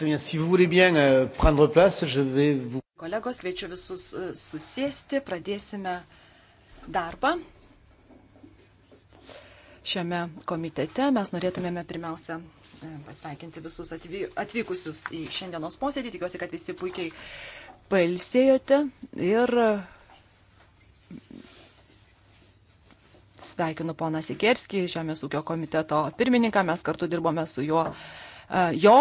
Euh, Kolegos, kviečiu visus e, susėsti, pradėsime darbą. Šiame komitete mes norėtumėme pirmiausia e, pasveikinti visus atvykusius į šiandienos posėdį. Tikiuosi, kad visi puikiai pailsėjote ir sveikinu poną Sikerskį, Žemės ūkio komiteto pirmininką. Mes kartu dirbome su juo jo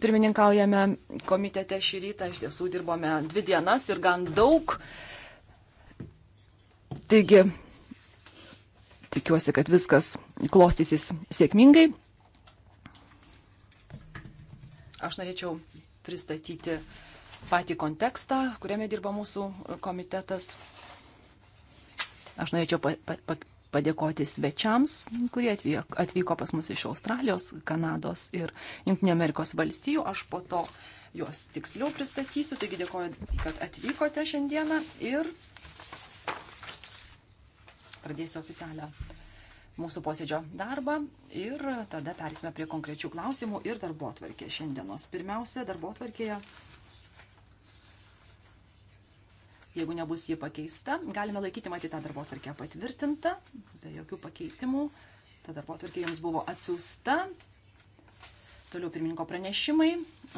pirmininkaujame komitete šį rytą. Iš tiesų dirbome dvi dienas ir gan daug. Taigi, tikiuosi, kad viskas klostysis sėkmingai. Aš norėčiau pristatyti patį kontekstą, kuriame dirba mūsų komitetas. Aš norėčiau pa, pa, padėkoti svečiams, kurie atvyko, atvyko pas mus iš Australijos, Kanados ir Junktinio Amerikos valstijų. Aš po to juos tiksliau pristatysiu, taigi dėkoju, kad atvykote šiandieną ir pradėsiu oficialią mūsų posėdžio darbą ir tada persime prie konkrečių klausimų ir darbo atvarkė šiandienos. Pirmiausia, darbo atvarkėje jeigu nebus jį pakeista, galime laikyti matyti tą darbo atvarkę patvirtintą, be jokių pakeitimų. Ta darbo atvarkė jums buvo atsiųsta. Toliau pirmininko pranešimai.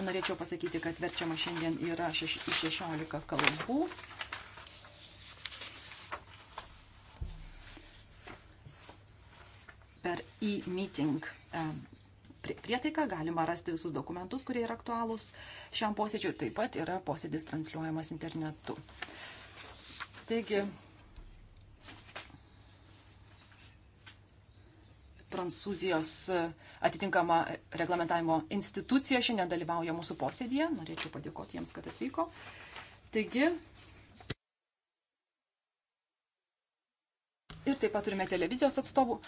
Norėčiau pasakyti, kad verčiama šiandien yra iš 16 kalbų. Per e-meeting e, prietaiką galima rasti visus dokumentus, kurie yra aktualūs šiam posėdžiui ir taip pat yra posėdis transliuojamas internetu. Taigi, Prancūzijos atitinkama reglamentavimo institucija šiandien dalyvauja mūsų posėdėje. Norėčiau padėkoti jiems, kad atvyko. Taigi, ir taip pat turime televizijos atstovų.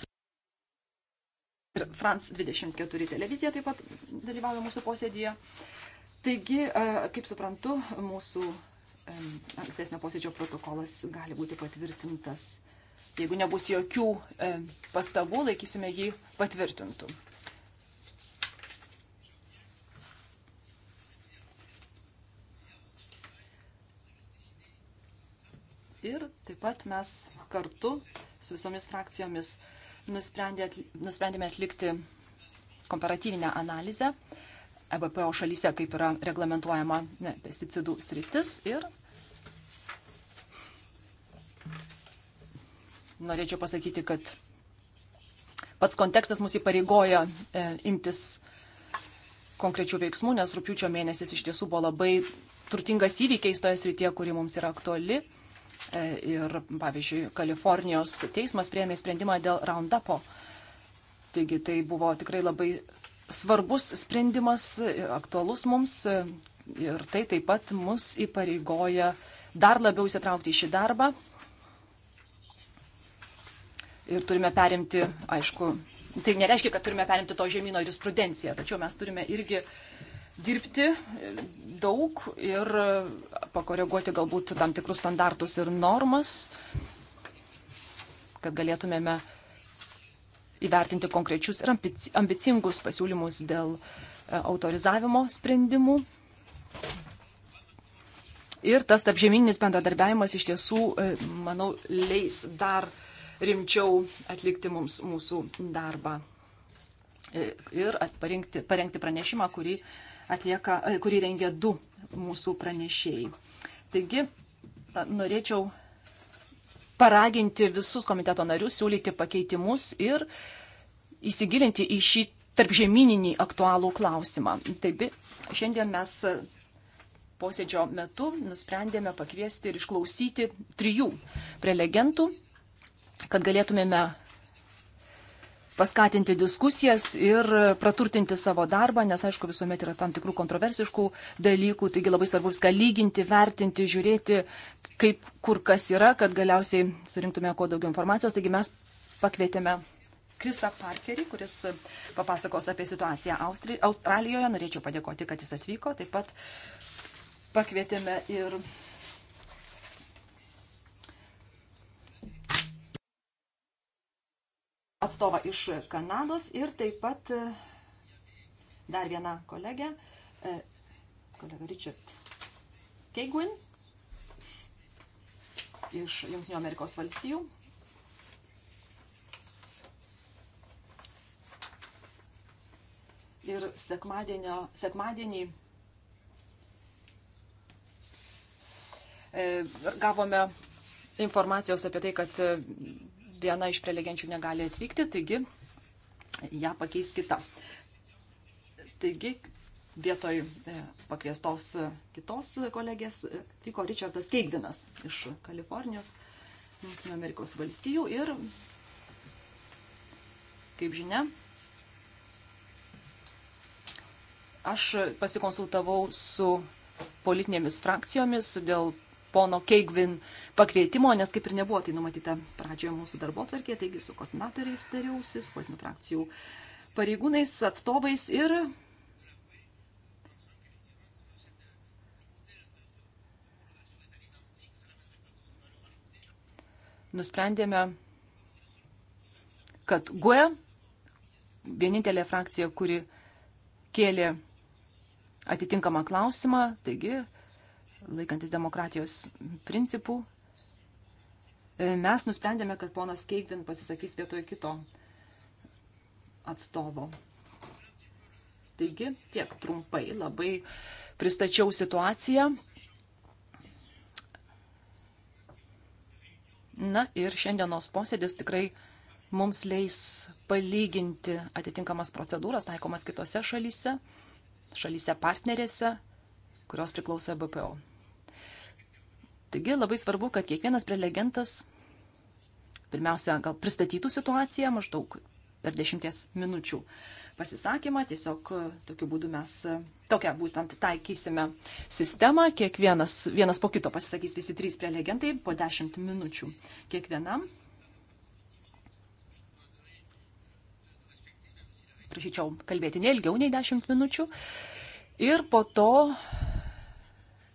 Ir France 24 televizija taip pat dalyvauja mūsų posėdėje. Taigi, kaip suprantu, mūsų ankstesnio posėdžio protokolas gali būti patvirtintas. Jeigu nebus jokių pastabų, laikysime jį patvirtintų. Ir taip pat mes kartu su visomis frakcijomis nusprendė, nusprendėme atlikti komparatyvinę analizę EBPO šalyse, kaip yra reglamentuojama ne, pesticidų sritis. Ir norėčiau pasakyti, kad pats kontekstas mus įpareigoja e, imtis konkrečių veiksmų, nes rūpiučio mėnesis iš tiesų buvo labai turtingas įvykiais toje srityje, kuri mums yra aktuali. E, ir, pavyzdžiui, Kalifornijos teismas priemė sprendimą dėl Roundupo. Taigi tai buvo tikrai labai svarbus sprendimas, aktualus mums ir tai taip pat mus įpareigoja dar labiau įsitraukti į šį darbą. Ir turime perimti, aišku, tai nereiškia, kad turime perimti to žemynų jurisprudenciją, tačiau mes turime irgi dirbti daug ir pakoreguoti galbūt tam tikrus standartus ir normas, kad galėtumėme uh, įvertinti konkrečius ir ambicingus pasiūlymus dėl e, autorizavimo sprendimų. Ir tas tapžemininis bendradarbiavimas iš tiesų, e, manau, leis dar rimčiau atlikti mums mūsų darbą e, ir parinkti, parengti pranešimą, kurį, atlieka, kurį rengia du mūsų pranešėjai. Taigi, norėčiau paraginti visus komiteto narius siūlyti pakeitimus ir įsigilinti į šį tarpžemininį aktualų klausimą. Taip, šiandien mes posėdžio metu nusprendėme pakviesti ir išklausyti trijų prelegentų, kad galėtumėme paskatinti diskusijas ir praturtinti savo darbą, nes aišku visuomet yra tam tikrų kontroversiškų dalykų, taigi labai svarbu viską lyginti, vertinti, žiūrėti, kaip kur kas yra, kad galiausiai surinktume kuo daugiau informacijos. Taigi mes pakvietėme Krisa Parkerį, kuris papasakos apie situaciją Austri Australijoje. Norėčiau padėkoti, kad jis atvyko. Taip pat pakvietėme ir. atstovą iš Kanados ir taip pat e, dar vieną kolegę, e, kolega Richard Keiguin iš Junktinio Amerikos valstijų. ir sekmadienį e, gavome informacijos apie tai, kad e, viena iš prelegenčių negali atvykti, taigi ją pakeis kita. Taigi vietoj e, pakviestos kitos kolegės vyko Richardas Keigdinas iš Kalifornijos, Amerikos valstijų ir, kaip žinia, Aš pasikonsultavau su politinėmis frakcijomis dėl pono Keigvin pakvietimo, nes kaip ir nebuvo tai numatyta pradžioje mūsų darbo tvarkė, taigi su koordinatoriais tariausi, su politinių frakcijų pareigūnais, atstovais ir nusprendėme, kad GUE, vienintelė frakcija, kuri kėlė atitinkamą klausimą, taigi, laikantis demokratijos principų, e, mes nusprendėme, kad ponas Keigvin pasisakys vietoj kito atstovo. Taigi, tiek trumpai labai pristačiau situaciją. Na ir šiandienos posėdis tikrai mums leis palyginti atitinkamas procedūras taikomas kitose šalyse šalyse partnerėse, kurios priklauso BPO. Taigi labai svarbu, kad kiekvienas prelegentas pirmiausia gal pristatytų situaciją maždaug per dešimties minučių pasisakymą. Tiesiog e, tokiu būdu mes e, tokią būtent taikysime sistemą. Kiekvienas vienas po kito pasisakys visi trys prelegentai po dešimt minučių kiekvienam. prašyčiau kalbėti neilgiau nei 10 minučių. Ir po to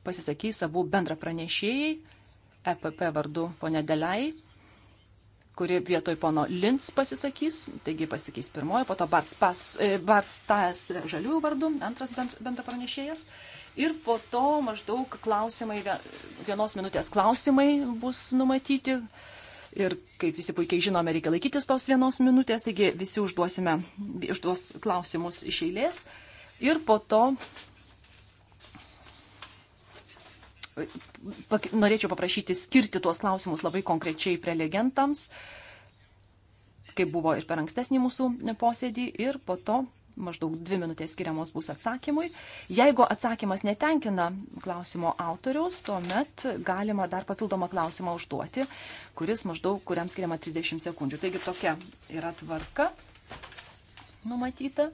pasisakys abu bendra pranešėjai, EPP vardu ponė Deliai, kuri vietoj pono Lins pasisakys, taigi pasakys pirmoji, po to Bartas, pas, e, Bartas Tas žaliųjų vardu, antras bendra pranešėjas. Ir po to maždaug klausimai, vienos minutės klausimai bus numatyti Ir kaip visi puikiai žinome, reikia laikytis tos vienos minutės, taigi visi užduosime, užduos klausimus iš eilės. Ir po to norėčiau paprašyti skirti tuos klausimus labai konkrečiai prelegentams, kaip buvo ir per ankstesnį mūsų posėdį. Ir po to maždaug dvi minutės skiriamos bus atsakymui. Jeigu atsakymas netenkina klausimo autoriaus, tuomet galima dar papildomą klausimą užduoti, kuris maždaug, kuriam skiriama 30 sekundžių. Taigi tokia yra tvarka numatyta.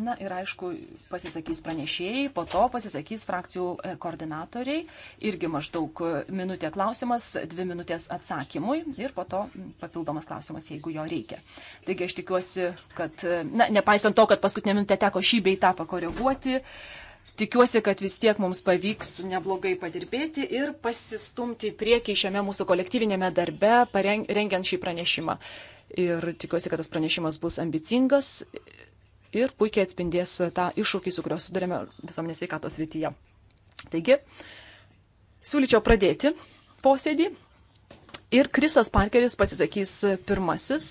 Na ir aišku, pasisakys pranešėjai, po to pasisakys frakcijų e, koordinatoriai, irgi maždaug e, minutė klausimas, dvi minutės atsakymui ir po to papildomas klausimas, jeigu jo reikia. Taigi aš tikiuosi, kad, e, na, nepaisant to, kad paskutinę minutę teko šį bei tą pakoreguoti, tikiuosi, kad vis tiek mums pavyks neblogai padirbėti ir pasistumti į priekį šiame mūsų kolektyvinėme darbe, rengiant šį pranešimą. Ir tikiuosi, kad tas pranešimas bus ambicingas ir puikiai atspindės tą iššūkį, su kuriuo sudarėme visuomenės veikatos rytyje. Taigi, siūlyčiau pradėti posėdį ir Krisas Parkeris pasisakys pirmasis.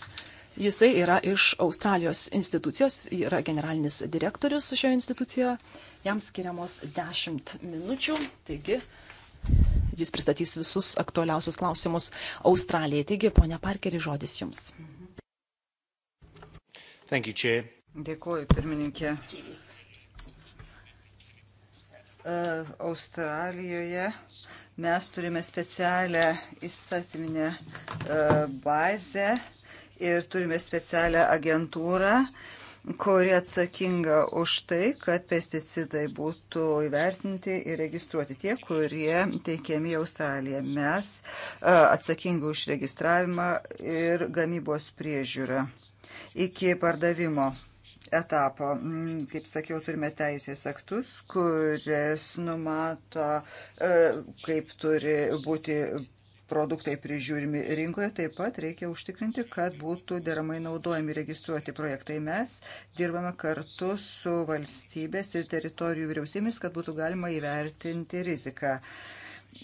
Jisai yra iš Australijos institucijos, yra generalinis direktorius šioje institucijoje. Jam skiriamos 10 minučių, taigi jis pristatys visus aktualiausius klausimus Australijai. Taigi, ponia Parkeri, žodis jums. Thank you, Chair. Dėkuoju, pirmininkė. E, Australijoje mes turime specialią įstatyminę e, bazę ir turime specialią agentūrą, kuri atsakinga už tai, kad pesticidai būtų įvertinti ir registruoti tie, kurie teikiami į Australiją. Mes e, atsakingi už registravimą ir gamybos priežiūrą iki pardavimo etapo. Mm, kaip sakiau, turime teisės aktus, kuris numato, e, kaip turi būti produktai prižiūrimi rinkoje, taip pat reikia užtikrinti, kad būtų deramai naudojami registruoti projektai. Mes dirbame kartu su valstybės ir teritorijų vyriausybėmis, kad būtų galima įvertinti riziką.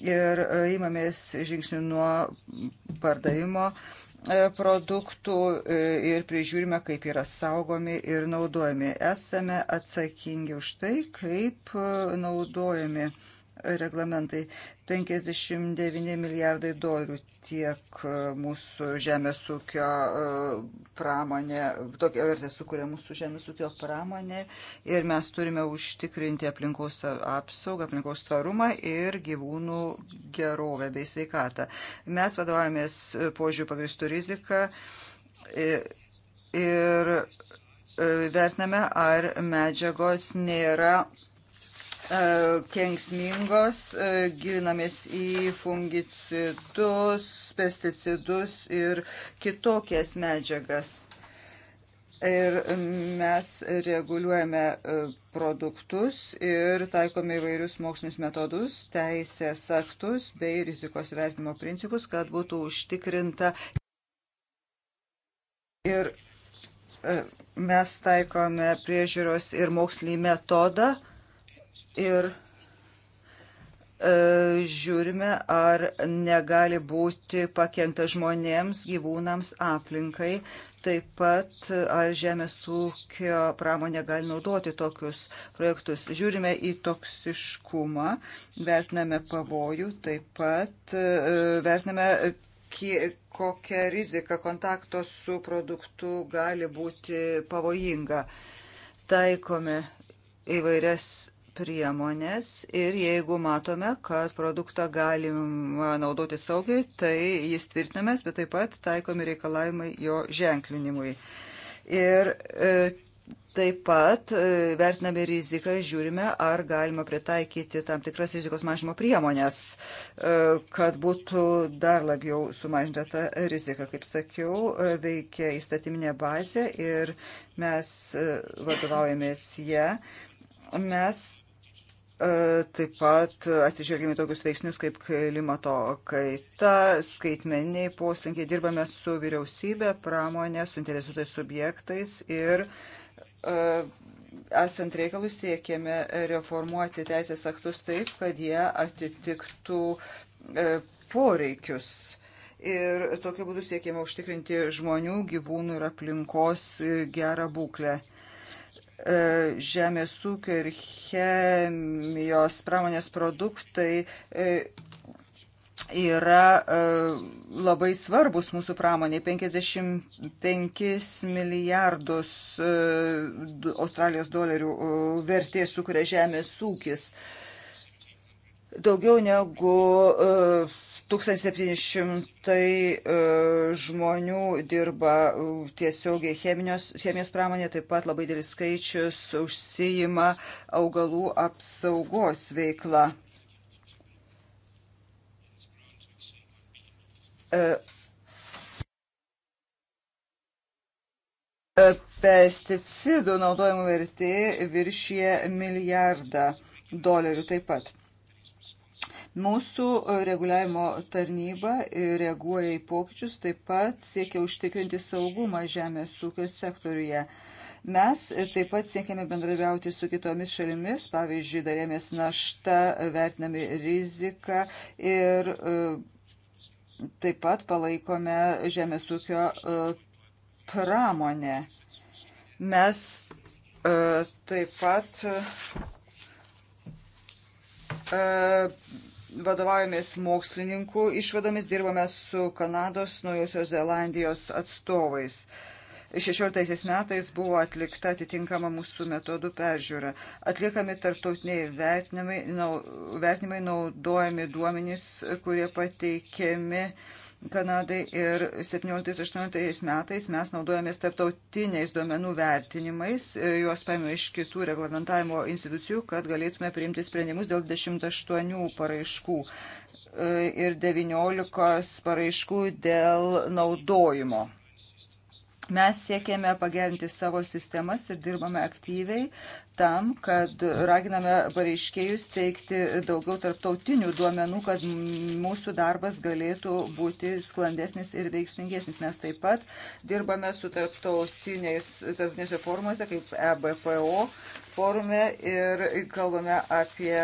Ir įmamės e, žingsnių nuo pardavimo E, produktų e, ir prižiūrime, kaip yra saugomi ir naudojami. Esame atsakingi už tai, kaip e, naudojami reglamentai. 59 milijardai dolerių tiek e, mūsų žemės ūkio e, pramonė, tokia vertė sukuria mūsų žemės ūkio pramonė ir mes turime užtikrinti aplinkos apsaugą, aplinkos tvarumą ir gyvūnų gerovę bei sveikatą. Mes vadovavomės požiūrį pagristų riziką e, ir vertiname, ar medžiagos nėra E, kenksmingos, e, gilinamės į fungicidus, pesticidus ir kitokias medžiagas. Ir mes reguliuojame e, produktus ir taikome įvairius mokslinius metodus, teisės aktus bei rizikos vertimo principus, kad būtų užtikrinta. Ir mes taikome priežiūros ir mokslinį metodą ir e, žiūrime, ar negali būti pakengta žmonėms, gyvūnams, aplinkai, taip pat ar žemės ūkio pramonė gali naudoti tokius projektus. Žiūrime į toksiškumą, vertiname pavojų, taip pat e, vertiname, kokia rizika kontakto su produktu gali būti pavojinga. Taikome įvairias priemonės ir jeigu matome, kad produktą galima naudoti saugiai, tai jis tvirtinamas, bet taip pat taikomi reikalavimai jo ženklinimui. Ir e, taip pat e, vertiname riziką, žiūrime, ar galima pritaikyti tam tikras rizikos mažimo priemonės, e, kad būtų dar labiau sumažinta ta rizika. Kaip sakiau, e, veikia įstatyminė bazė ir mes e, vadovaujamės ją. Mes E, taip pat atsižvelgime tokius veiksnius kaip klimato kaita, skaitmeniniai poslinkiai, dirbame su vyriausybė, pramonė, su interesuotais subjektais ir e, esant reikalus siekėme reformuoti teisės aktus taip, kad jie atitiktų e, poreikius. Ir tokiu būdu siekėme užtikrinti žmonių, gyvūnų ir aplinkos gerą būklę. E, žemės ūkio ir chemijos pramonės produktai e, yra e, labai svarbus mūsų pramoniai. 55 milijardus Australijos dolerių vertės sukuria žemės ūkis. Daugiau negu uh, 1700 e, žmonių dirba e, tiesiogiai chemijos, chemijos pramonė, taip pat labai didelis skaičius užsijima augalų apsaugos veikla. E, pesticidų naudojimo vertė viršyje milijardą dolerių taip pat. Mūsų e, reguliavimo tarnyba e, reaguoja į pokyčius, taip pat siekia užtikrinti saugumą žemės ūkio sektoriuje. Mes e, taip pat siekiame bendraviauti su kitomis šalimis, pavyzdžiui, darėmės naštą, vertinami riziką ir taip pat palaikome žemės ūkio pramonę. Mes taip pat vadovaujamės mokslininkų išvadomis, dirbame su Kanados, Naujosios Zelandijos atstovais. 16 metais buvo atlikta atitinkama mūsų metodų peržiūra. Atliekami tarptautiniai vertinimai, nau, vertinimai naudojami duomenys, kurie pateikiami uh, Kanadai ir 17-18 metais mes naudojamės tarptautiniais duomenų vertinimais, e, juos paėmė iš kitų reglamentavimo institucijų, kad galėtume priimti sprendimus dėl 28 paraiškų e, ir 19 paraiškų dėl naudojimo. Mes siekėme pagerinti savo sistemas ir dirbame aktyviai, tam, kad raginame pareiškėjus teikti daugiau tarptautinių duomenų, kad mūsų darbas galėtų būti sklandesnis ir veiksmingesnis. Mes taip pat dirbame su tarptautinėse formuose, kaip EBPO forume ir kalbame apie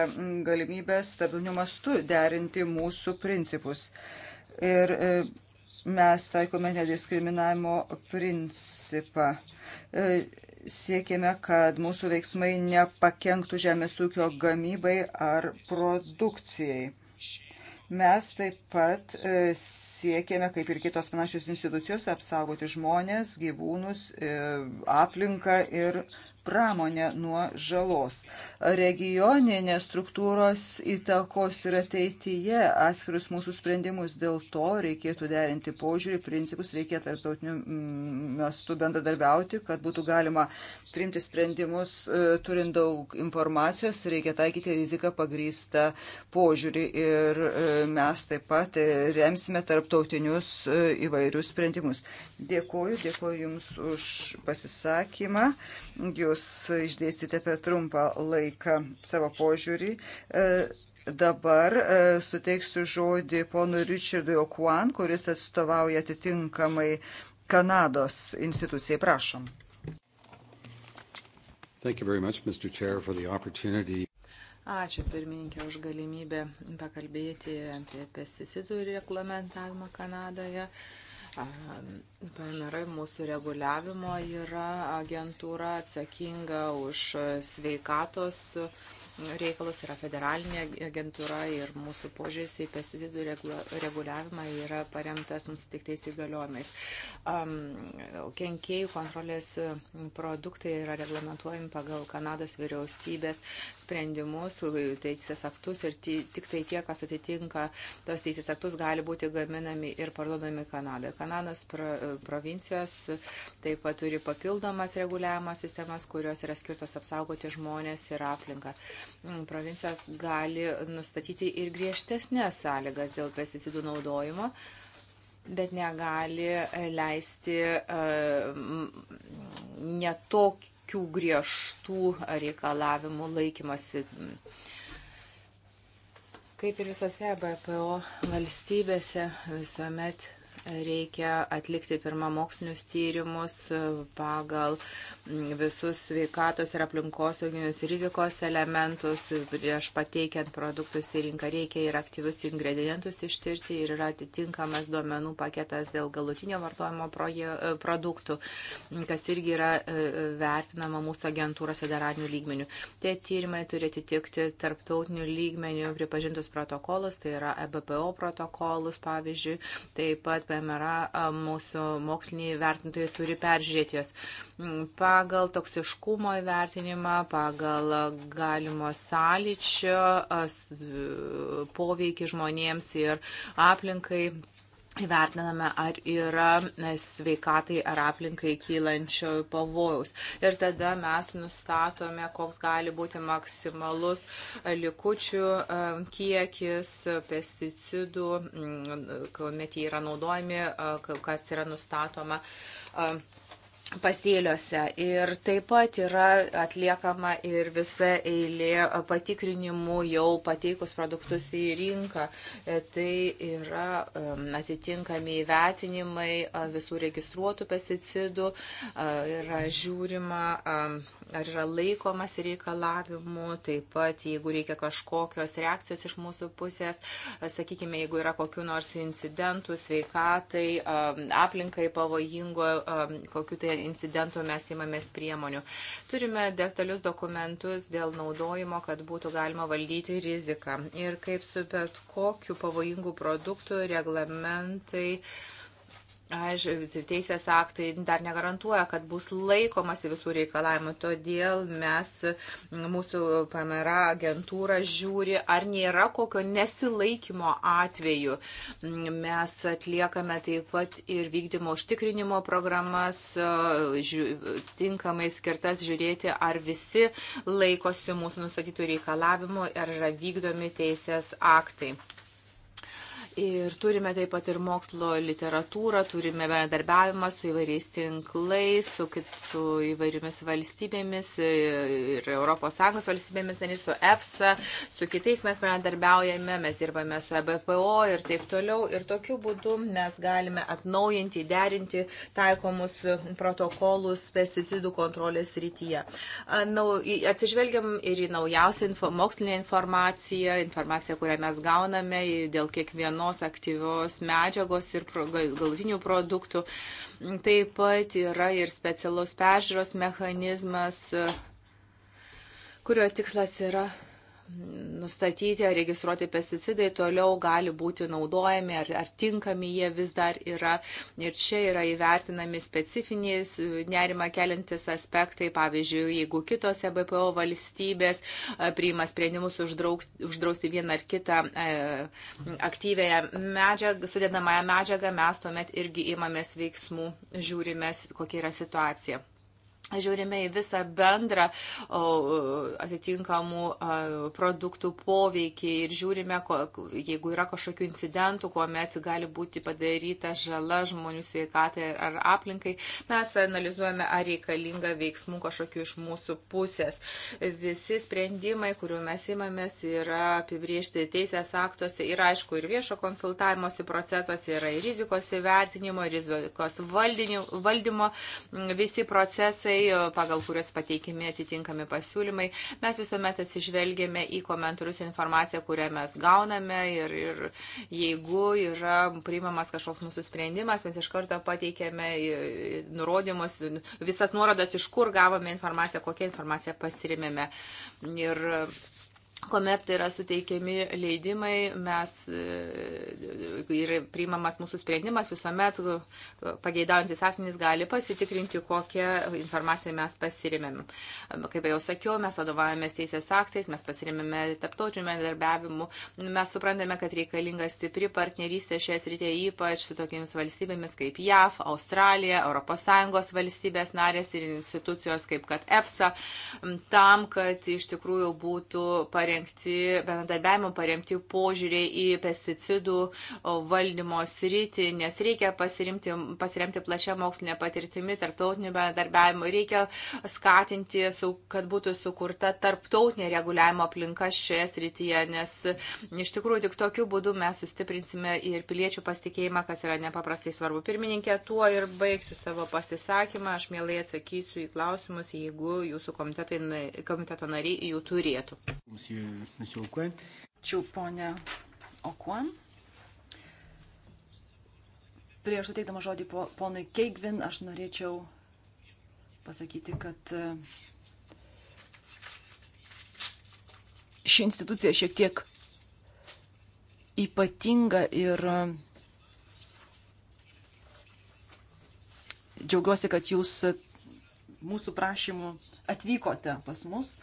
galimybę stabilių mastų derinti mūsų principus. Ir e, mes taikome nediskriminavimo principą e, siekėme, kad mūsų veiksmai nepakenktų žemės ūkio gamybai ar produkcijai. Mes taip pat e, siekėme, kaip ir kitos panašios institucijos, apsaugoti žmonės, gyvūnus, e, aplinką ir pramonę nuo žalos. Regioninės struktūros įtakos ir ateityje atskirius mūsų sprendimus. Dėl to reikėtų derinti požiūrį, principus, reikia tarptautiniu mestu mm, bendradarbiauti, kad būtų galima priimti sprendimus, e, turint daug informacijos, reikia taikyti riziką pagrįstą požiūrį. Ir e, mes taip pat remsime tarptautinius e, įvairius sprendimus. Dėkuoju, dėkuoju Jums už pasisakymą. Jūs išdėstėte per trumpą laiką savo požiūrį. E, dabar e, suteiksiu žodį ponui Richardui Okuan, kuris atstovauja atitinkamai Kanados institucijai. Prašom. Thank you very much, Mr. Chair, for the opportunity. Ačiū pirmininkė už galimybę pakalbėti apie pesticidų reglamentavimą Kanadoje. Uh, PNR mūsų reguliavimo yra agentūra atsakinga už sveikatos. Uh, reikalus yra federalinė agentūra ir mūsų požiūris į pesticidų reguliavimą yra paremtas mūsų tik tais įgaliojimais. Um, kenkėjų kontrolės produktai yra reglamentuojami pagal Kanados vyriausybės sprendimus, teisės aktus ir tik tai tie, kas atitinka tos teisės aktus, gali būti gaminami ir parduodami Kanadoje. Kanados pro, provincijos taip pat turi papildomas reguliavimo sistemas, kurios yra skirtos apsaugoti žmonės ir aplinką provincijos gali nustatyti ir griežtesnės sąlygas dėl pesticidų naudojimo, bet negali e, leisti e, netokių griežtų reikalavimų laikymasi kaip ir visose BPO valstybėse, visuomet reikia atlikti pirmą mokslinius tyrimus e, pagal visus sveikatos ir aplinkosauginius rizikos elementus. Prieš pateikiant produktus į rinką reikia ir aktyvius ingredientus ištirti ir yra atitinkamas duomenų paketas dėl galutinio vartojimo proje, e, produktų, kas irgi yra e, vertinama mūsų agentūros federalinių lygmenių. Tie tyrimai turi atitikti tarptautinių lygmenių pripažintus protokolus, tai yra EBPO protokolus, pavyzdžiui, taip pat PMRA mūsų moksliniai vertintojai turi peržiūrėti jas mm, pagal toksiškumo įvertinimą, pagal galimo sąlyčio poveikį žmonėms ir aplinkai įvertiname, ar yra e, sveikatai ar aplinkai kylančio pavojaus. Ir tada mes nustatome, koks gali būti maksimalus e, likučių e, kiekis pesticidų, kuomet jie yra naudojami, kas yra nustatoma pasėliuose. Ir taip pat yra atliekama ir visa eilė patikrinimų jau pateikus produktus į rinką. E, tai yra atitinkami įvertinimai visų registruotų pesticidų, yra žiūrima, ar yra laikomas reikalavimų, taip pat jeigu reikia kažkokios reakcijos iš mūsų pusės, sakykime, jeigu yra kokiu nors incidentų sveikatai, aplinkai pavojingo, kokiu tai incidentų mes įmamės priemonių. Turime detalius dokumentus dėl naudojimo, kad būtų galima valdyti riziką. Ir kaip su bet kokiu pavojingu produktu reglamentai aišku, teisės aktai dar negarantuoja, kad bus laikomasi visų reikalavimų. Todėl mes, mūsų PMRA agentūra žiūri, ar nėra kokio nesilaikymo atveju. Mes atliekame taip pat ir vykdymo užtikrinimo programas, tinkamai skirtas žiūrėti, ar visi laikosi mūsų nustatytų reikalavimų, ar yra vykdomi teisės aktai. Ir turime taip pat ir mokslo literatūrą, turime bendarbiavimą su įvairiais tinklais, su, kit, su įvairiomis valstybėmis ir ES valstybėmis, su EFSA, su kitais mes bendarbiaujame, mes dirbame su EBPO ir taip toliau. Ir tokiu būdu mes galime atnaujinti, derinti taikomus protokolus pesticidų kontrolės rytyje. Nau, atsižvelgiam ir į naujausią info, mokslinę informaciją, informaciją, kurią mes gauname dėl kiekvieno senos aktyvios medžiagos ir galutinių produktų. Taip pat yra ir specialus peržiūros mechanizmas, kurio tikslas yra nustatyti ar registruoti pesticidai toliau gali būti naudojami, ar, ar tinkami jie vis dar yra. Ir čia yra įvertinami specifiniais nerima keliantis aspektai, pavyzdžiui, jeigu kitose BPO valstybės e, priima sprendimus uždrausti vieną ar kitą e, aktyvėją medžiagą, sudėdamąją medžiagą, mes tuomet irgi imamės veiksmų, žiūrime, kokia yra situacija žiūrime į visą bendrą atitinkamų produktų poveikį ir žiūrime, jeigu yra kažkokių incidentų, kuomet gali būti padaryta žala žmonių sveikatai ar aplinkai, mes analizuojame, ar reikalinga veiksmų kažkokiu iš mūsų pusės. Visi sprendimai, kurių mes imamės, yra apibriežti teisės aktuose ir aišku, ir viešo konsultavimosi procesas yra ir rizikos įvertinimo, ir rizikos valdymo, valdymo visi procesai pagal kuriuos pateikimi atitinkami pasiūlymai. Mes visuomet atsižvelgėme į komentarus informaciją, kurią mes gauname ir, ir jeigu yra priimamas kažkoks mūsų sprendimas, mes iš karto pateikėme nurodymus, visas nuorodas, iš kur gavome informaciją, kokią informaciją pasirimėme. Ir kuomet yra suteikiami leidimai, mes e, ir priimamas mūsų sprendimas, visuomet e, pageidaujantis asmenys gali pasitikrinti, kokią informaciją mes pasirimėm. Kaip jau sakiau, mes vadovavomės teisės aktais, mes pasirimėme taptautiniu bendarbiavimu, mes suprantame, kad reikalinga stipri partnerystė šioje srityje, ypač su tokiamis valstybėmis kaip JAV, Australija, ES valstybės narės ir institucijos kaip kad EFSA, tam, kad iš tikrųjų būtų parengti parengti, bendradarbiavimo parengti požiūrį į pesticidų valdymo sritį, nes reikia pasiremti plačią mokslinę patirtimį, tarptautinių bendradarbiavimų, reikia skatinti, su, kad būtų sukurta tarptautinė reguliavimo aplinka šioje srityje, nes iš tikrųjų tik tokiu būdu mes sustiprinsime ir piliečių pasitikėjimą, kas yra nepaprastai svarbu. Pirmininkė, tuo ir baigsiu savo pasisakymą, aš mielai atsakysiu į klausimus, jeigu jūsų komiteto nariai jų turėtų. Monsieur. Čia ponia Okuan. Prieš suteikdama žodį po, ponui Keigvin, aš norėčiau pasakyti, kad e, ši institucija šiek tiek ypatinga ir e, džiaugiuosi, kad jūs e, mūsų prašymu atvykote pas mus.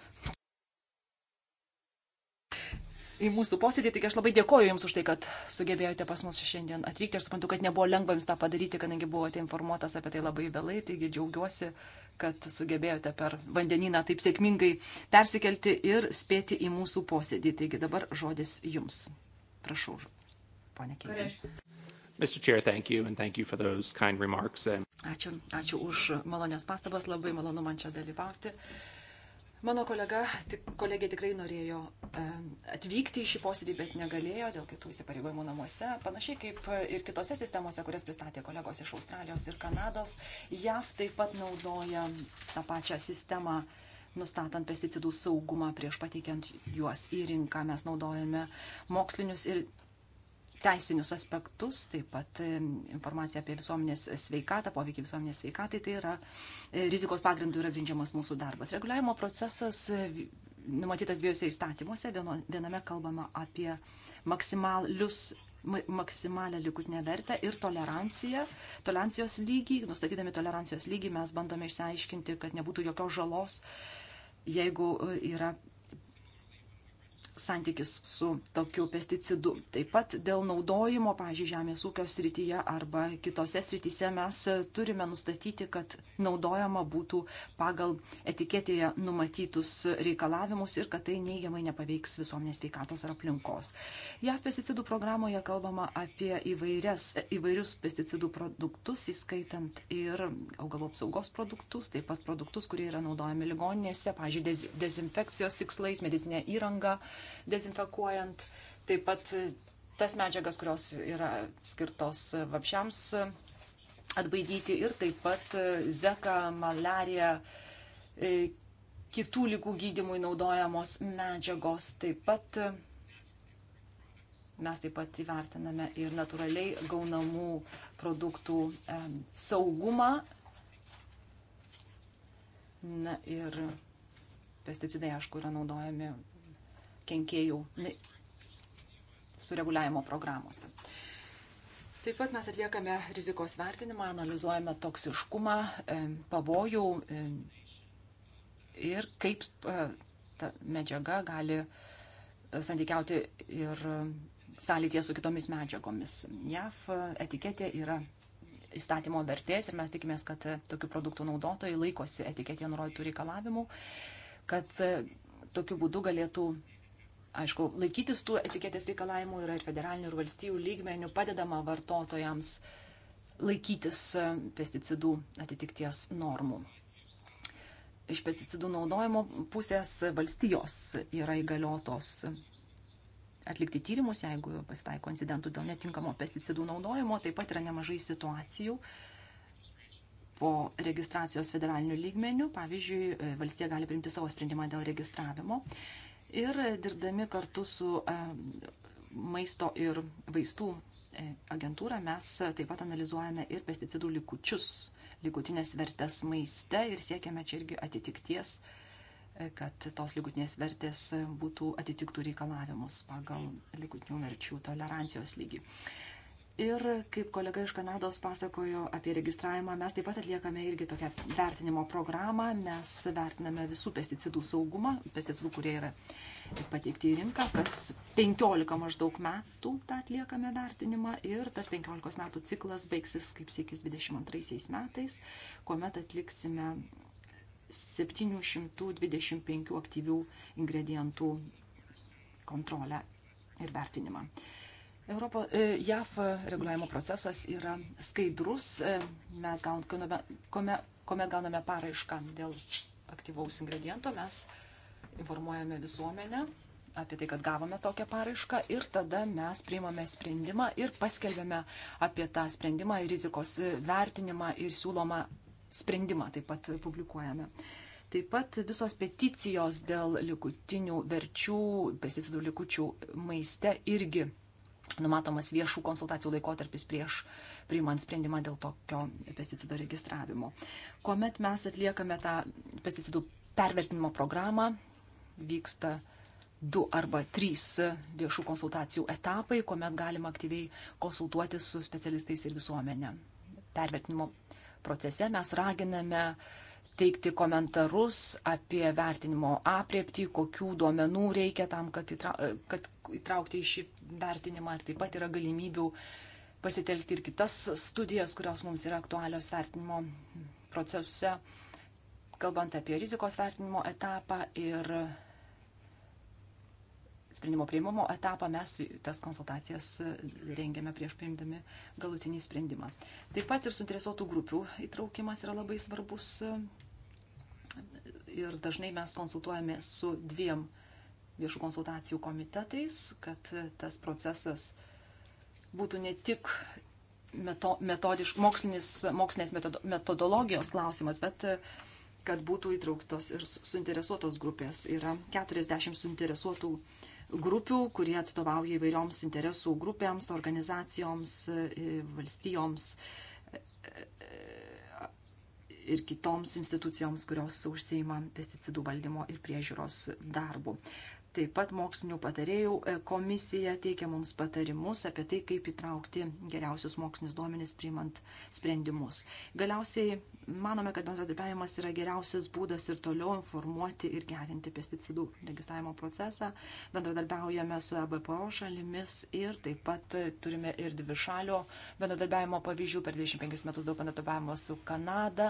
į mūsų posėdį, tik aš labai dėkoju Jums už tai, kad sugebėjote pas mus šiandien atvykti. Aš suprantu, kad nebuvo lengva Jums tą padaryti, kadangi buvote informuotas apie tai labai vėlai, taigi džiaugiuosi, kad sugebėjote per vandenyną taip sėkmingai persikelti ir spėti į mūsų posėdį. Taigi dabar žodis Jums. Prašau, ponė Keitė. Mr. Chair, thank you and thank you for those kind remarks. Ačiū, ačiū už malonės pastabas, labai malonu man čia dalyvauti. Uh, Mano kolega, tik, kolegė tikrai norėjo e, atvykti į šį posėdį, bet negalėjo dėl kitų įsipareigojimų namuose. Panašiai kaip e, ir kitose sistemose, kurias pristatė kolegos iš Australijos ir Kanados, JAV taip pat naudoja tą pačią sistemą, nustatant pesticidų saugumą prieš pateikiant juos į rinką. Mes naudojame mokslinius ir teisinius aspektus, taip pat e, informacija apie visuomenės sveikatą, poveikį visuomenės sveikatai, tai yra e, rizikos pagrindų yra grindžiamas mūsų darbas. Reguliavimo procesas e, numatytas dviejose įstatymuose, vieno, viename kalbama apie maksimalius maksimalę likutinę vertę ir toleranciją, tolerancijos lygį. Nustatydami tolerancijos lygį mes bandome išsiaiškinti, kad nebūtų jokios žalos, jeigu yra santykis su tokiu pesticidu. Taip pat dėl naudojimo, pavyzdžiui, žemės ūkio srityje arba kitose srityse mes turime nustatyti, kad naudojama būtų pagal etiketėje numatytus reikalavimus ir kad tai neigiamai nepaveiks visuomenės veikatos ar aplinkos. JAV pesticidų programoje kalbama apie įvairias, įvairius pesticidų produktus, įskaitant ir augalų apsaugos produktus, taip pat produktus, kurie yra naudojami ligoninėse, pavyzdžiui, dezinfekcijos tikslais, medicinė įranga, dezinfekuojant. Taip pat tas medžiagas, kurios yra skirtos vapšiams atbaidyti ir taip pat zeka, malarija, e, kitų lygų gydimui naudojamos medžiagos. Taip pat mes taip pat įvertiname ir natūraliai gaunamų produktų e, saugumą. Na ir pesticidai, aišku, yra naudojami kenkėjų sureguliavimo programuose. Taip pat mes atliekame rizikos vertinimą, analizuojame toksiškumą, e, pavojų e, ir kaip e, ta medžiaga gali santykiauti ir sąlytie su kitomis medžiagomis. JAF etiketė yra įstatymo vertės ir mes tikimės, kad tokių produktų naudotojai laikosi etiketėje nurodytų reikalavimų, kad tokiu būdu galėtų aišku, laikytis tų etiketės reikalavimų yra ir federalinių, ir valstybių lygmenių padedama vartotojams laikytis e, pesticidų atitikties normų. Iš pesticidų naudojimo pusės valstijos yra įgaliotos atlikti tyrimus, jeigu pasitaiko incidentų dėl netinkamo pesticidų naudojimo. Taip pat yra nemažai situacijų po registracijos federalinių lygmenių. Pavyzdžiui, e, valstija gali priimti savo sprendimą dėl registravimo ir dirbdami kartu su e, maisto ir vaistų e, agentūra mes taip pat analizuojame ir pesticidų likučius, likutinės vertės maiste ir siekiame čia irgi atitikties, e, kad tos likutinės vertės būtų atitiktų reikalavimus pagal likutinių verčių tolerancijos lygį. Ir kaip kolega iš Kanados pasakojo apie registravimą, mes taip pat atliekame irgi tokią vertinimo programą. Mes vertiname visų pesticidų saugumą, pesticidų, kurie yra pateikti į rinką. Kas 15 maždaug metų tą atliekame vertinimą ir tas 15 metų ciklas baigsis kaip sėkis 22 metais, kuomet atliksime 725 aktyvių ingredientų kontrolę ir vertinimą. Europo, e, JAF reguliavimo procesas yra skaidrus. E, mes gauname, kuomet gauname paraišką dėl aktyvaus ingrediento, mes informuojame visuomenę apie tai, kad gavome tokią paraišką ir tada mes priimame sprendimą ir paskelbėme apie tą sprendimą ir rizikos vertinimą ir siūlomą sprendimą taip pat publikuojame. Taip pat visos peticijos dėl likutinių verčių, pesticidų likučių maiste irgi numatomas viešų konsultacijų laikotarpis prieš priimant sprendimą dėl tokio pesticido registravimo. Kuomet mes atliekame tą pesticidų pervertinimo programą, vyksta du arba trys viešų konsultacijų etapai, kuomet galima aktyviai konsultuoti su specialistais ir visuomenė. Pervertinimo procese mes raginame teikti komentarus apie vertinimo apriepti, kokių duomenų reikia tam, kad, įtra... kad įtraukti į šį vertinimą. Ir taip pat yra galimybių pasitelkti ir kitas studijas, kurios mums yra aktualios vertinimo procese, kalbant apie rizikos vertinimo etapą ir sprendimo prieimimo etapą mes tas konsultacijas rengiame prieš priimdami galutinį sprendimą. Taip pat ir suinteresuotų grupių įtraukimas yra labai svarbus ir dažnai mes konsultuojame su dviem viešų konsultacijų komitetais, kad tas procesas būtų ne tik meto, metodiš, mokslinis, mokslinės metodo, metodologijos klausimas, bet kad būtų įtrauktos ir suinteresuotos grupės. Yra 40 suinteresuotų grupių, kurie atstovauja įvairioms interesų grupėms, organizacijoms, e, valstijoms e, e, ir kitoms institucijoms, kurios užseima pesticidų valdymo ir priežiūros darbų. Taip pat mokslinių patarėjų e, komisija teikia mums patarimus apie tai, kaip įtraukti geriausius mokslinis duomenis priimant sprendimus. Galiausiai manome, kad bendradarbiavimas yra geriausias būdas ir toliau informuoti ir gerinti pesticidų registravimo procesą. Bendradarbiaujame su EBPO šalimis ir taip pat turime ir dvi šalio bendradarbiavimo pavyzdžių. Per 25 metus daug bendradarbiavimo su Kanada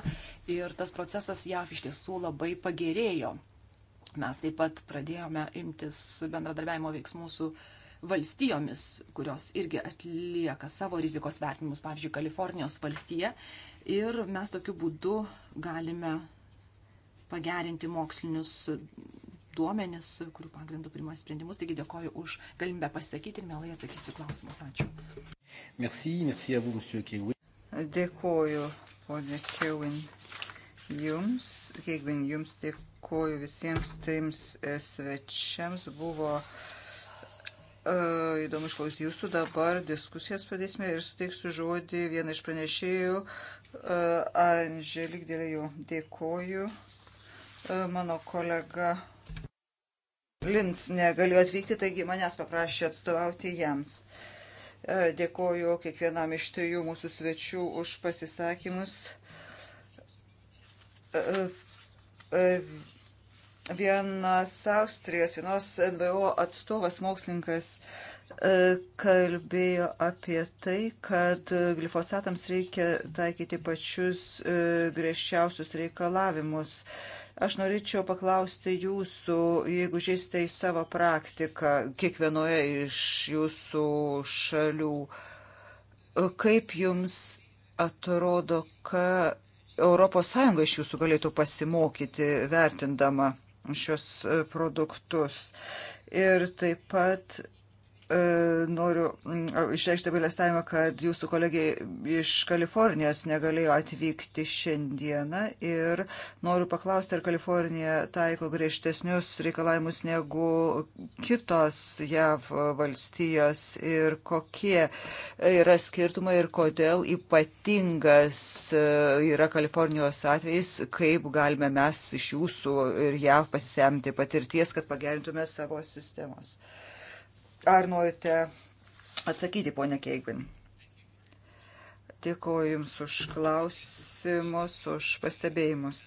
ir tas procesas JAV iš tiesų labai pagerėjo. Mes taip pat pradėjome imtis bendradarbiavimo veiksmų su valstijomis, kurios irgi atlieka savo rizikos vertinimus, pavyzdžiui, Kalifornijos valstija. Ir mes tokiu būdu galime pagerinti mokslinius duomenis, kurių pagrindų priima sprendimus. Taigi dėkoju už galimybę pasakyti ir mielai atsakysiu klausimus. Ačiū. Merci, merci vous, Dėkoju, ponė Kewin jums, kiekvien jums dėkoju visiems trims e, svečiams. Buvo uh, įdomu išklausyti jūsų. Dabar diskusijas pradėsime ir suteiksiu žodį vieną iš pranešėjų. Uh, Anželik dėlėjų dėkoju. Uh, mano kolega Lins negaliu atvykti, taigi manęs paprašė atstovauti jiems. Dėkoju kiekvienam iš trijų mūsų svečių už pasisakymus. E, e, e, vienas Austrijos, vienos NVO atstovas mokslininkas kalbėjo apie tai, kad glifosatams reikia taikyti pačius griežčiausius reikalavimus. Aš norėčiau paklausti jūsų, jeigu žiūrėsite į savo praktiką kiekvienoje iš jūsų šalių, kaip jums atrodo, kad ES iš jūsų galėtų pasimokyti vertindama šios e, produktus. Ir taip pat E, noriu išreikšti apgailestavimą, kad jūsų kolegė iš Kalifornijos negalėjo atvykti šiandieną ir noriu paklausti, ar Kalifornija taiko griežtesnius reikalavimus negu kitos JAV valstijos ir kokie yra skirtumai ir kodėl ypatingas e, yra Kalifornijos atvejs, kaip galime mes iš jūsų ir JAV pasisemti patirties, kad pagerintume savo sistemas. Ar norite atsakyti, ponia Keigvin? Dėkuoju Jums už klausimus, už pastebėjimus.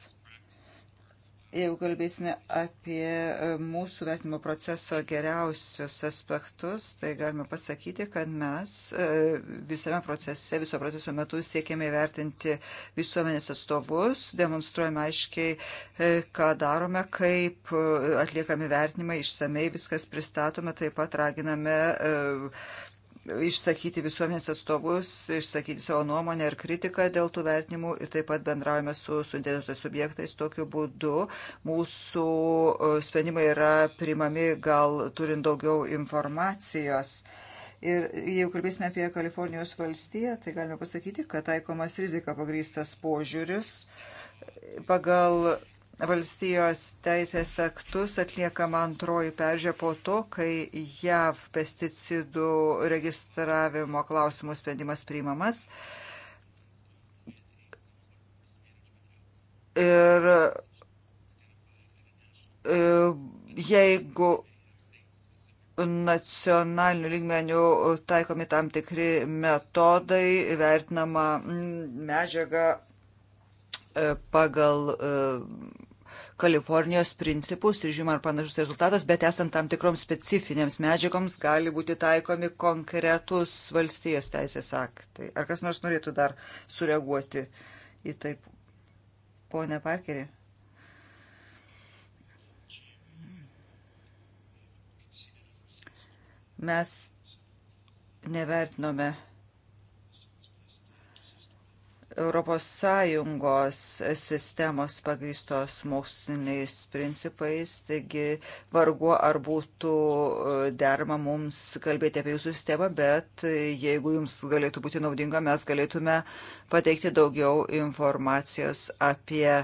Jeigu kalbėsime apie e, mūsų vertimo proceso geriausius aspektus, tai galime pasakyti, kad mes e, visame procese, viso proceso metu siekėme įvertinti visuomenės atstovus, demonstruojame aiškiai, e, ką darome, kaip atliekami vertinimai, išsamei viskas pristatome, taip pat raginame išsakyti visuomenės atstovus, išsakyti savo nuomonę ir kritiką dėl tų vertinimų ir taip pat bendraujame su suinteresuotais subjektais. Tokiu būdu mūsų e, sprendimai yra primami gal turint daugiau informacijos. Ir jeigu kalbėsime apie Kalifornijos valstiją, tai galime pasakyti, kad taikomas rizika pagrystas požiūris pagal valstijos teisės aktus atliekama antroji peržė po to, kai JAV pesticidų registravimo klausimų sprendimas priimamas. Ir e, jeigu nacionalinių lygmenių taikomi tam tikri metodai, vertinama medžiaga e, pagal e, Kalifornijos principus ir žinoma ar panašus rezultatas, bet esant tam tikroms specifinėms medžiagoms gali būti taikomi konkretus valstijos teisės aktai. Ar kas nors norėtų dar sureaguoti į taip? Pone Parkerį. Mes nevertinome ES sistemos pagrįstos moksliniais principais, taigi vargu ar būtų e, derma mums kalbėti apie jūsų sistemą, bet e, jeigu jums galėtų būti naudinga, mes galėtume pateikti daugiau informacijos apie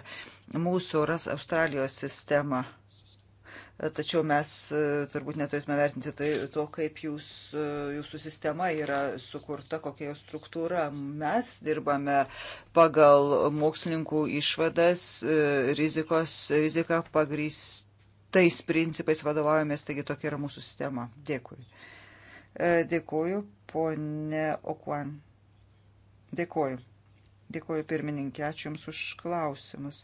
mūsų Australijos sistemą tačiau mes e, turbūt neturėtume vertinti tai to, kaip jūs, e, jūsų sistema yra sukurta, kokia jos struktūra. Mes dirbame pagal mokslininkų išvadas, e, rizikos, riziką pagrįstais principais vadovaujamės, taigi tokia yra mūsų sistema. Dėkui. Dėkuoju, ponė Okuan. Dėkuoju. Dėkuoju pirmininkė, ačiū Jums už klausimus.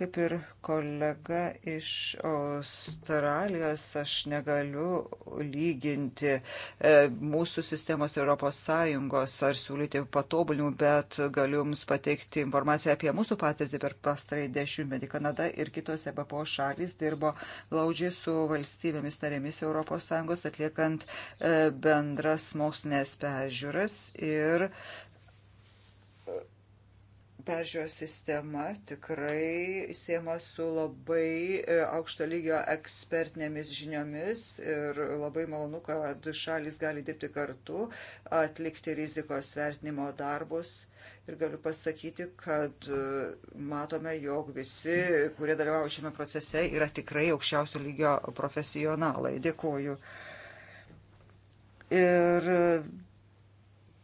Kaip ir kolega iš Australijos, aš negaliu lyginti e, mūsų sistemos ES ar siūlyti patobulimų, bet galiu Jums pateikti informaciją apie mūsų patirtį per pastarąjį dešimtmetį. Kanada ir kitos EBPO šalys dirbo glaudžiai su valstybėmis narėmis ES, atliekant e, bendras mokslinės peržiūras ir peržiūros sistema tikrai siema su labai e, aukšto lygio ekspertinėmis žiniomis ir labai malonu, kad šalis gali dirbti kartu, atlikti rizikos vertinimo darbus. Ir galiu pasakyti, kad e, matome, jog visi, kurie dalyvauja šiame procese, yra tikrai aukščiausio lygio profesionalai. Dėkuoju. Ir e,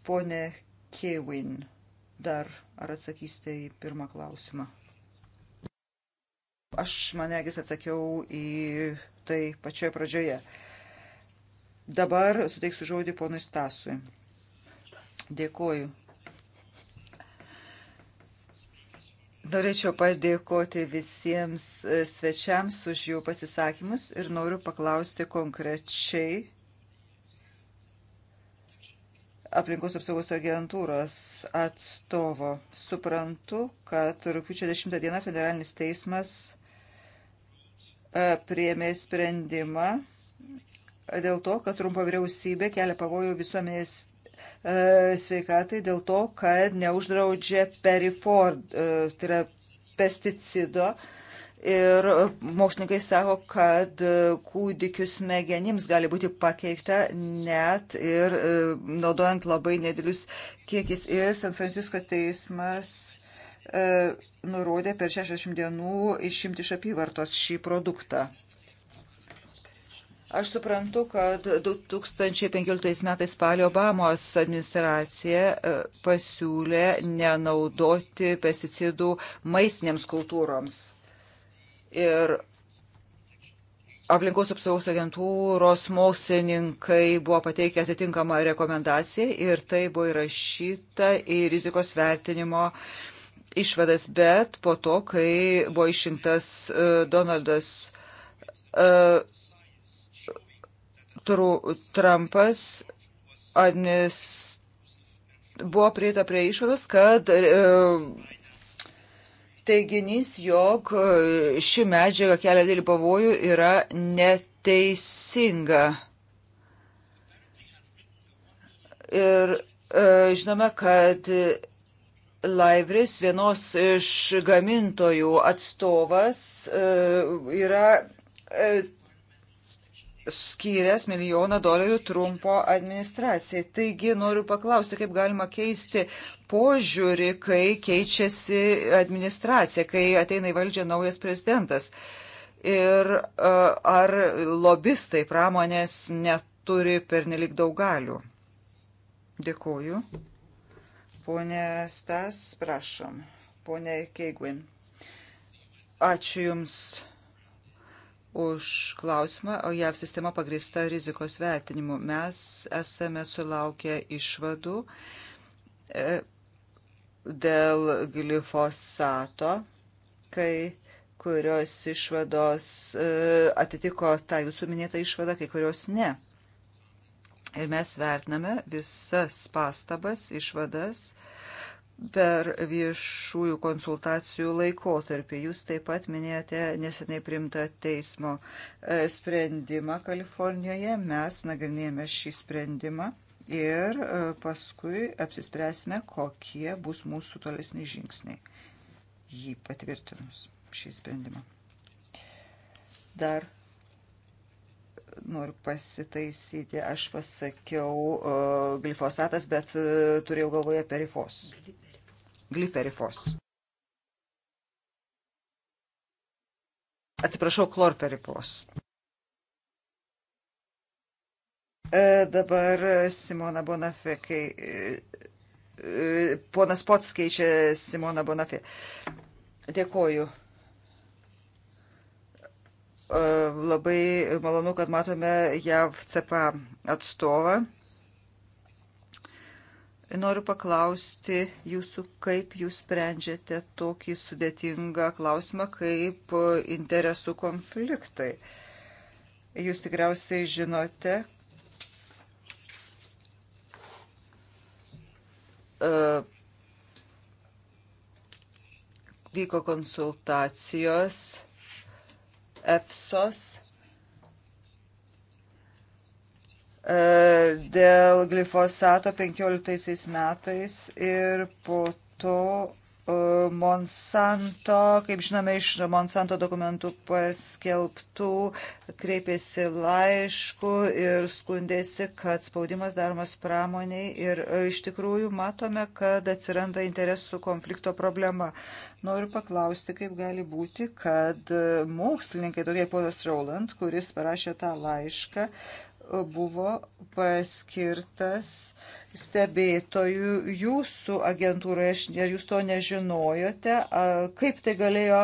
ponė Kevin dar Ar atsakysite į pirmą klausimą? Aš, man regis, atsakiau į tai pačioje pradžioje. Dabar suteiksiu žodį ponui Stasui. Dėkoju. Norėčiau padėkoti visiems svečiams už jų pasisakymus ir noriu paklausti konkrečiai aplinkos apsaugos agentūros atstovo. Suprantu, kad rūpiučio 10 dieną federalinis teismas e, prieėmė sprendimą dėl to, kad trumpa vyriausybė kelia pavojų visuomenės e, sveikatai dėl to, kad neuždraudžia periford, e, tai yra pesticido, uh, Ir mokslininkai sako, kad kūdikių smegenims gali būti pakeikta net ir e, naudojant labai nedėlius kiekis. Ir San Francisko teismas e, nurodė per 60 dienų išimti iš apyvartos šį produktą. Aš suprantu, kad 2015 metais spalio Obamos administracija e, pasiūlė nenaudoti pesticidų maistinėms kultūroms Ir aplinkos apsaugos agentūros mokslininkai buvo pateikę atitinkamą rekomendaciją ir tai buvo įrašyta į rizikos vertinimo išvadas, bet po to, kai buvo išrinktas e, Donaldas e, Trumpas, administracijos buvo prieita prie išvados, kad e, teiginys, jog e, ši medžiaga kelia dėlį pavojų yra neteisinga. Ir e, žinome, kad Laivris, vienos iš gamintojų atstovas, e, yra e, skyręs milijoną dolerių Trumpo administracijai. Taigi noriu paklausti, kaip galima keisti požiūrį, kai keičiasi administracija, kai ateina į valdžią naujas prezidentas. Ir e, ar lobistai pramonės neturi pernelik daug galių? Dėkuoju. Pone Stas, prašom. Pone Keigvin. Ačiū Jums už klausimą, o JAV sistema pagrįsta rizikos vertinimu. Mes esame sulaukę išvadų e, dėl glifosato, kai kurios išvados e, atitiko tą jūsų minėtą išvadą, kai kurios ne. Ir mes vertiname visas pastabas, išvadas per viešųjų konsultacijų laikotarpį. Jūs taip pat minėjote nesenai primtą teismo e, sprendimą Kalifornijoje. Mes nagrinėjame šį sprendimą ir e, paskui apsispręsime, kokie bus mūsų tolesni žingsniai jį patvirtinus šį sprendimą. Dar noriu pasitaisyti, aš pasakiau uh, glifosatas, bet uh, turėjau galvoje perifos. Glipė gliperifos. Atsiprašau, klorperipos. E, dabar Simona Bonafė, kai e, e, ponas Pots keičia Simona Bonafė. Dėkoju. E, labai malonu, kad matome JAV CPA atstovą. Noriu paklausti jūsų, kaip jūs sprendžiate tokį sudėtingą klausimą kaip interesų konfliktai. Jūs tikriausiai žinote, e, vyko konsultacijos EFSOS E, dėl glifosato 15 metais ir po to e, Monsanto, kaip žinome, iš Monsanto dokumentų paskelbtų kreipėsi laišku ir skundėsi, kad spaudimas daromas pramoniai ir e, iš tikrųjų matome, kad atsiranda interesų konflikto problema. Noriu paklausti, kaip gali būti, kad mokslininkai, tokie ponas Rauland, kuris parašė tą laišką, buvo paskirtas stebėtojų jūsų agentūroje, ar jūs to nežinojote, kaip tai galėjo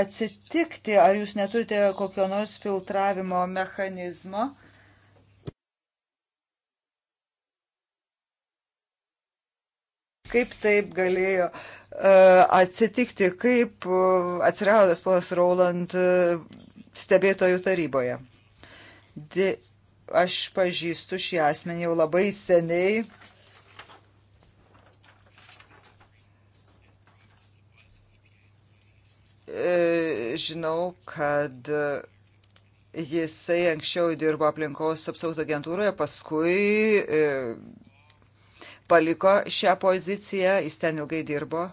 atsitikti, ar jūs neturite kokio nors filtravimo mechanizmo. Kaip taip galėjo atsitikti, kaip atsirado tas ponas Roland stebėtojų taryboje? Di, aš pažįstu šį asmenį jau labai seniai. E, žinau, kad jisai anksčiau dirbo aplinkos apsaugos agentūroje, paskui e, paliko šią poziciją, jis ten ilgai dirbo.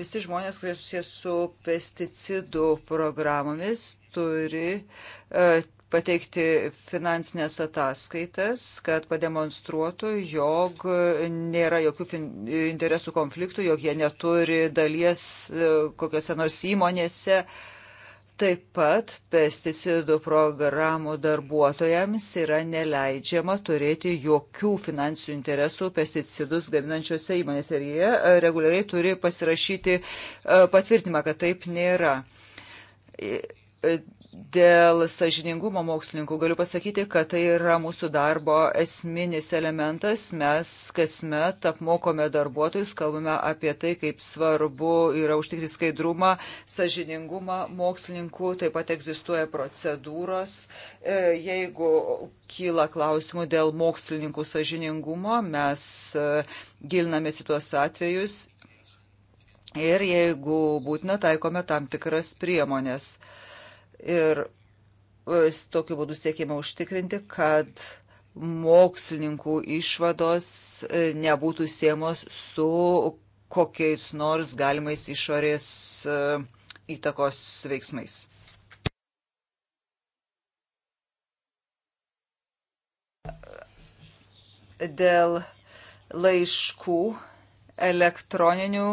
Visi žmonės, kurie susijęs su pesticidų programomis, turi e, pateikti finansinės ataskaitas, kad pademonstruotų, jog nėra jokių interesų konfliktų, jog jie neturi dalies e, kokiuose nors įmonėse. Taip pat pesticidų programų darbuotojams yra neleidžiama turėti jokių finansinių interesų pesticidus gaminančiose įmonėse ir jie e, reguliariai turi pasirašyti e, patvirtinimą, kad taip nėra Dėl sažiningumo mokslininkų galiu pasakyti, kad tai yra mūsų darbo esminis elementas. Mes kasmet apmokome darbuotojus, kalbame apie tai, kaip svarbu yra užtikrinti skaidrumą, sažiningumą mokslininkų, taip pat egzistuoja procedūros. E, jeigu kyla klausimų dėl mokslininkų sažiningumo, mes e, gilinamės į tuos atvejus ir jeigu būtina, taikome tam tikras priemonės. Ir e, tokiu būdu siekime užtikrinti, kad mokslininkų išvados e, nebūtų siemos su kokiais nors galimais išorės e, įtakos veiksmais. Dėl laiškų elektroninių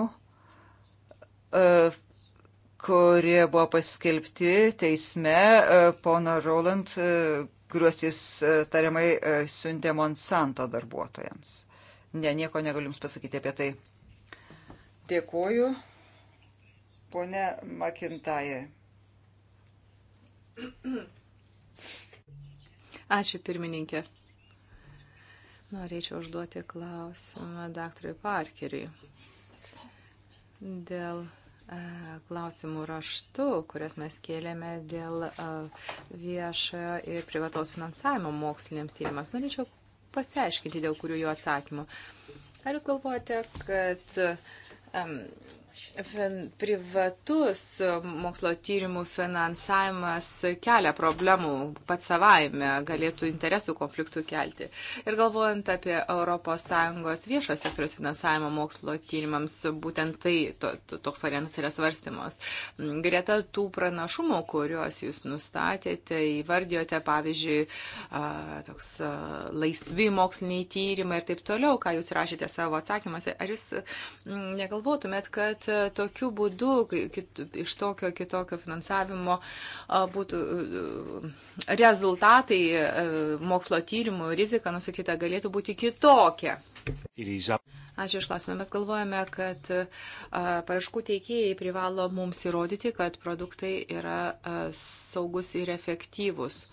kurie buvo paskelbti teisme e, pono Roland, e, kuriuos jis e, tariamai siuntė Monsanto darbuotojams. Ne, nieko negaliu Jums pasakyti apie tai. Dėkuoju, ponė Makintaje. Ačiū pirmininkė. Norėčiau užduoti klausimą daktarui Parkeriui dėl E, klausimų raštu, kurias mes kėlėme dėl e, viešojo ir privataus finansavimo moksliniams tyrimams. Norėčiau pasiaiškinti, dėl kurių jų atsakymų. Ar jūs galvojate, kad um, Privatus mokslo tyrimų finansavimas kelia problemų pats savaime, galėtų interesų konfliktų kelti. Ir galvojant apie ES viešo sektoriaus finansavimą mokslo tyrimams, būtent tai to, to, toks variantas yra svarstymas. Greta tų pranašumų, kuriuos jūs nustatėte, įvardijote, pavyzdžiui, toks laisvi moksliniai tyrimai ir taip toliau, ką jūs rašėte savo atsakymuose, ar jūs negalvotumėt, kad kad e, tokiu būdu kit, iš tokio kitokio finansavimo e, būtų e, rezultatai mokslo tyrimų rizika nusakyta galėtų būti kitokia. Ačiū iš klausimą. Mes galvojame, kad paraškų teikėjai privalo mums įrodyti, kad produktai yra saugus ir efektyvus.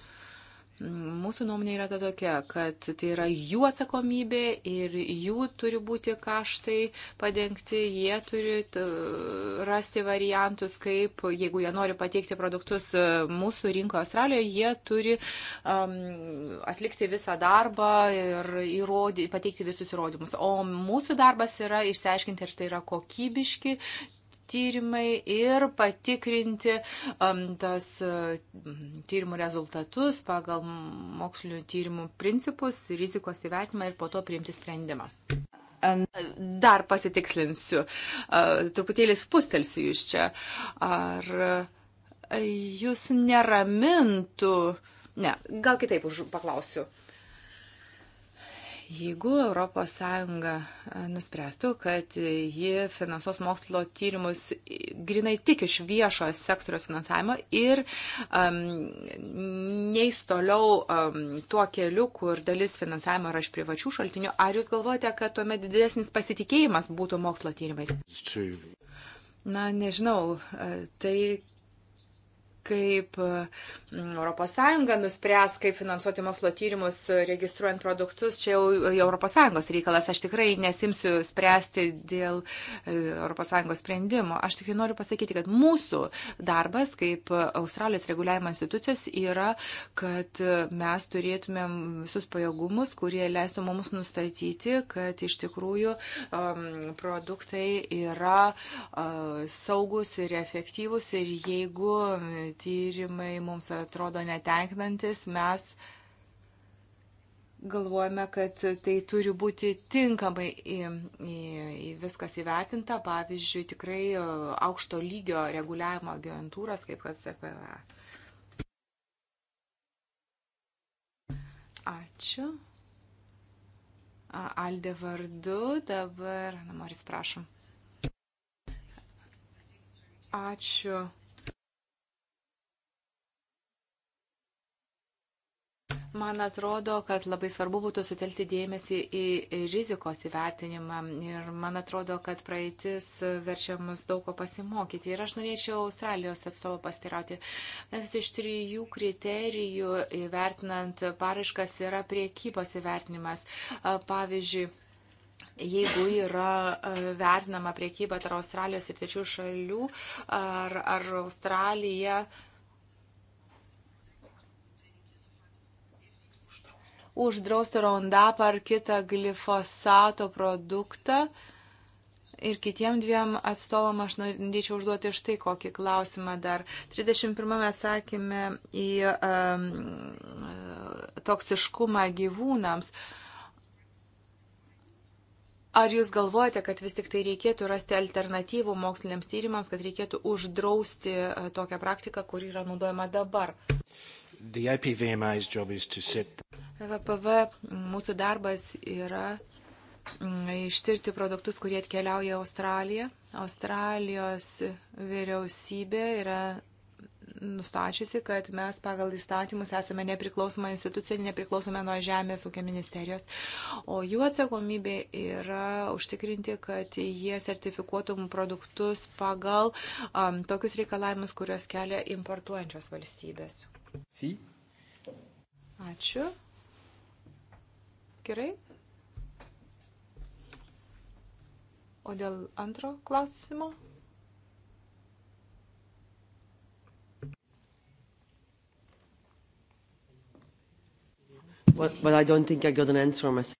Mūsų nuomonė yra ta tokia, kad tai yra jų atsakomybė ir jų turi būti kaštai padengti, jie turi rasti variantus, kaip, jeigu jie nori pateikti produktus e, mūsų rinkoje Australijoje, jie turi um, atlikti visą darbą ir įrody, pateikti visus įrodymus. O mūsų darbas yra išsiaiškinti, ar tai yra kokybiški tyrimai ir patikrinti um, tas uh, tyrimų rezultatus pagal mokslinio tyrimų principus, rizikos įvertimą ir po to priimti sprendimą. Dar pasitikslinsiu, uh, truputėlį spustelsiu jūs čia. Ar uh, jūs neramintų? Ne, gal kitaip už, paklausiu. Jeigu ES e, nuspręstų, kad ji finansuos mokslo tyrimus grinai tik iš viešo sektoriaus finansavimo ir um, neis toliau um, tuo keliu, kur dalis finansavimo yra iš privačių šaltinių, ar jūs galvojate, kad tuomet didesnis pasitikėjimas būtų mokslo tyrimais? Na, nežinau. E, tai kaip ES nuspręs, kaip finansuoti mokslo tyrimus, registruojant produktus, čia jau ES reikalas. Aš tikrai nesimsiu spręsti dėl ES sprendimo. Aš tik noriu pasakyti, kad mūsų darbas kaip Australijos reguliavimo institucijos yra, kad mes turėtumėm visus pajėgumus, kurie leistų mums nustatyti, kad iš tikrųjų um, produktai yra uh, saugus ir efektyvus ir jeigu tyrimai mums atrodo netenkinantis, mes galvojame, kad tai turi būti tinkamai į, į, į viskas įvertinta, pavyzdžiui, tikrai e, aukšto lygio reguliavimo agentūros, kaip kad CPV. Ačiū. Aldė vardu, dabar, na, Moris, prašom. Ačiū. Man atrodo, kad labai svarbu būtų sutelkti dėmesį į rizikos įvertinimą ir man atrodo, kad praeitis verčia mus daug ko pasimokyti. Ir aš norėčiau Australijos atstovo pastirauti. Vienas iš trijų kriterijų įvertinant paraiškas yra priekybos įvertinimas. Pavyzdžiui, jeigu yra e, vertinama priekyba tarp Australijos ir trečių šalių ar, ar Australija. Uh, uždrausti Roundupą ar kitą glifosato produktą. Ir kitiem dviem atstovam aš norėčiau užduoti štai kokį klausimą dar. 31 atsakymė į um, toksiškumą gyvūnams. Ar jūs galvojate, kad vis tik tai reikėtų rasti alternatyvų moksliniams tyrimams, kad reikėtų uždrausti e, tokią praktiką, kuri yra naudojama dabar? the IPVMI's job is to set. VPV mm, mūsų darbas yra mm, ištirti produktus, kurie atkeliauja į Australiją. Australijos vyriausybė yra nustačiusi, kad mes pagal įstatymus esame nepriklausoma institucija, nepriklausome nuo Žemės ūkio ministerijos, o jų atsakomybė yra užtikrinti, kad jie sertifikuotų produktus pagal um, tokius reikalavimus, kuriuos kelia importuojančios valstybės. Si. Ačiū. Gerai. O dėl antro klausimo? But, but I don't think I got an answer myself.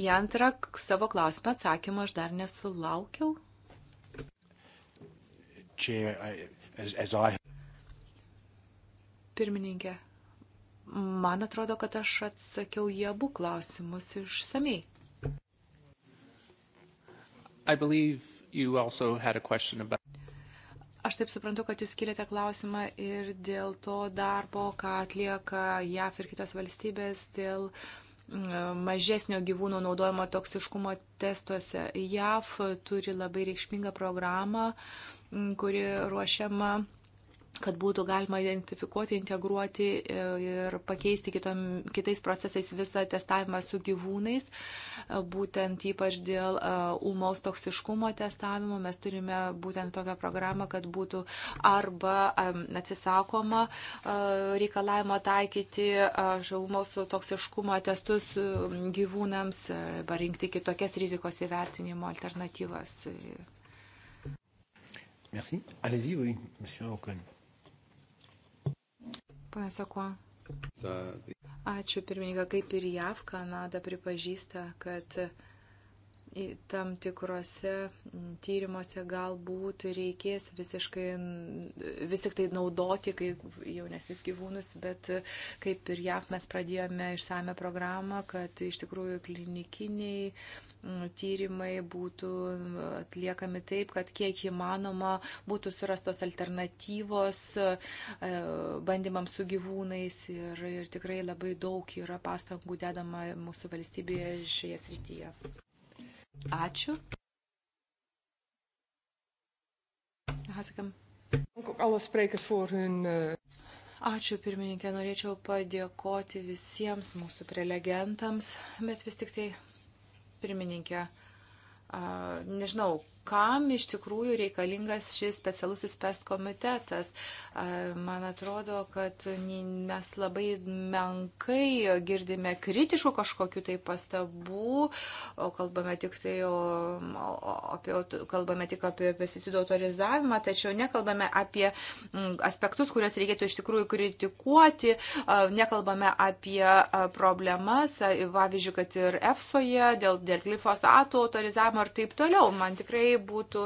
Į antrą savo klausimą atsakymą aš dar nesulaukiau. Chair, I, as, as I... Pirmininkė, man atrodo, kad aš atsakiau į abu klausimus išsamei. About... Aš taip suprantu, kad jūs kilėte klausimą ir dėl to darbo, ką atlieka JAF ir kitos valstybės, dėl mm, mažesnio gyvūnų naudojimo toksiškumo testuose. JAF turi labai reikšmingą programą, mm, kuri ruošiama kad būtų galima identifikuoti, integruoti e, ir pakeisti kitom, kitais procesais visą testavimą su gyvūnais, e, būtent ypač dėl e, ūmaus toksiškumo testavimo. Mes turime būtent tokią programą, kad būtų arba atsisakoma reikalavimo taikyti žaumaus toksiškumo testus gyvūnams, arba rinkti kitokias rizikos įvertinimo alternatyvas. Merci. Allez-y, oui, monsieur Ocon. Pane Sako. Ačiū pirmininką, kaip ir JAV Kanada pripažįsta, kad tam tikrose tyrimuose galbūt reikės visiškai, vis tik tai naudoti kaip jaunesnius gyvūnus, bet kaip ir JAV mes pradėjome išsame programą, kad iš tikrųjų klinikiniai tyrimai būtų atliekami taip, kad kiek įmanoma būtų surastos alternatyvos e, bandymams su gyvūnais ir, ir tikrai labai daug yra pastangų dedama mūsų valstybėje šioje srityje. Ačiū. Hasekam. Alle sprekers voor hun uh... Ačiū pirmininkė, norėčiau padėkoti visiems mūsų prelegentams, bet vis tik tai pirmininkė. Nežinau, kam iš tikrųjų reikalingas šis specialusis pest komitetas. Man atrodo, kad mes labai menkai girdime kritiškų kažkokių tai pastabų, o kalbame tik, tai, o, apie, kalbame tik apie pesticidų autorizavimą, tačiau nekalbame apie aspektus, kuriuos reikėtų iš tikrųjų kritikuoti, nekalbame apie problemas, pavyzdžiui, kad ir EFSOje dėl, dėl glifosato autorizavimo ir taip toliau. Man tikrai tikrai būtų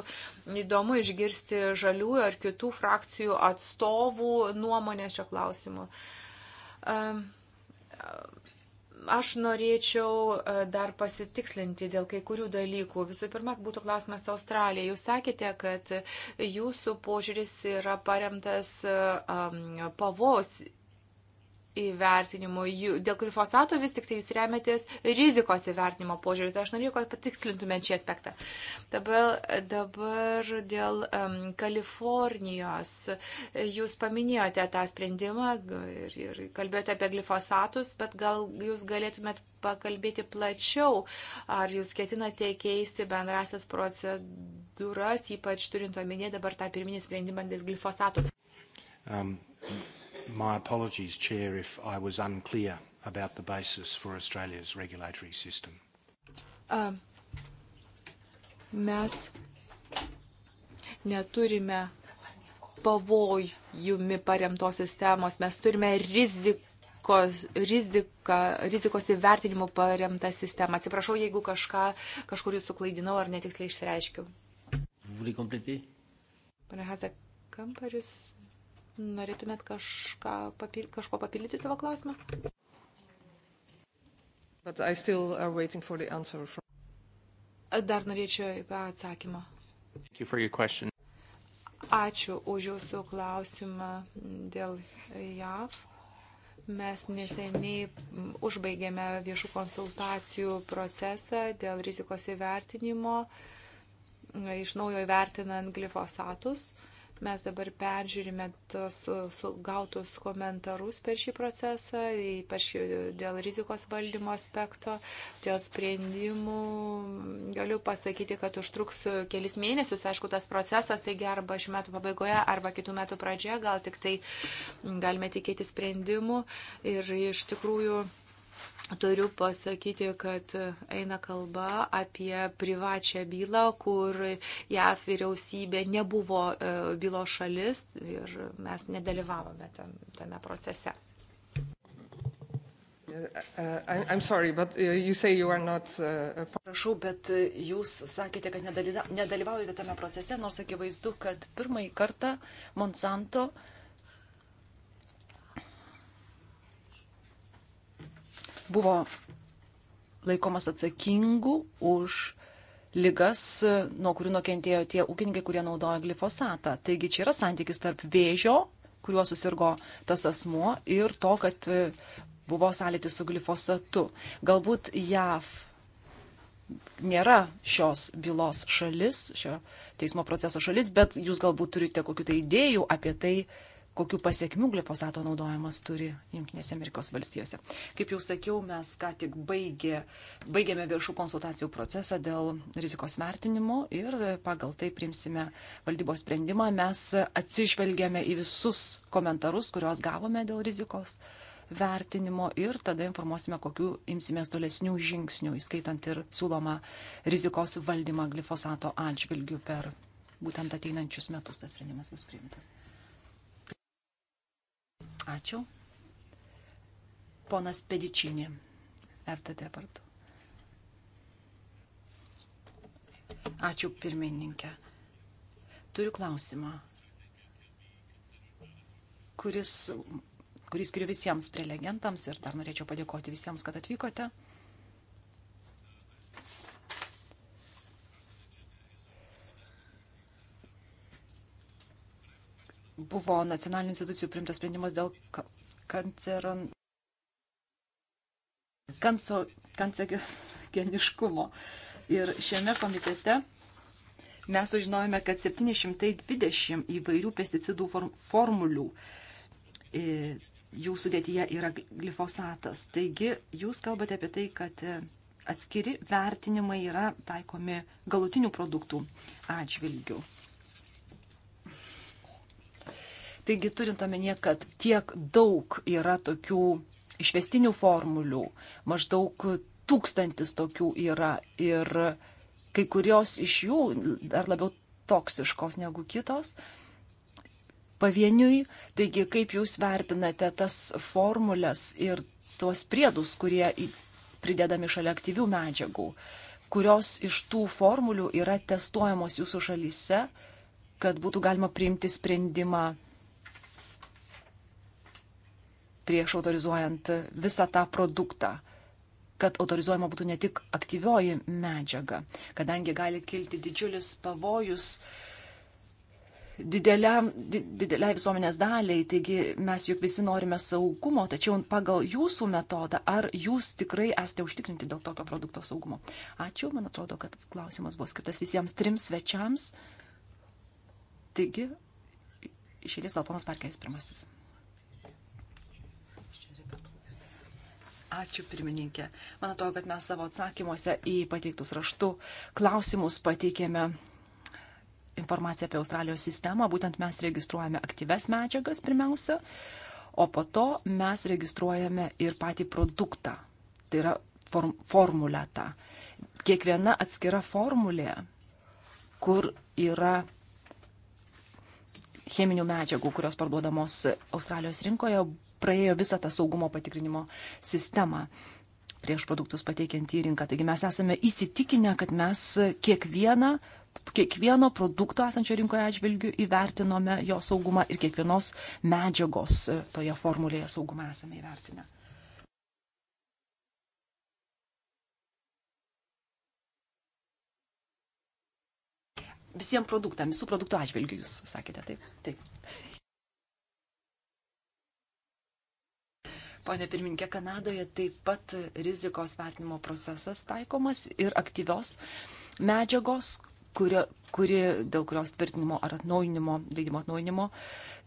įdomu išgirsti žaliųjų ar kitų frakcijų atstovų nuomonę šio klausimu. Aš norėčiau e, dar pasitikslinti dėl kai kurių dalykų. Visų pirma, būtų klausimas Australija. Jūs sakėte, kad jūsų požiūris yra paremtas um, pavos įvertinimo. Dėl glifosato vis tik tai jūs remiatės rizikos įvertinimo požiūrį. Tai aš norėjau, kad patikslintumėt šį aspektą. Dabar, dabar dėl um, Kalifornijos. Jūs paminėjote tą sprendimą ir, ir kalbėjote apie glifosatus, bet gal jūs galėtumėt pakalbėti plačiau, ar jūs ketinate keisti bendrasias procedūras, ypač turint omenyje dabar tą pirminį sprendimą dėl glifosatų. Um. My apologies, Chair, if I was unclear about the basis for Australia's regulatory system. Uh, mes neturime pavojumi paremtos sistemos, mes turime rizikos, rizika, rizikos įvertinimų paremtą sistemą. Atsiprašau, jeigu kažką, kažkur jūs suklaidinau ar netiksliai išsireiškiau. Pane Hazek, kamparis Norėtumėt kažką, papil kažko papildyti savo klausimą? From... Dar norėčiau atsakymą. You Ačiū už jūsų klausimą dėl JAV mes neseniai užbaigėme viešų konsultacijų procesą dėl rizikos įvertinimo, iš naujo įvertinant glifosatus. Uh, Mes dabar peržiūrime tos gautus komentarus per šį procesą, ypač dėl rizikos valdymo aspekto, dėl sprendimų. Galiu pasakyti, kad užtruks kelis mėnesius, aišku, tas procesas, taigi arba šių metų pabaigoje, arba kitų metų pradžioje, gal tik tai galime tikėti sprendimų. Ir iš tikrųjų turiu pasakyti, kad eina kalba apie privačią bylą, kur JAF vyriausybė nebuvo e, bylo šalis ir mes nedalyvavome tam, tame procese. Uh, uh, I'm sorry, but uh, you say you are not. Prašau, bet jūs sakėte, kad nedalyvaujate tame procese, nors akivaizdu, kad pirmąjį kartą Monsanto uh, buvo laikomas atsakingu už lygas, nuo kurių nukentėjo tie ūkininkai, kurie naudoja glifosatą. Taigi čia yra santykis tarp vėžio, kuriuo susirgo tas asmuo, ir to, kad e, buvo sąlytis su glifosatu. Galbūt JAV nėra šios bylos šalis, šio teismo proceso šalis, bet jūs galbūt turite kokiu tai idėjų apie tai, uh, kokiu pasiekmiu glifosato naudojimas turi Junktinėse Amerikos valstijose. Kaip jau sakiau, mes ką tik baigė, baigėme viešų konsultacijų procesą dėl rizikos vertinimo ir pagal tai primsime valdybos sprendimą. Mes atsižvelgėme į visus komentarus, kuriuos gavome dėl rizikos vertinimo ir tada informuosime, kokiu imsimės tolesnių žingsnių, įskaitant ir siūlomą rizikos valdymą glifosato atžvilgių per būtent ateinančius metus tas sprendimas bus priimtas. Ačiū. Ponas Pedičinė, FTT vardu. Ačiū pirmininkė. Turiu klausimą, kuris, kuris skiriu visiems prelegentams ir dar norėčiau padėkoti visiems, kad atvykote. buvo nacionalinių institucijų primtas sprendimas dėl kanceron... kanco... kancerogeniškumo. Ir šiame komitete mes sužinojome, kad 720 įvairių pesticidų form formulių e, jų sudėtyje yra glifosatas. Taigi jūs kalbate apie tai, kad e, atskiri vertinimai yra taikomi galutinių produktų atžvilgių. Taigi turint omenyje, kad tiek daug yra tokių išvestinių formulių, maždaug tūkstantis tokių yra ir kai kurios iš jų dar labiau toksiškos negu kitos. Pavieniui, taigi kaip jūs vertinate tas formulės ir tuos priedus, kurie pridedami šalia aktyvių medžiagų, kurios iš tų formulių yra testuojamos jūsų šalyse, kad būtų galima priimti sprendimą prieš autorizuojant visą tą produktą, kad autorizuojama būtų ne tik aktyvioji medžiaga, kadangi gali kilti didžiulis pavojus dideliam, dideliai visuomenės daliai, taigi mes juk visi norime saugumo, tačiau pagal jūsų metodą, ar jūs tikrai esate užtikrinti dėl tokio produkto saugumo? Ačiū, man atrodo, kad klausimas buvo skirtas visiems trims svečiams. Taigi, išėlės gal ponas Parkeris pirmasis. Ačiū pirmininkė. Man atrodo, kad mes savo atsakymuose į pateiktus raštų klausimus pateikėme informaciją apie Australijos sistemą. Būtent mes registruojame aktyves medžiagas pirmiausia, o po to mes registruojame ir patį produktą. Tai yra form formulę tą. Kiekviena atskira formulė, kur yra cheminių medžiagų, kurios parduodamos Australijos rinkoje, praėjo visą tą saugumo patikrinimo sistemą prieš produktus pateikiant į rinką. Taigi mes esame įsitikinę, kad mes kiekvieną, kiekvieno produkto esančio rinkoje atžvilgių įvertinome jo saugumą ir kiekvienos medžiagos e, toje formulėje saugumą esame įvertinę. Visiems produktams, visų produktų atžvilgių jūs sakėte taip. taip. Pone pirmininkė, Kanadoje taip pat rizikos vertinimo procesas taikomas ir aktyvios medžiagos, kurio, kuri, dėl kurios tvirtinimo ar atnaujinimo, leidimo atnaujinimo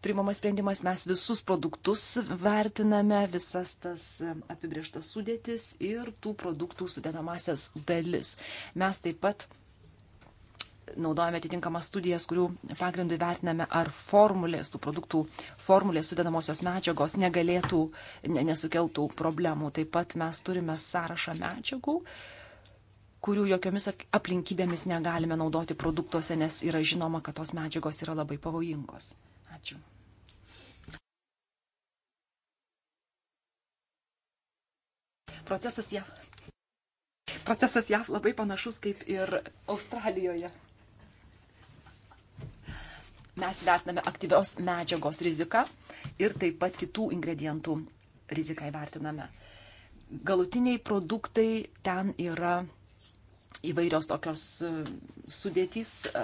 priimamas sprendimas, mes visus produktus vertiname, visas tas apibrieštas sudėtis ir tų produktų sudėdamasias dalis. Mes taip pat naudojame atitinkamas studijas, kurių pagrindų vertiname, ar formulės, tų produktų formulės sudedamosios medžiagos negalėtų, ne, nesukeltų problemų. Taip pat mes turime sąrašą medžiagų, kurių jokiomis aplinkybėmis negalime naudoti produktuose, nes yra žinoma, kad tos medžiagos yra labai pavojingos. Ačiū. Procesas jav. Procesas jav labai panašus kaip ir Australijoje mes vertiname aktyvios medžiagos riziką ir taip pat kitų ingredientų riziką įvertiname. Galutiniai produktai ten yra įvairios tokios e, sudėtys, e,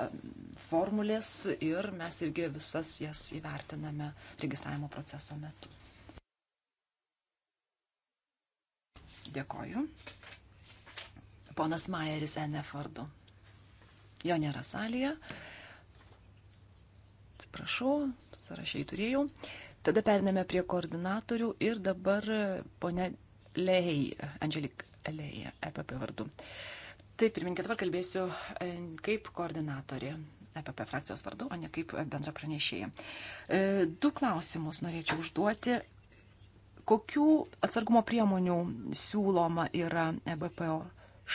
formulės ir mes irgi visas jas įvertiname registravimo proceso metu. Dėkoju. Ponas Majeris Enefardu. Jo nėra salėje. Uh, Atsiprašau, sąrašiai turėjau. Tada periname prie koordinatorių ir dabar ponia Lei, Angelik Lei, EPP vardu. Taip, pirmininkė, dabar kalbėsiu e, kaip koordinatorė. EPP frakcijos vardu, o ne kaip bendra pranešėja. E, du klausimus norėčiau užduoti. Kokių atsargumo priemonių siūloma yra EBPO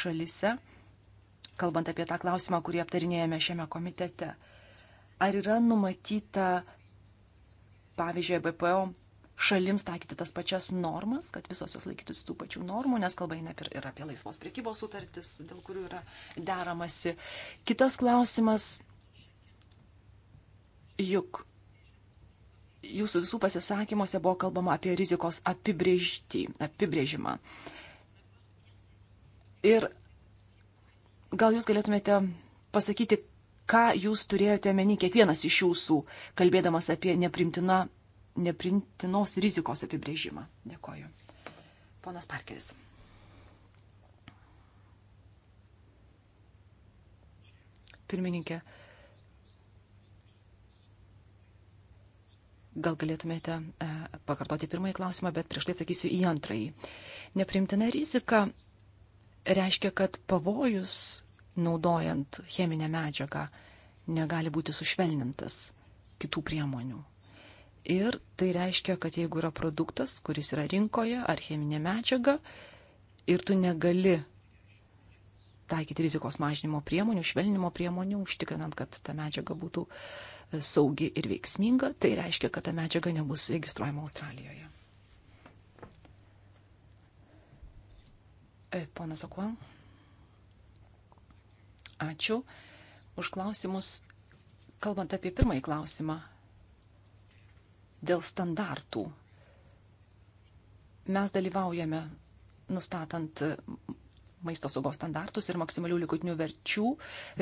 šalise, kalbant apie tą klausimą, kurį aptarinėjame šiame komitete? Ar yra numatyta, pavyzdžiui, e BPO šalims taikyti tas pačias normas, kad visos jos laikytųsi tų pačių normų, nes kalba eina ir apie laisvos priekybos sutartis, dėl kurių yra deramasi. Kitas klausimas, juk jūsų visų pasisakymuose buvo kalbama apie rizikos apibrėžtį, apibrėžimą. Ir gal jūs galėtumėte pasakyti, ką jūs turėjote meni, kiekvienas iš jūsų, kalbėdamas apie neprimtina, neprimtinos rizikos apibrėžimą. Dėkoju. Ponas Parkeris. Pirmininkė, gal galėtumėte e, pakartoti pirmąjį klausimą, bet prieš tai atsakysiu į antrąjį. Neprimtina rizika reiškia, kad pavojus naudojant cheminę medžiagą negali būti sušvelnintas kitų priemonių. Ir tai reiškia, kad jeigu yra produktas, kuris yra rinkoje ar cheminė medžiaga, ir tu negali taikyti rizikos mažinimo priemonių, švelnimo priemonių, užtikrinant, kad ta medžiaga būtų e, saugi ir veiksminga, tai reiškia, kad ta medžiaga nebus registruojama Australijoje. E, ponas Okuan. Ačiū už klausimus. Kalbant apie pirmąjį klausimą dėl standartų, mes dalyvaujame nustatant maisto saugos standartus ir maksimalių likutinių verčių,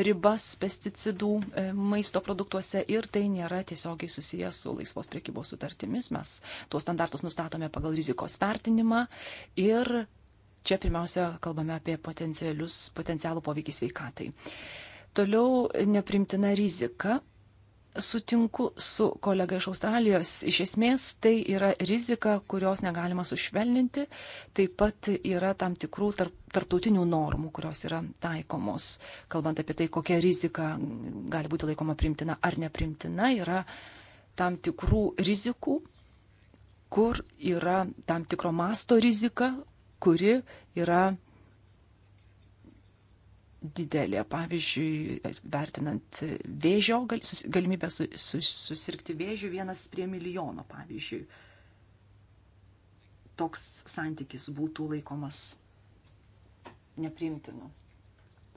ribas pesticidų e, maisto produktuose ir tai nėra tiesiogiai susijęs su laisvos priekybos sutartimis. Mes tuos standartus nustatome pagal rizikos vertinimą ir Čia pirmiausia kalbame apie potencialų poveikį sveikatai. Toliau neprimtina rizika. Sutinku su kolega iš Australijos. Iš esmės tai yra rizika, kurios negalima sušvelninti. Taip pat yra tam tikrų tarp, tarptautinių normų, kurios yra taikomos. Kalbant apie tai, kokia rizika gali būti laikoma primtina ar neprimtina, yra tam tikrų rizikų, kur yra tam tikro masto rizika, kuri yra didelė. Pavyzdžiui, vertinant vėžio galimybę susirgti vėžių vienas prie milijono, pavyzdžiui, toks santykis būtų laikomas nepriimtinu.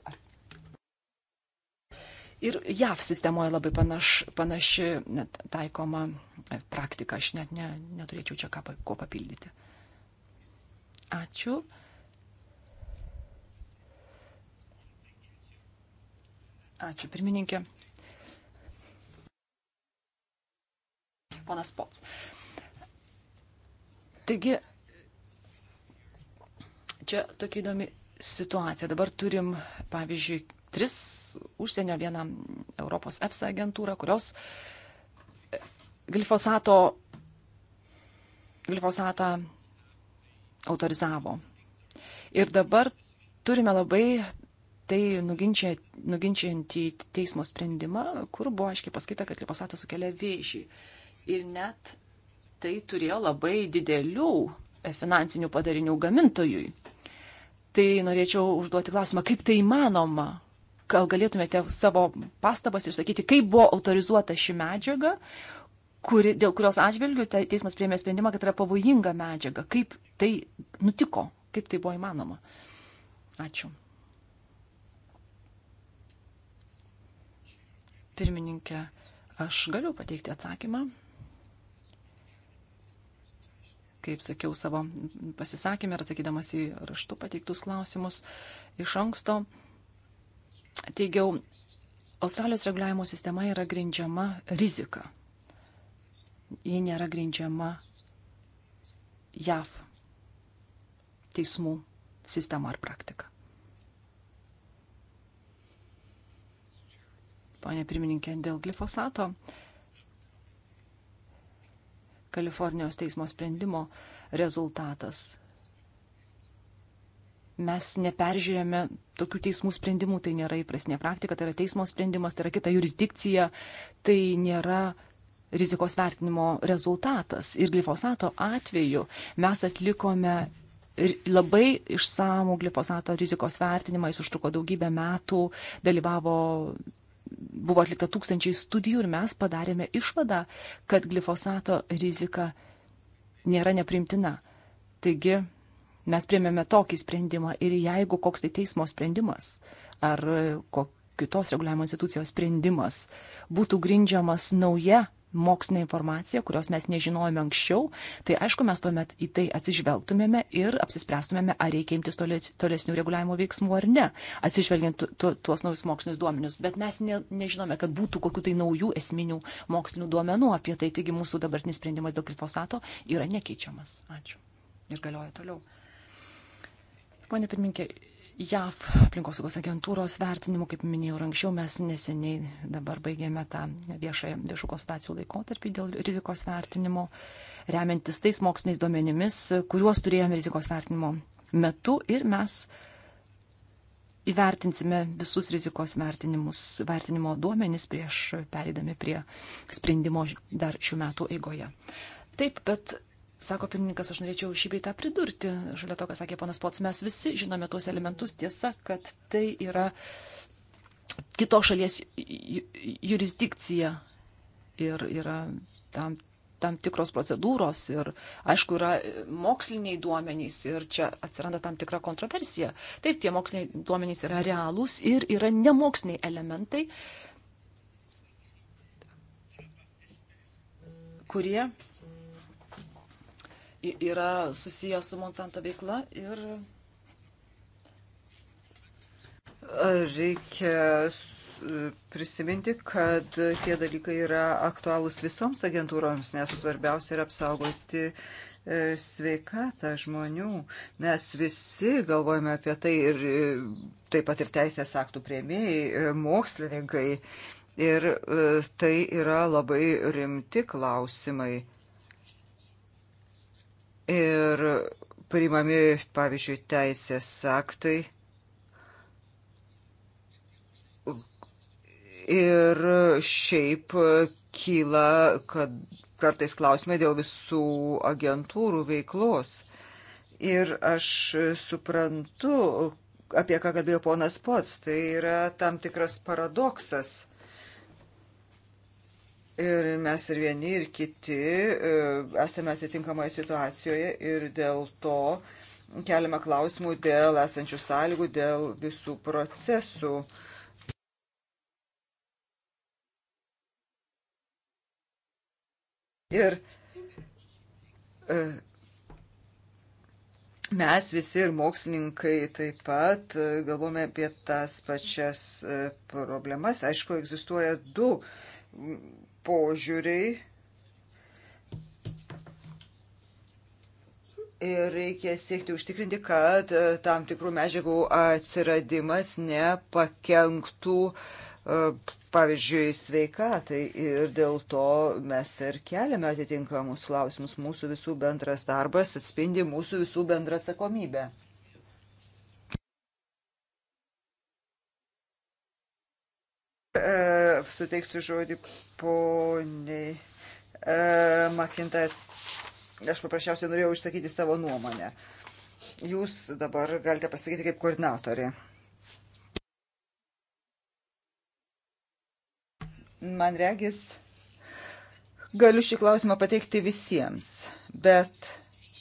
Ar... Ir JAV sistemoje labai panaš, panaši net, taikoma praktika, aš net ne, neturėčiau čia ką, ko papildyti. Ačiū. Ačiū, pirmininkė. Ponas Pots. Taigi, čia tokia įdomi situacija. Dabar turim, pavyzdžiui, tris užsienio vieną Europos EFSA agentūrą, kurios e, glifosato, glifosatą autorizavo. Ir dabar turime labai tai nuginčiantį teismo sprendimą, kur buvo aiškiai pasakyta, kad glifosatas sukelia vėžį. Ir net tai turėjo labai didelių finansinių padarinių gamintojui. Tai norėčiau užduoti klausimą, kaip tai įmanoma? Gal galėtumėte savo pastabas išsakyti, kaip buvo autorizuota ši medžiaga, kuri, dėl kurios atžvilgių teismas priėmė sprendimą, kad yra pavojinga medžiaga. Kaip tai nutiko, kaip tai buvo įmanoma. Ačiū. Pirmininkė, aš galiu pateikti atsakymą. Kaip sakiau savo pasisakymę ir atsakydamas į raštu pateiktus klausimus iš anksto, teigiau, Australijos reguliavimo sistema yra grindžiama rizika ji nėra grindžiama JAV teismų sistema ar praktika. Pane pirmininkė, dėl glifosato Kalifornijos teismo sprendimo rezultatas. Mes neperžiūrėjome tokių teismų sprendimų, tai nėra įprasnė praktika, tai yra teismo sprendimas, tai yra kita jurisdikcija, tai nėra uh, rizikos vertinimo rezultatas. Ir glifosato atveju mes atlikome labai išsamų glifosato rizikos vertinimą, jis užtruko daugybę metų, dalyvavo, buvo atlikta tūkstančiai studijų ir mes padarėme išvadą, kad glifosato rizika nėra neprimtina. Taigi mes priemėme tokį sprendimą ir jeigu koks tai teismo sprendimas ar kokios reguliavimo institucijos sprendimas būtų grindžiamas nauja mokslinę informaciją, kurios mes nežinojome anksčiau, tai aišku, mes tuomet į tai atsižvelgtumėme ir apsispręstumėme, ar reikia imtis tolesnių reguliavimo veiksmų ar ne, atsižvelgiant tuos naujus mokslinius duomenius. Bet mes ne, nežinome, kad būtų kokių tai naujų esminių mokslinių duomenų apie tai, taigi mūsų dabartinis sprendimas dėl glifosato yra nekeičiamas. Ačiū. Ir galioja toliau. Pone pirminkė, JAV aplinkosaugos agentūros vertinimu, kaip minėjau anksčiau, mes neseniai dabar baigėme tą viešą, viešų konsultacijų laikotarpį dėl rizikos vertinimo, remiantis tais moksliniais duomenimis, kuriuos turėjome rizikos vertinimo metu ir mes įvertinsime visus rizikos vertinimo duomenis prieš pereidami prie sprendimo dar šių metų eigoje. Taip, bet Sako pirmininkas, aš norėčiau šį beitą pridurti. Šalia to, ką sakė ponas Pots, mes visi žinome tuos elementus. Tiesa, kad tai yra kitos šalies jurisdikcija ir yra tam, tam tikros procedūros ir, aišku, yra moksliniai duomenys ir čia atsiranda tam tikra kontroversija. Taip, tie moksliniai duomenys yra realūs ir yra nemoksliniai elementai, kurie yra susijęs su Monsanto veikla ir. Reikia prisiminti, kad tie dalykai yra aktualūs visoms agentūroms, nes svarbiausia yra apsaugoti e, sveikatą žmonių. Mes visi galvojame apie tai ir e, taip pat ir teisės aktų prieimėjai, e, mokslininkai. Ir tai yra labai rimti klausimai ir priimami, pavyzdžiui, teisės aktai. Ir šiaip kyla, kad kartais klausimai dėl visų agentūrų veiklos. Ir aš suprantu, apie ką kalbėjo ponas pats, tai yra tam tikras paradoksas Ir mes ir vieni, ir kiti e, esame atitinkamoje situacijoje ir dėl to keliame klausimų dėl esančių sąlygų, dėl visų procesų. Ir e, mes visi ir mokslininkai taip pat e, galvome apie tas pačias problemas. Aišku, egzistuoja du požiūriai ir reikia siekti užtikrinti, kad e, tam tikrų medžiagų atsiradimas nepakenktų, e, pavyzdžiui, sveikatai. Ir dėl to mes ir keliame atitinkamus klausimus. Mūsų visų bendras darbas atspindi mūsų visų bendrą atsakomybę. E, suteiksiu žodį poniai e, Makintai. Aš paprasčiausiai norėjau išsakyti savo nuomonę. Jūs dabar galite pasakyti kaip koordinatorė. Man regis, galiu šį klausimą pateikti visiems, bet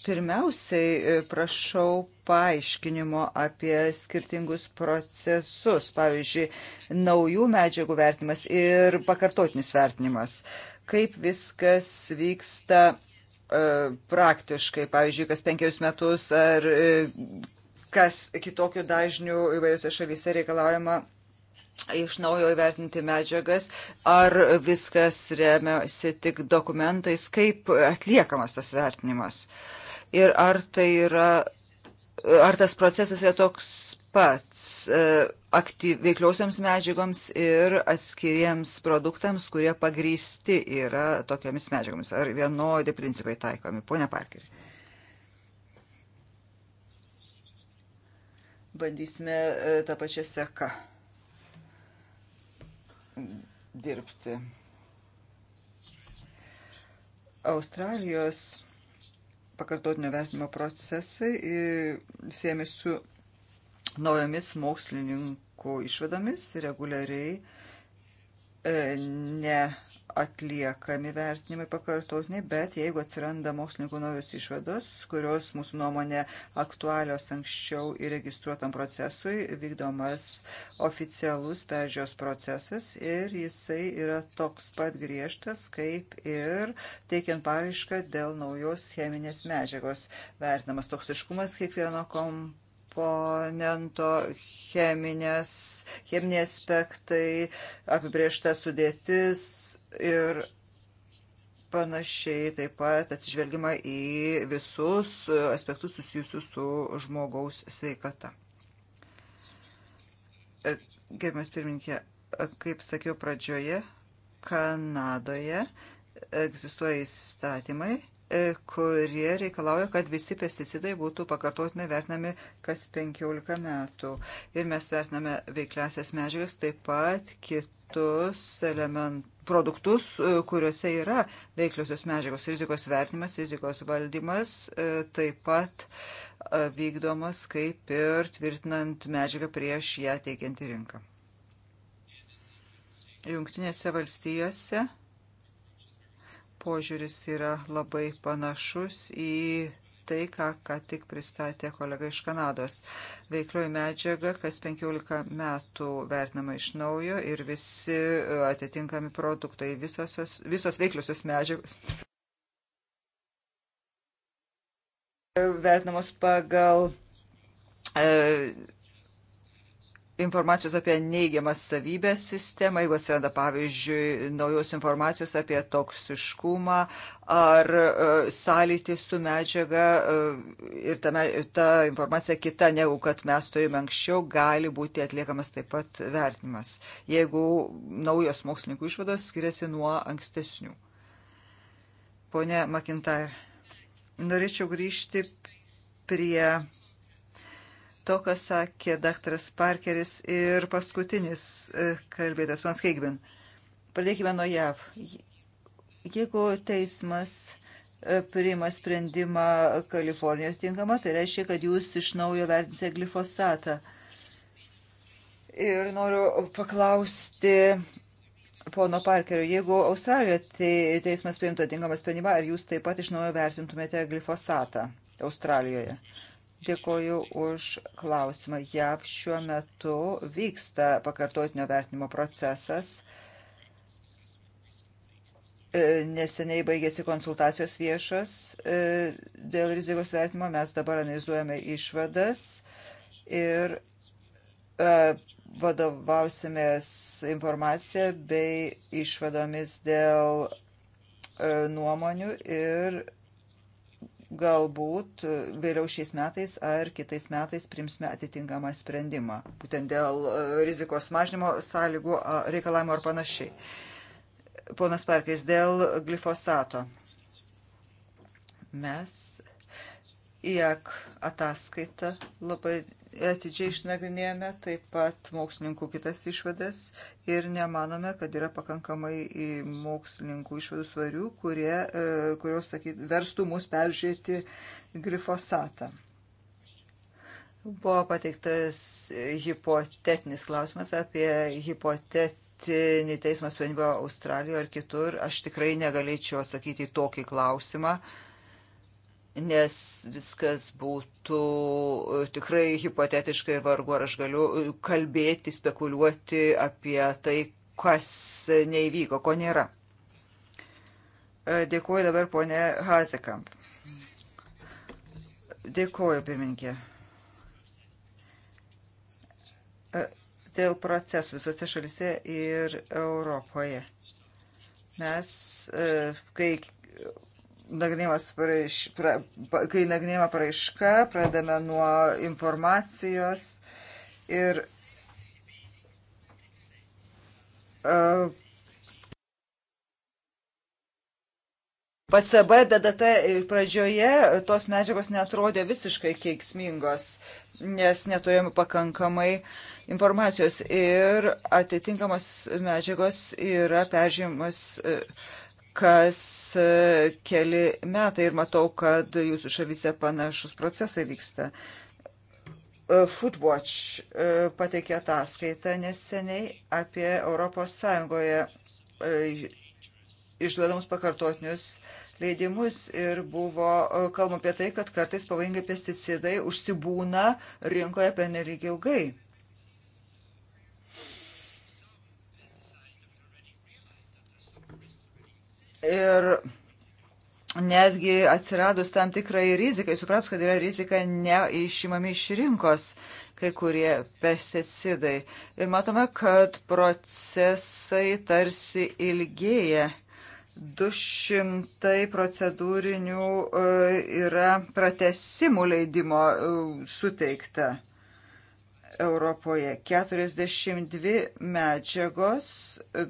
pirmiausiai e, prašau paaiškinimo apie skirtingus procesus, pavyzdžiui, naujų medžiagų vertinimas ir pakartotinis vertinimas. Kaip viskas vyksta e, praktiškai, pavyzdžiui, kas penkerius metus ar e, kas kitokių dažnių įvairiose šalyse reikalaujama iš naujo įvertinti medžiagas, ar viskas remiasi tik dokumentais, kaip atliekamas tas vertinimas. Ir ar tai yra ar tas procesas yra toks pats e, aktyv, veikliausioms medžiagoms ir atskiriems produktams, kurie pagrysti yra tokiamis medžiagomis? Ar vienodi principai taikomi? Pone Parkeri. Bandysime e, tą pačią seką dirbti. Australijos pakartotinio vertinimo procesai siemi su naujomis mokslininkų išvadomis reguliariai e, ne atliekami vertinimai pakartotiniai, bet jeigu atsiranda mokslininkų naujos išvados, kurios mūsų nuomonė aktualios anksčiau įregistruotam procesui, vykdomas oficialus peržiūros procesas ir jisai yra toks pat griežtas, kaip ir teikiant paraišką dėl naujos cheminės medžiagos. Vertinamas toksiškumas kiekvieno komponento komponento cheminės, cheminiai aspektai, apibriešta sudėtis, ir panašiai taip pat atsižvelgima į visus aspektus susijusius su žmogaus sveikata. E, gerbiamas pirmininkė, e, kaip sakiau pradžioje, Kanadoje egzistuoja įstatymai, e, kurie reikalauja, kad visi pesticidai būtų pakartotinai vertinami kas 15 metų. Ir mes vertiname veikliasias medžiagas, taip pat kitus elementus produktus, e, kuriuose yra veikliosios medžiagos rizikos vertinimas, rizikos valdymas, e, taip pat e, vykdomas kaip ir tvirtinant medžiagą prieš ją teikiant į rinką. Jungtinėse valstijose požiūris yra labai panašus į tai, ką, ką tik pristatė kolega iš Kanados. Veiklioji medžiaga, kas 15 metų vertinama iš naujo ir visi e, atitinkami produktai, visos, visos veikliosios medžiagos. Vertinamos pagal e, informacijos apie neigiamas savybės sistemą, jeigu atsiranda, pavyzdžiui, naujos informacijos apie toksiškumą ar e, sąlytį su medžiaga e, ir tame, ta informacija kita, negu kad mes turime anksčiau, gali būti atliekamas taip pat vertinimas, jeigu naujos mokslininkų išvados skiriasi nuo ankstesnių. Pone Makintar, norėčiau grįžti prie to, kas sakė daktaras Parkeris ir paskutinis e, kalbėtas, man Skaigvin. Pradėkime nuo JAV. Jeigu teismas e, priima sprendimą Kalifornijos tinkamą, tai reiškia, kad jūs iš naujo vertinsite glifosatą. Ir noriu paklausti pono Parkerio, jeigu Australijoje teismas priimtų tinkamą sprendimą, ar jūs taip pat iš naujo vertintumėte glifosatą Australijoje? Uh, Dėkoju už klausimą. JAV šiuo metu vyksta pakartotinio vertinimo procesas. E, neseniai baigėsi konsultacijos viešos e, dėl rizikos vertinimo. Mes dabar analizuojame išvadas ir e, vadovausimės informaciją bei išvadomis dėl nuomonių ir galbūt e, vėliau šiais metais ar kitais metais primsime atitinkamą sprendimą, būtent dėl e, rizikos mažinimo sąlygų, reikalavimo ar panašiai. Ponas Parkeris, dėl glifosato. Mes IAK ataskaitą labai atidžiai išnagrinėjome taip pat mokslininkų kitas išvadas ir nemanome, kad yra pakankamai mokslininkų išvadų svarių, kurie, e, kurios sakyt, verstų mus peržiūrėti glifosatą. Buvo pateiktas hipotetinis klausimas apie hipotetinį teismą sprendimą Australijoje ar kitur. Aš tikrai negalėčiau atsakyti į tokį klausimą. Uh, nes viskas būtų e, tikrai hipotetiškai ir vargu ar aš galiu e, kalbėti, spekuliuoti apie tai, kas neįvyko, ko nėra. E, dėkuoju dabar ponė Hazekamp. Dėkuoju, pirmininkė. Dėl procesų visose šalise ir Europoje. Mes, kai nagrinėjimas paraiška, pra, kai nagrinėjama paraiška, pradame nuo informacijos ir uh, e, PCB DDT pradžioje tos medžiagos netrodė visiškai keiksmingos, nes neturėjome pakankamai informacijos ir atitinkamos medžiagos yra peržymas uh, e, kas e, keli metai ir matau, kad jūsų šalyse panašus procesai vyksta. E, Foodwatch e, pateikė ataskaitą neseniai apie ES išduodamus pakartotinius leidimus ir buvo kalbama apie tai, kad kartais pavojingi pesticidai užsibūna rinkoje penelyg ilgai. Ir netgi atsiradus tam tikrai rizikai, supratus, kad yra rizika neišimami iš rinkos kai kurie pesticidai. Ir matome, kad procesai tarsi ilgėja. 200 procedūrinių e, yra pratesimų leidimo e, suteikta. Europoje. 42 medžiagos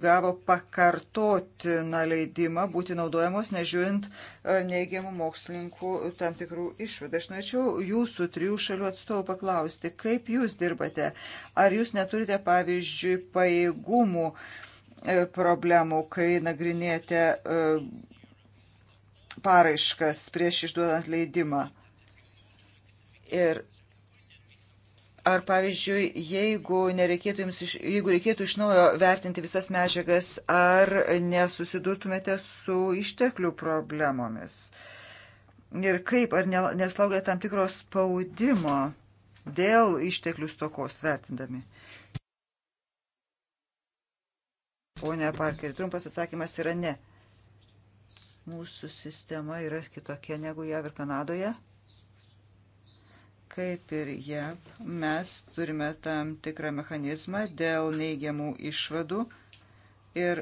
gavo pakartotiną leidimą būti naudojamos, nežiūrint e, neigiamų mokslininkų tam tikrų išvadų. Aš norėčiau jūsų trijų šalių atstovų paklausti, kaip jūs dirbate? Ar jūs neturite, pavyzdžiui, pajėgumų e, problemų, kai nagrinėjate e, paraiškas prieš išduodant leidimą? Ir Ar pavyzdžiui, jeigu, nereikėtų jums iš, jeigu reikėtų iš naujo vertinti visas medžiagas, ar nesusidurtumėte su išteklių problemomis? Ir kaip, ar ne, neslaugė tam tikro spaudimo dėl išteklių stokos vertindami? Pone Parkeri, trumpas atsakymas yra ne. Mūsų sistema yra kitokia negu jav ir Kanadoje kaip ir JAV, mes turime tam tikrą mechanizmą dėl neigiamų išvadų ir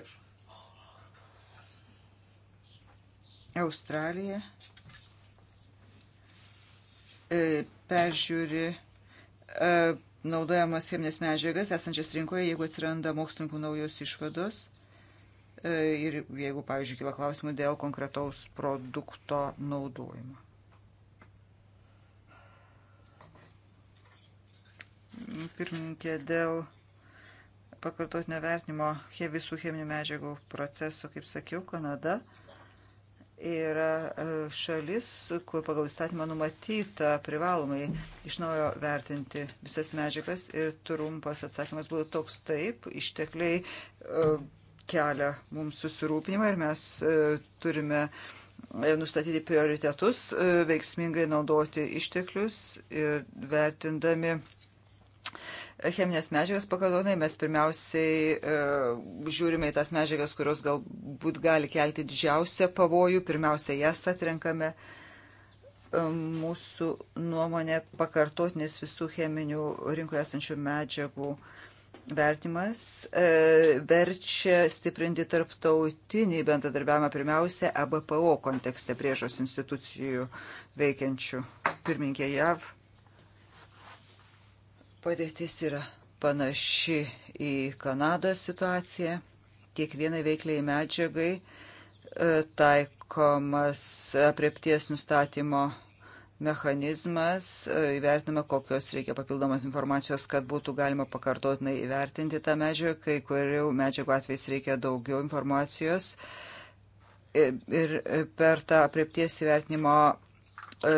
Australija e, peržiūri e, naudojamas cheminės medžiagas esančias rinkoje, jeigu atsiranda mokslininkų naujos išvados e, ir jeigu, pavyzdžiui, kila klausimų dėl konkretaus produkto naudojimo. pirmininkė, dėl pakartotinio vertinimo visų cheminių medžiagų proceso, kaip sakiau, Kanada yra e, šalis, kur pagal įstatymą numatyta privalomai iš naujo vertinti visas medžiagas ir trumpas atsakymas būtų toks taip, ištekliai e, kelia mums susirūpinimą ir mes e, turime nustatyti prioritetus, veiksmingai naudoti išteklius ir vertindami cheminės medžiagas pakalonai, mes pirmiausiai e, žiūrime į tas medžiagas, kurios galbūt gali kelti didžiausią pavojų, pirmiausia jas atrenkame. E, mūsų nuomonė pakartotinis visų cheminių rinkoje esančių medžiagų vertimas e, verčia stiprinti tarptautinį bendradarbiavimą pirmiausia ABPO kontekste priežos institucijų veikiančių pirmininkė JAV Padėtis yra panaši į Kanados situaciją. Tiek vienai veikliai medžiagai e, taikomas apriepties nustatymo mechanizmas, e, įvertinama, kokios reikia papildomos informacijos, kad būtų galima pakartotinai įvertinti tą medžiagą, kai kurių medžiagų atvejais reikia daugiau informacijos. E, ir, ir per tą apriepties įvertinimo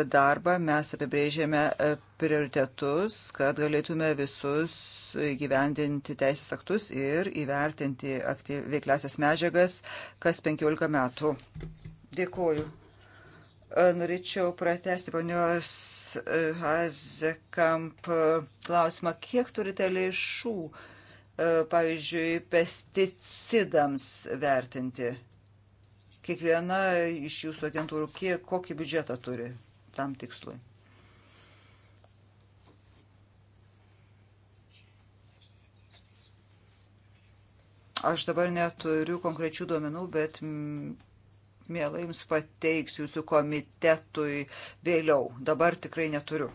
darbą mes apibrėžėme e, prioritetus, kad galėtume visus gyvendinti teisės aktus ir įvertinti veiklasias medžiagas kas 15 metų. Dėkuoju. E, norėčiau pratesti ponios e, Hazekamp klausimą, kiek turite lėšų, pavyzdžiui, pesticidams vertinti? Kiekviena iš jūsų agentūrų, kiek, kokį biudžetą turi? tam tikslui. Aš dabar neturiu konkrečių duomenų, bet mielai jums pateiksiu jūsų komitetui vėliau. Dabar tikrai neturiu.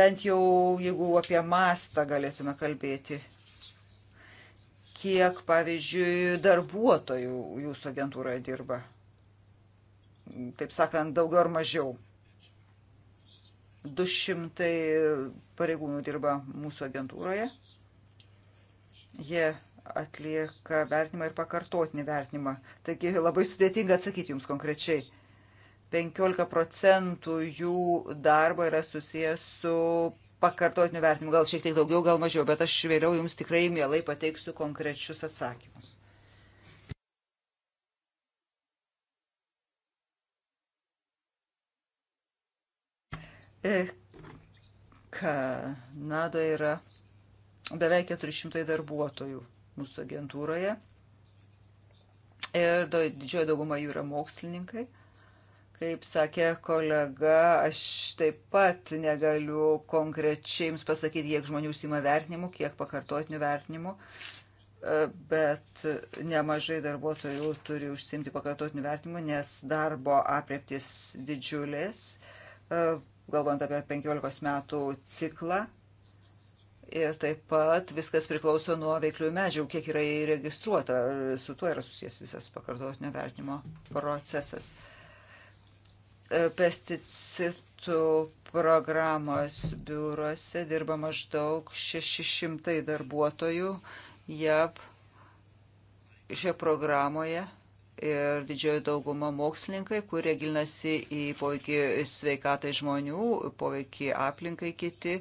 Bent jau, jeigu apie mastą galėtume kalbėti, kiek, pavyzdžiui, darbuotojų jūsų agentūroje dirba taip sakant, daugiau ar mažiau. 200 pareigūnų dirba mūsų agentūroje. Jie atlieka vertinimą ir pakartotinį vertinimą. Taigi labai sudėtinga atsakyti jums konkrečiai. 15 procentų jų darbo yra susijęs su pakartotiniu vertinimu. Gal šiek tiek daugiau, gal mažiau, bet aš vėliau jums tikrai mielai pateiksiu konkrečius atsakymus. E, Kanadoje yra beveik 400 darbuotojų mūsų agentūroje. Ir didžioji dauguma jų yra mokslininkai. Kaip sakė kolega, aš taip pat negaliu konkrečiai jums pasakyti, kiek žmonių užsima vertinimu, kiek pakartotinių vertinimų, e, bet nemažai darbuotojų turi užsimti pakartotinių vertinimų, nes darbo apreptis didžiulis e, galvojant apie 15 metų ciklą. Ir taip pat viskas priklauso nuo veiklių medžių, kiek yra įregistruota. Su tuo yra susijęs visas pakartotinio vertinimo procesas. E, pesticidų programos biuruose dirba maždaug 600 darbuotojų. JAP šioje programoje ir didžioji dauguma mokslininkai, kurie gilinasi į poveikį sveikatai žmonių, poveikį aplinkai kiti.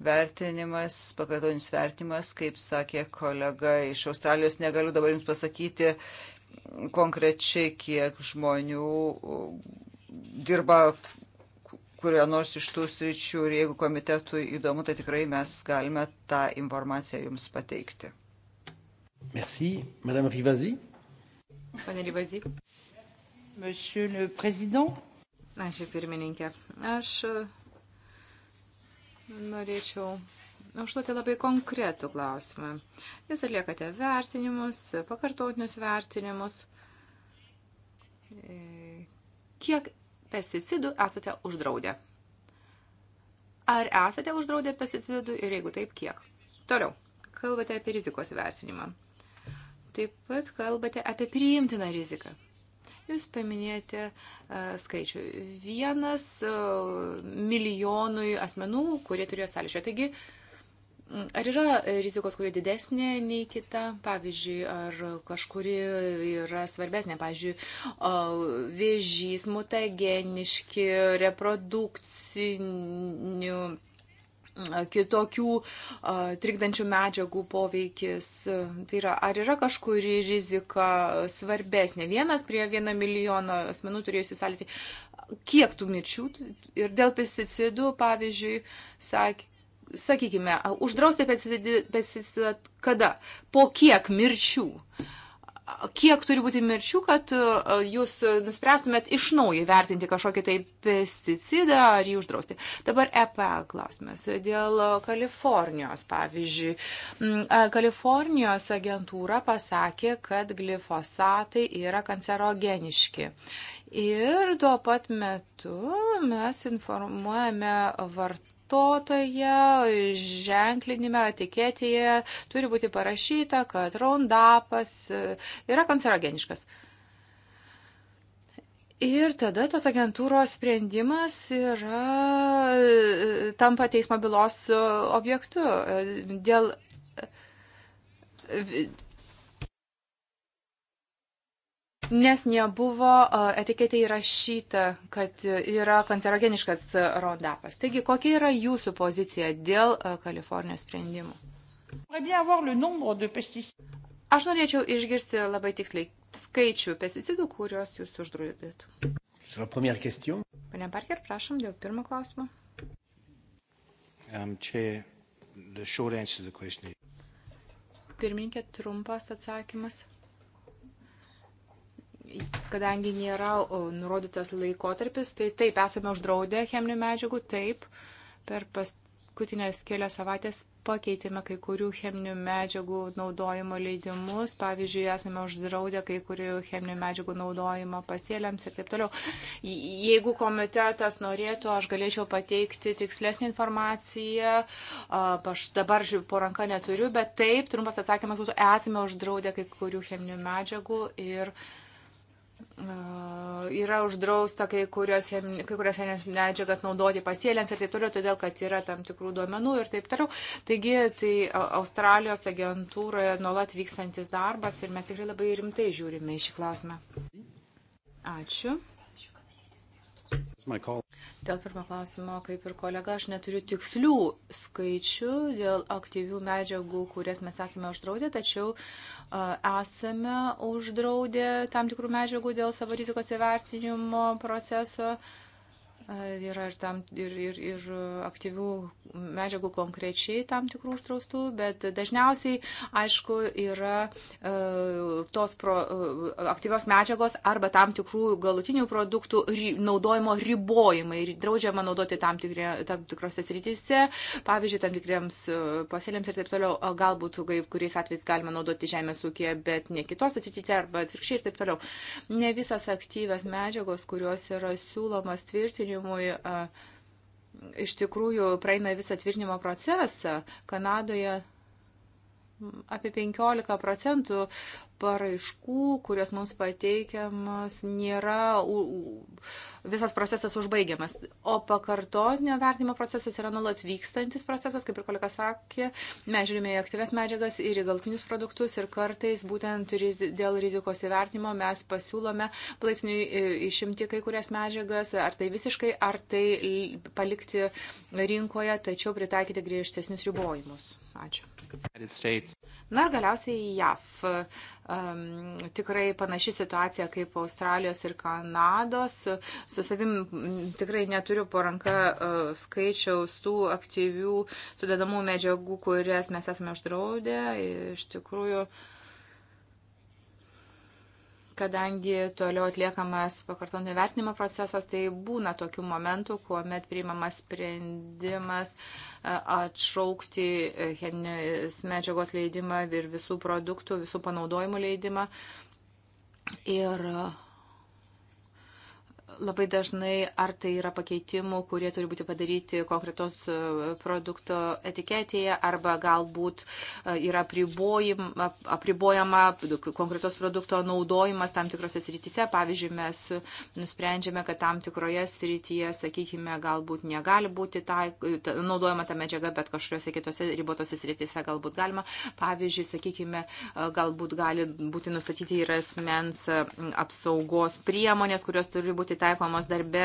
Vertinimas, pakartonis vertimas, kaip sakė kolega iš Australijos, negaliu dabar jums pasakyti konkrečiai, kiek žmonių dirba kurio nors iš tų sričių ir jeigu komitetui įdomu, tai tikrai mes galime tą informaciją jums pateikti. Merci, Madame Rivasi. Pane Rybazy. Monsieur le Président. Ačiū pirmininkė. Aš e, norėčiau užduoti labai konkretų klausimą. Jūs atliekate vertinimus, pakartotinius vertinimus. E, kiek pesticidų esate uždraudę? Ar esate uždraudę pesticidų ir jeigu taip, kiek? Toliau, kalbate apie rizikos vertinimą. Taip pat kalbate apie priimtiną riziką. Jūs paminėjote skaičių. Vienas milijonui asmenų, kurie turėjo sąlyšio. Taigi, ar yra rizikos, kuri didesnė nei kita? Pavyzdžiui, ar kažkuri yra svarbesnė? Pavyzdžiui, vėžys, mutageniški, reprodukcinių kitokių trikdančių medžiagų poveikis. Tai yra, ar yra kažkuri rizika svarbesnė? Vienas prie vieno milijono asmenų turėjusių sąlytį. Kiek tų mirčių? Ir dėl pesticidų, pavyzdžiui, sakė, sakykime, uždrausti pesticidą kada? Po kiek mirčių? Uh, kiek turi būti mirčių, kad e, jūs nuspręstumėt iš naujo vertinti kažkokį tai pesticidą ar jį uždrausti. Dabar EPA klausimas. Dėl Kalifornijos, pavyzdžiui. E, Kalifornijos agentūra pasakė, kad glifosatai yra kancerogeniški. Ir tuo pat metu mes informuojame vart vartotoje, ženklinime, etiketėje turi būti parašyta, kad rondapas e, yra kancerogeniškas. Ir tada tos agentūros sprendimas yra e, tampa teismo bylos e, objektu dėl nes nebuvo etiketė įrašyta, kad yra kancerogeniškas rondapas. Taigi, kokia yra jūsų pozicija dėl Kalifornijos sprendimų? Aš norėčiau išgirsti labai tiksliai skaičių pesticidų, kuriuos jūs uždraudėt. Pane Parker, prašom dėl pirmo klausimo. Um, čia, Pirmininkė, trumpas atsakymas kadangi nėra nurodytas laikotarpis, tai taip, esame uždraudę cheminių medžiagų, taip, per paskutinės kelias savaitės pakeitėme kai kurių cheminių medžiagų naudojimo leidimus, pavyzdžiui, esame uždraudę kai kurių cheminių medžiagų naudojimą pasėliams ir taip toliau. Jeigu komitetas norėtų, aš galėčiau pateikti tikslesnį informaciją, aš dabar po ranka neturiu, bet taip, trumpas atsakymas būtų, esame uždraudę kai kurių cheminių medžiagų ir uh, yra uždrausta kai kurias, kai kurias medžiagas naudoti pasėliams ir taip toliau, todėl kad yra tam tikrų duomenų ir taip toliau. Taigi tai Australijos agentūroje nuolat vykstantis darbas ir mes tikrai labai rimtai žiūrime į šį klausimą. Ačiū. Dėl pirmo klausimo, kaip ir kolega, aš neturiu tikslių skaičių dėl aktyvių medžiagų, kurias mes esame uždraudę, tačiau esame uždraudę tam tikrų medžiagų dėl savo rizikos įvertinimo proceso. Uh, Yra ir, tam, ir, ir, ir aktyvių medžiagų konkrečiai tam tikrų uždraustų, bet dažniausiai, aišku, yra e, tos pro, e, aktyvios medžiagos arba tam tikrų galutinių produktų ry, naudojimo ribojimai. Draudžiama naudoti tam, tikri, tam tikrose srityse, pavyzdžiui, tam tikriems e, pasėlėms ir taip toliau. Galbūt kuriais atvejais galima naudoti žemės ūkėje, bet ne kitose srityse arba atvirkščiai ir taip toliau. Ne visas aktyvios medžiagos, kurios yra siūlomas tvirtinimui, įstatymui iš tikrųjų praeina visą tvirtinimo procesą. Kanadoje apie 15 procentų paraiškų, kurios mums pateikiamas, nėra visas procesas užbaigiamas. O pakartotinio vertinimo procesas yra nulat vykstantis procesas, kaip ir kolega sakė, mes žiūrime į aktyves medžiagas ir į galtinius produktus ir kartais būtent dėl rizikos įvertinimo mes pasiūlome palaipsniui e, išimti kai kurias medžiagas, ar tai visiškai, ar tai palikti rinkoje, tačiau pritaikyti griežtesnius ribojimus. Ačiū. Na ir galiausiai JAV. Um, tikrai panaši situacija kaip Australijos ir Kanados. Su savim tikrai neturiu poranka uh, e, skaičiaus tų aktyvių sudedamų medžiagų, kurias mes esame uždraudę. Iš tikrųjų. Uh, kadangi toliau atliekamas pakartotinio vertinimo procesas, tai būna tokių momentų, kuomet priimamas sprendimas e, atšaukti e, cheminės medžiagos leidimą ir visų produktų, visų panaudojimų leidimą. Ir uh, Labai dažnai ar tai yra pakeitimų, kurie turi būti padaryti konkretos e, produkto etiketėje, arba galbūt e, yra apribojama konkretos produkto naudojimas tam tikrose srityse. Pavyzdžiui, mes nusprendžiame, kad tam tikroje srityje, sakykime, galbūt negali būti ta, ta, naudojama ta medžiaga, bet kažkuriuose kitose ribotose srityse galbūt galima. Pavyzdžiui, sakykime, e, galbūt gali būti nustatyti ir asmens apsaugos priemonės, kurios turi būti taikomos darbe,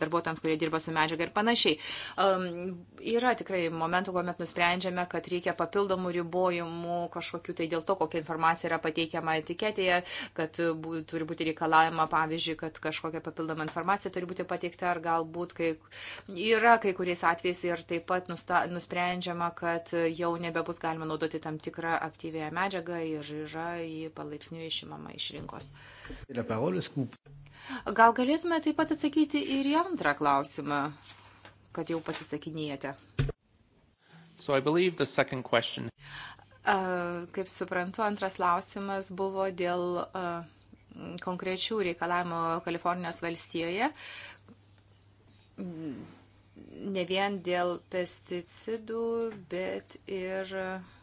darbuotojams, kurie dirba su medžiaga ir panašiai. Um, yra tikrai momentų, kuomet nusprendžiame, kad reikia papildomų ribojimų kažkokiu tai dėl to, kokia informacija yra pateikiama etiketėje, kad bū, turi būti reikalavima, pavyzdžiui, kad kažkokia papildoma informacija turi būti pateikta ar galbūt kai, yra kai kuriais atvejais ir taip pat nusta, nusprendžiama, kad jau nebebus galima naudoti tam tikrą aktyvėją medžiagą ir yra jį palaipsniui išimama iš rinkos. Gal galėtume taip pat atsakyti ir į antrą klausimą, kad jau pasisakinėjate. So question... uh, kaip suprantu, antras klausimas buvo dėl uh, konkrečių reikalavimų Kalifornijos valstijoje. Ne vien dėl pesticidų, bet ir. Uh,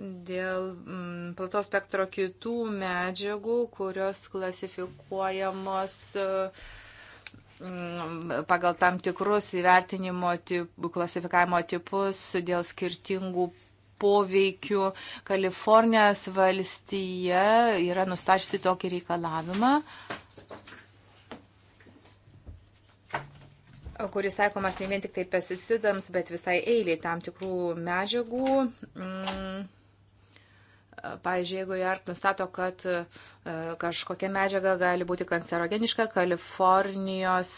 dėl mm, plato spektro kitų medžiagų, kurios klasifikuojamos mm, pagal tam tikrus įvertinimo tip, klasifikavimo tipus dėl skirtingų poveikių. Kalifornijos valstija yra nustačiusi tokį reikalavimą. kuris taikomas ne vien tik tai pesticidams, bet visai eiliai tam tikrų medžiagų. Mm Pavyzdžiui, jeigu JARC nustato, kad e, kažkokia medžiaga gali būti kancerogeniška, Kalifornijos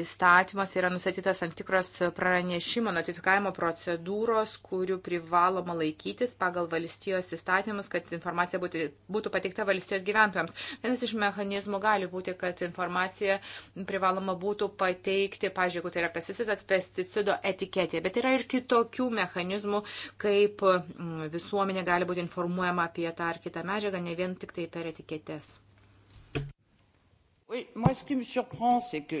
įstatymas yra nusatytas tam tikros pranešimo notifikavimo procedūros, kurių privaloma laikytis pagal valstijos įstatymus, kad informacija būtų, būtų pateikta valstijos gyventojams. Vienas iš mechanizmų gali būti, kad informacija privaloma būtų pateikti, pažiūrėjau, jeigu tai yra pesticidas, pesticido etiketė, bet yra ir kitokių mechanizmų, kaip mm, visuomenė gali būti informuojama apie tą ar kitą medžiagą, ne vien tik tai per etiketės. Oui, moi, ce qui me surprend, c'est que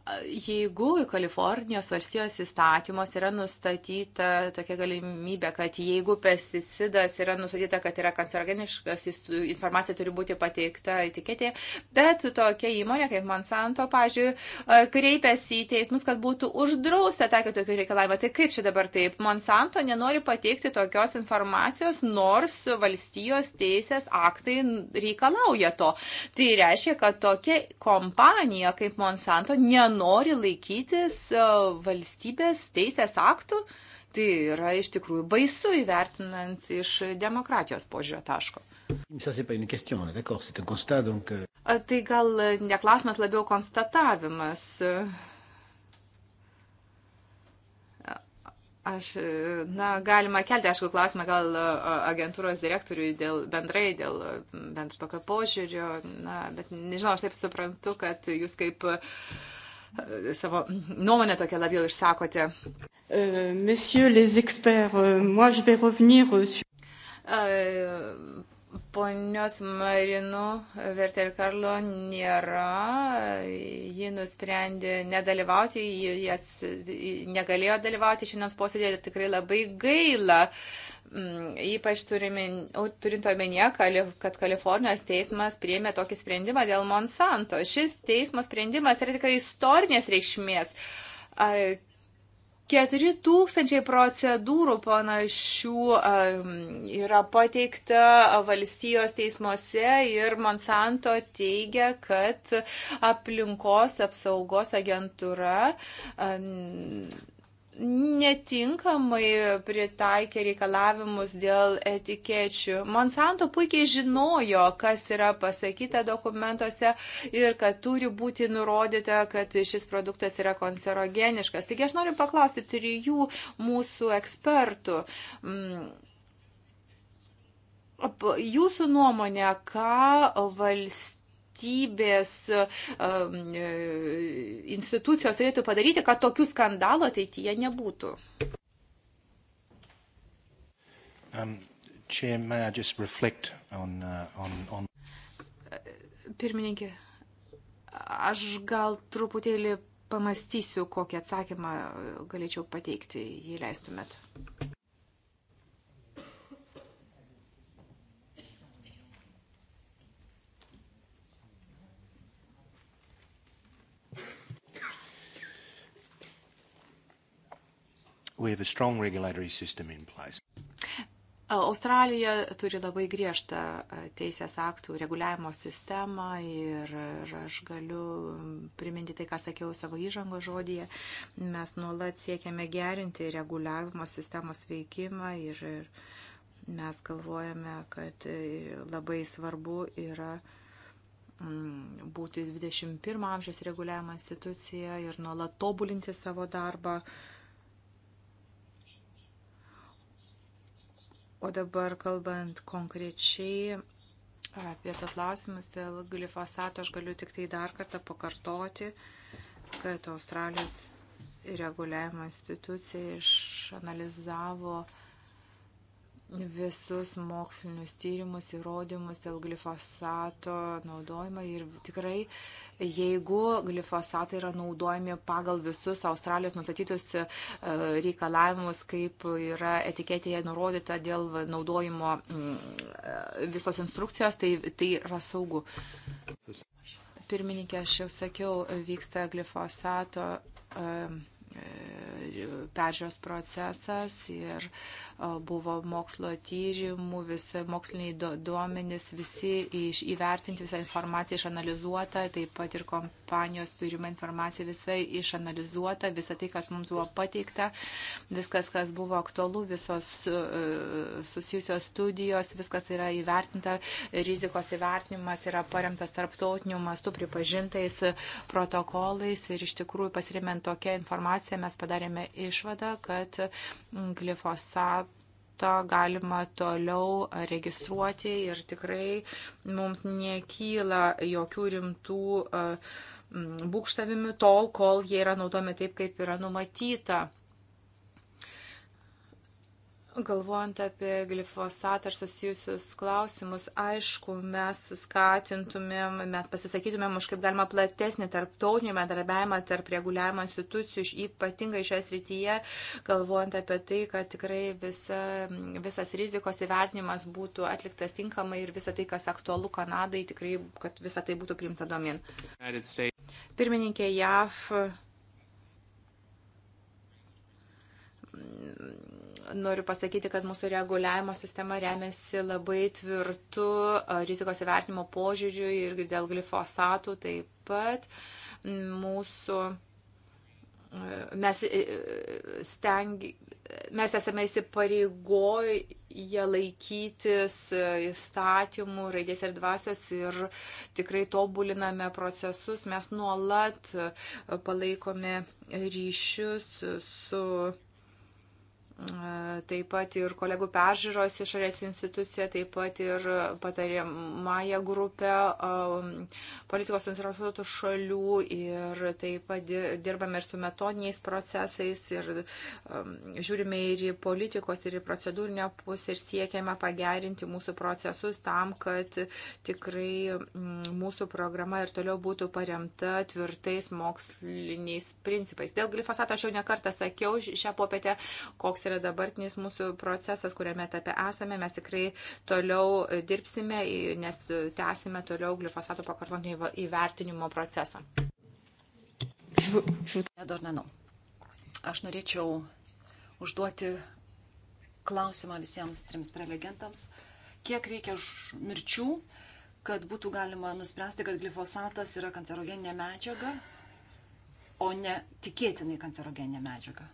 Jeigu Kalifornijos valstijos įstatymos yra nustatyta tokia galimybė, kad jeigu pesticidas yra nustatyta, kad yra kancerogeniškas, informacija turi būti pateikta etiketėje, bet tokia įmonė kaip Monsanto, pažiūrėjau, kreipiasi į teismus, kad būtų uždrausta taikyti tokių reikalavimą. Tai kaip čia dabar taip? Monsanto nenori pateikti tokios informacijos, nors valstijos teisės aktai reikalauja to. Tai reiškia, kad tokia kompanija kaip Monsanto nenori nenori laikytis e, valstybės teisės aktų, tai yra iš tikrųjų baisu įvertinant iš demokratijos požiūrio taško. Euh, tai gal neklausimas labiau konstatavimas. Aš, na, galima kelti, aišku, klausimą gal agentūros direktoriui dėl bendrai, dėl bendro tokio požiūrio, na, bet nežinau, aš taip suprantu, kad jūs kaip uh, E, savo nuomonę tokią labiau išsakote. E, e, ponios Marinu Vertel Karlo nėra, ji nusprendė nedalyvauti, ji ats, negalėjo dalyvauti šiandien posėdėje, tai tikrai labai gaila. Mm, ypač turime, turint omenyje, kad Kalifornijos teismas priėmė tokį sprendimą dėl Monsanto. Šis teismo sprendimas yra tikrai istorinės reikšmės. 4000 procedūrų panašių yra pateikta valstijos teismuose ir Monsanto teigia, kad aplinkos apsaugos agentūra netinkamai pritaikė reikalavimus dėl etikečių. Monsanto puikiai žinojo, kas yra pasakyta dokumentuose ir kad turi būti nurodyta, kad šis produktas yra kancerogeniškas. Taigi aš noriu paklausti trijų mūsų ekspertų. Mm, jūsų nuomonė, ką valstybė valstybės um, e, institucijos turėtų padaryti, kad tokių skandalų ateityje nebūtų. Um, Chair, may I just reflect on, uh, on, on... Pirmininkė, aš gal truputėlį pamastysiu, kokį atsakymą galėčiau pateikti, jei leistumėt. We have a strong regulatory system in place. Australija turi labai griežtą teisės aktų reguliavimo sistemą ir, ir aš galiu priminti tai, ką sakiau savo įžango žodyje. Mes nuolat siekiame gerinti reguliavimo sistemos veikimą ir, ir mes galvojame, kad e, labai svarbu yra mm, būti 21 amžiaus reguliavimo institucija ir nuolat tobulinti savo darbą. Uh, O dabar kalbant konkrečiai apie tos lausimus dėl glifosato, aš galiu tik tai dar kartą pakartoti, kad Australijos reguliavimo institucija išanalizavo uh, visus mokslinius tyrimus, įrodymus dėl glifosato naudojimą ir tikrai, jeigu glifosatai yra naudojami pagal visus Australijos nustatytus e, reikalavimus, kaip yra etiketėje nurodyta dėl naudojimo e, visos instrukcijos, tai, tai yra saugu. Pirmininkė, aš jau sakiau, vyksta glifosato. Um, peržiūros procesas ir buvo mokslo tyrimų, visi moksliniai duomenys, visi iš, įvertinti, visa informacija išanalizuota, taip pat ir kompanijos turima informacija visai išanalizuota, visa tai, kas mums buvo pateikta, viskas, kas buvo aktualu, visos susijusios studijos, viskas yra įvertinta, rizikos įvertinimas yra paremtas tarptautiniu mastu pripažintais protokolais ir iš tikrųjų pasirimint tokią informaciją informaciją mes padarėme išvadą, kad glifosatą galima toliau registruoti ir tikrai mums nekyla jokių rimtų būkštavimų tol, kol jie yra naudojami taip, kaip yra numatyta. Galvojant apie glifosatą ir susijusius klausimus, aišku, mes skatintumėm, mes pasisakytumėm už kaip galima platesnį tarptautinį bendradarbiavimą tarp reguliavimo institucijų, ypatingai šią srityje, galvojant apie tai, kad tikrai visa, visas rizikos įvertinimas būtų atliktas tinkamai ir visa tai, kas aktualu Kanadai, tikrai, kad visa tai būtų priimta domin. Pirmininkė JAV noriu pasakyti, kad mūsų reguliavimo sistema remiasi labai tvirtu rizikos įvertimo požiūriu ir dėl glifosatų taip pat mūsų. Mes, e, stengi, mes esame įsipareigoję laikytis įstatymų, raidės ir dvasios ir tikrai tobuliname procesus. Mes nuolat palaikome ryšius su. su taip pat ir kolegų peržiūros išorės institucija, taip pat ir patariamąją grupę um, politikos interesuotų šalių ir taip pat dirbame ir su metodiniais procesais ir um, žiūrime ir į politikos, ir į procedūrinę pusę ir siekiame pagerinti mūsų procesus tam, kad tikrai mm, mūsų programa ir toliau būtų paremta tvirtais moksliniais principais. Dėl glifosato aš jau nekartą sakiau šią popietę, koks yra yra dabartinis mūsų procesas, kuriame etape esame. Mes tikrai toliau dirbsime, nes tęsime toliau glifosato pakartotinio įvertinimo procesą. Dornano, aš norėčiau užduoti klausimą visiems trims prelegentams. Kiek reikia mirčių, kad būtų galima nuspręsti, kad glifosatas yra kancerogeninė medžiaga, o ne tikėtinai kancerogeninė medžiaga?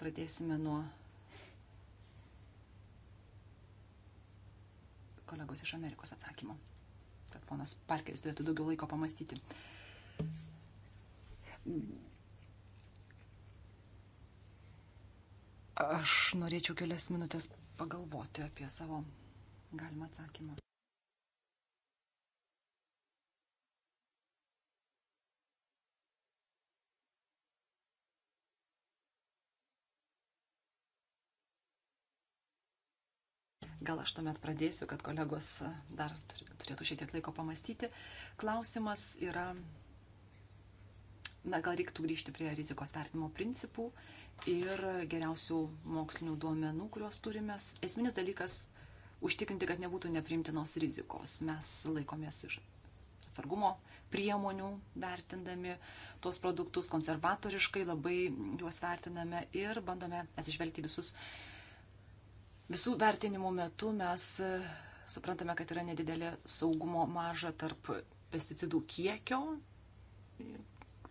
Pradėsime nuo kolegos iš Amerikos atsakymo. Tad ponas Parkeris turėtų daugiau laiko pamastyti. Aš norėčiau kelias minutės pagalvoti apie savo galimą atsakymą. Gal aš tuomet pradėsiu, kad kolegos e, dar turėtų šiek tiek laiko pamastyti. Klausimas yra, na gal reiktų grįžti prie rizikos vertimo principų ir geriausių mokslinių duomenų, kuriuos turime. Esminis dalykas - užtikrinti, kad nebūtų neprimtinos rizikos. Mes laikomės iš atsargumo priemonių, vertindami tuos produktus konservatoriškai, labai juos vertiname ir bandome atsižvelgti visus Visų vertinimų metu mes e, suprantame, kad yra nedidelė saugumo marža tarp pesticidų kiekio,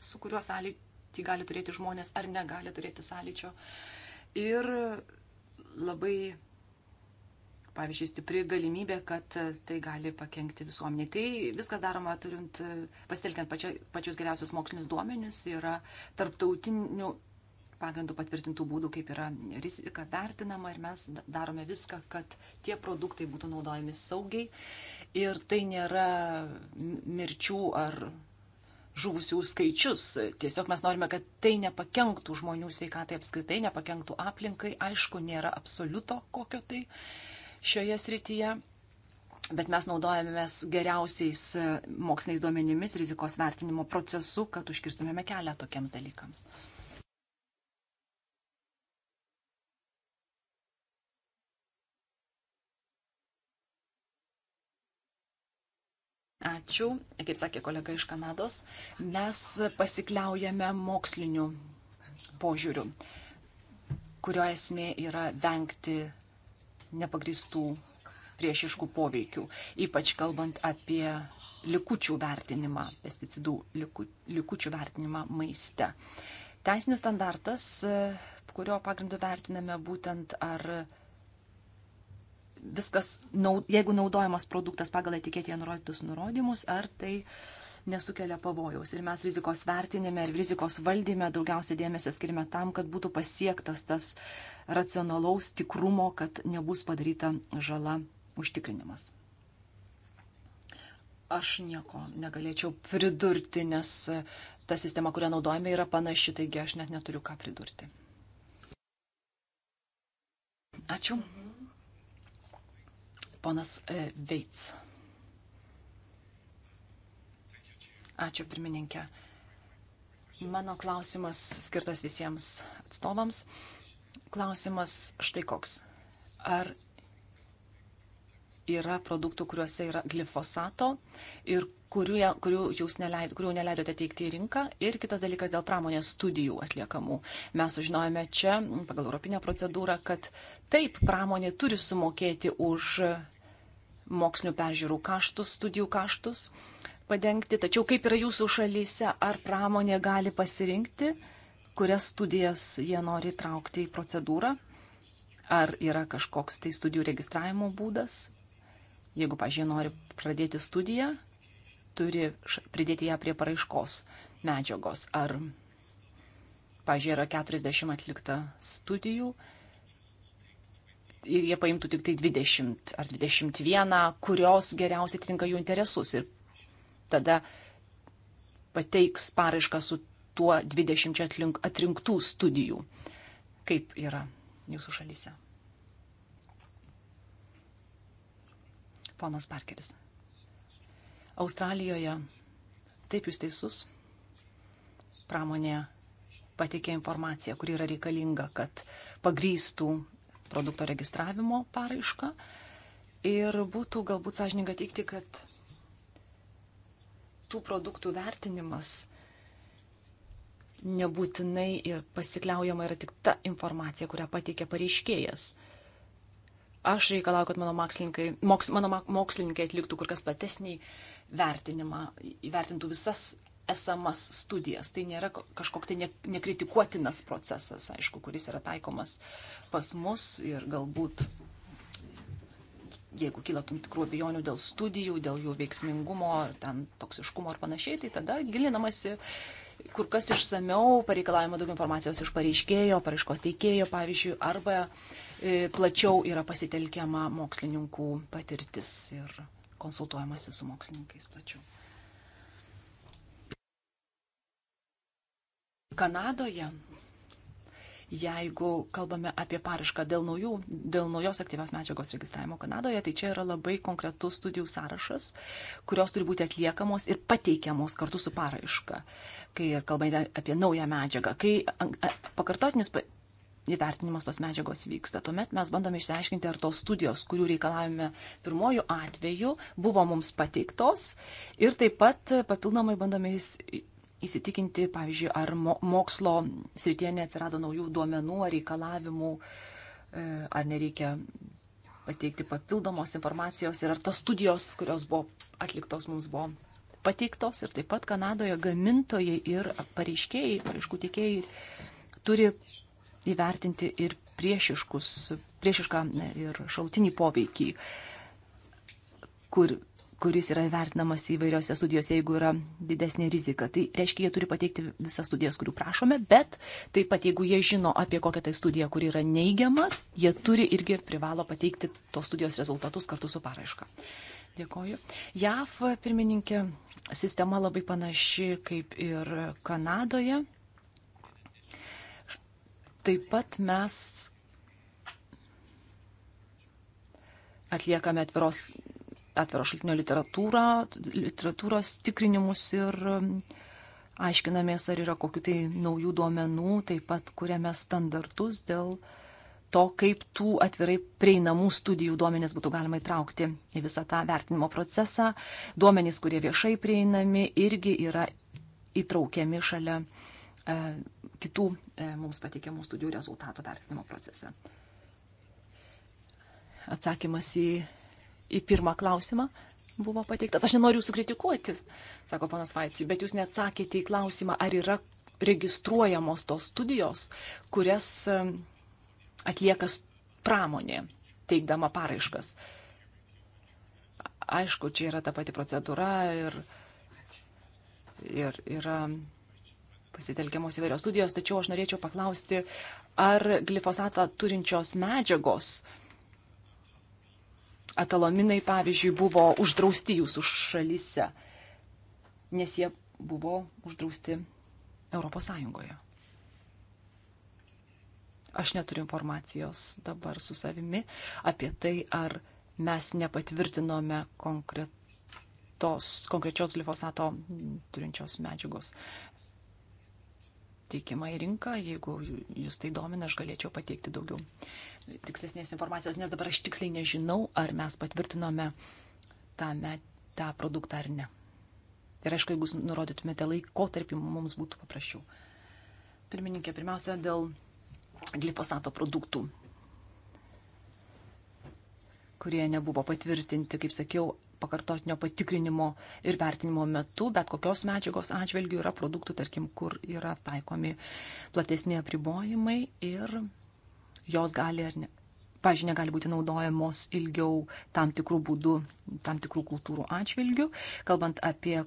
su kuriuo sąlytį gali turėti žmonės ar negali turėti sąlyčio. Ir labai, pavyzdžiui, stipri galimybė, kad tai gali pakengti visuomenė. Tai viskas daroma turint, pasitelkiant pačia, pačius geriausius mokslinius duomenis, yra tarptautinių pagrindų patvirtintų būdų, kaip yra rizika vertinama ir mes darome viską, kad tie produktai būtų naudojami saugiai ir tai nėra mirčių ar žuvusių skaičius. Tiesiog mes norime, kad tai nepakenktų žmonių sveikatai apskritai, nepakenktų aplinkai. Aišku, nėra absoliuto kokio tai šioje srityje. Bet mes naudojamės geriausiais e, moksliniais duomenimis, rizikos vertinimo procesu, kad užkirstumėme kelią tokiems dalykams. Ačiū. Kaip sakė kolega iš Kanados, mes pasikliaujame moksliniu požiūriu, kurio esmė yra vengti nepagristų priešiškų poveikių, ypač kalbant apie likučių vertinimą, pesticidų liku, likučių vertinimą maiste. Teisinis standartas, kurio pagrindu vertiname būtent ar viskas, jeigu naudojamas produktas pagal etiketėje nurodytus nurodymus, ar tai nesukelia pavojaus. Ir mes rizikos vertinime ir rizikos valdyme daugiausia dėmesio skirime tam, kad būtų pasiektas tas racionalaus tikrumo, kad nebus padaryta žala užtikrinimas. Aš nieko negalėčiau pridurti, nes ta sistema, kurią naudojame, yra panaši, taigi aš net neturiu ką pridurti. Ačiū ponas e, Veits. Ačiū pirmininkė. Mano klausimas skirtas visiems atstovams. Klausimas štai koks. Ar yra produktų, kuriuose yra glifosato ir kurie, kurių jūs neleid, kurių neleidote teikti į rinką. Ir kitas dalykas dėl pramonės studijų atliekamų. Mes sužinojome čia pagal europinę procedūrą, kad taip, pramonė turi sumokėti už mokslinių peržiūrų kaštus, studijų kaštus padengti. Tačiau kaip yra jūsų šalyse, ar pramonė gali pasirinkti, kurias studijas jie nori traukti į procedūrą? Ar yra kažkoks tai studijų registravimo būdas? Jeigu, pažiūrėjau, nori pradėti studiją, turi pridėti ją prie paraiškos medžiagos. Ar, pažiūrėjau, yra 40 atlikta studijų, ir jie paimtų tik tai 20 ar 21, kurios geriausiai atitinka jų interesus. Ir tada pateiks paraišką su tuo 20 atrinktų studijų, kaip yra jūsų šalyse. Ponas Parkeris. Australijoje, taip jūs teisus, pramonė pateikė informaciją, kuri yra reikalinga, kad pagrystų produkto registravimo paraišką. Ir būtų galbūt sąžininga teikti, kad tų produktų vertinimas nebūtinai ir pasikliaujama yra tik ta informacija, kurią pateikia pareiškėjas. Aš reikalauju, kad mano mokslininkai, moks, mano mokslininkai atliktų kur kas platesnį vertinimą, įvertintų visas esamas studijas. Tai nėra kažkoks tai nekritikuotinas procesas, aišku, kuris yra taikomas pas mus ir galbūt, jeigu kyla tam tikrų abejonių dėl studijų, dėl jų veiksmingumo, ten toksiškumo ar panašiai, tai tada gilinamasi kur kas išsameu, pareikalavimo daug informacijos iš pareiškėjo, paraiškos teikėjo, pavyzdžiui, arba e, plačiau yra pasitelkiama mokslininkų patirtis ir konsultuojamasi su mokslininkais plačiau. Kanadoje, jeigu kalbame apie parašką dėl, naujų, dėl naujos aktyvios medžiagos registravimo Kanadoje, tai čia yra labai konkretus studijų sąrašas, kurios turi būti atliekamos ir pateikiamos kartu su paraiška, kai kalbame apie naują medžiagą. Kai pakartotinis įvertinimas tos medžiagos vyksta. Tuomet mes bandome išsiaiškinti, ar tos studijos, kurių reikalavime pirmojų atveju, buvo mums pateiktos ir taip pat papildomai bandome įsitikinti, pavyzdžiui, ar mo mokslo srityje neatsirado naujų duomenų ar reikalavimų, e, ar nereikia pateikti papildomos informacijos ir ar tos studijos, kurios buvo atliktos, mums buvo pateiktos ir taip pat Kanadoje gamintojai ir pareiškėjai, pareiškų tiekėjai turi įvertinti ir priešišką ir šaltinį poveikį, kur kuris yra vertinamas įvairiose studijose, jeigu yra didesnė rizika. Tai reiškia, jie turi pateikti visas studijas, kurių prašome, bet taip pat, jeigu jie žino apie kokią tai studiją, kuri yra neigiama, jie turi irgi privalo pateikti tos studijos rezultatus kartu su paraiška. Dėkoju. JAF pirmininkė sistema labai panaši kaip ir Kanadoje. Taip pat mes atliekame atviros atviro šaltinio literatūrą, literatūros tikrinimus ir um, aiškinamės, ar yra kokiu tai naujų duomenų, taip pat kuriame standartus dėl to, kaip tų atvirai prieinamų studijų duomenys būtų galima įtraukti į visą tą vertinimo procesą. Duomenys, kurie viešai prieinami, irgi yra įtraukiami šalia e, kitų e, mums pateikiamų studijų rezultatų vertinimo procese. Atsakymas į į pirmą klausimą buvo pateiktas. Aš nenoriu jūsų kritikuoti, sako panas Vaitsi, bet jūs neatsakėte į klausimą, ar yra registruojamos tos studijos, kurias atlieka pramonė, teikdama paraiškas. Aišku, čia yra ta pati procedūra ir, ir yra pasitelkiamos įvairios studijos, tačiau aš norėčiau paklausti, ar glifosatą turinčios medžiagos uh, atalominai, pavyzdžiui, buvo uždrausti jūsų šalyse, nes jie buvo uždrausti Europos Sąjungoje. Aš neturiu informacijos dabar su savimi apie tai, ar mes nepatvirtinome konkrečios glifosato turinčios medžiagos teikimą į rinką. Jeigu jūs tai domina, aš galėčiau pateikti daugiau tikslesnės informacijos, nes dabar aš tiksliai nežinau, ar mes patvirtinome tą, met, tą produktą ar ne. Ir aišku, jeigu jūs nurodytumėte laikotarpį, mums būtų paprasčiau. Pirmininkė, pirmiausia, dėl glifosato produktų, kurie nebuvo patvirtinti, kaip sakiau, pakartotinio patikrinimo ir vertinimo metu, bet kokios medžiagos atžvilgių yra produktų, tarkim, kur yra taikomi platesni apribojimai ir jos gali ar ne. Pavyzdžiui, negali būti naudojamos ilgiau tam tikrų būdų, tam tikrų kultūrų atžvilgių. Kalbant apie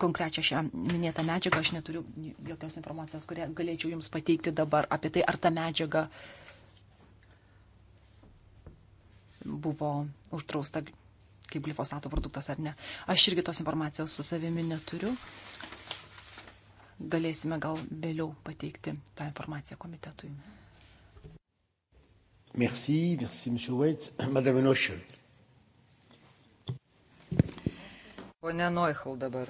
konkrečią šią minėtą medžiagą, aš neturiu jokios informacijos, kurią galėčiau Jums pateikti dabar apie tai, ar ta medžiaga buvo uždrausta kaip glifosato produktas ar ne. Aš irgi tos informacijos su savimi neturiu. Galėsime gal vėliau pateikti tą informaciją komitetui. Merci, merci, monsieur Waits. Madame Nochel. Pone Noichel dabar.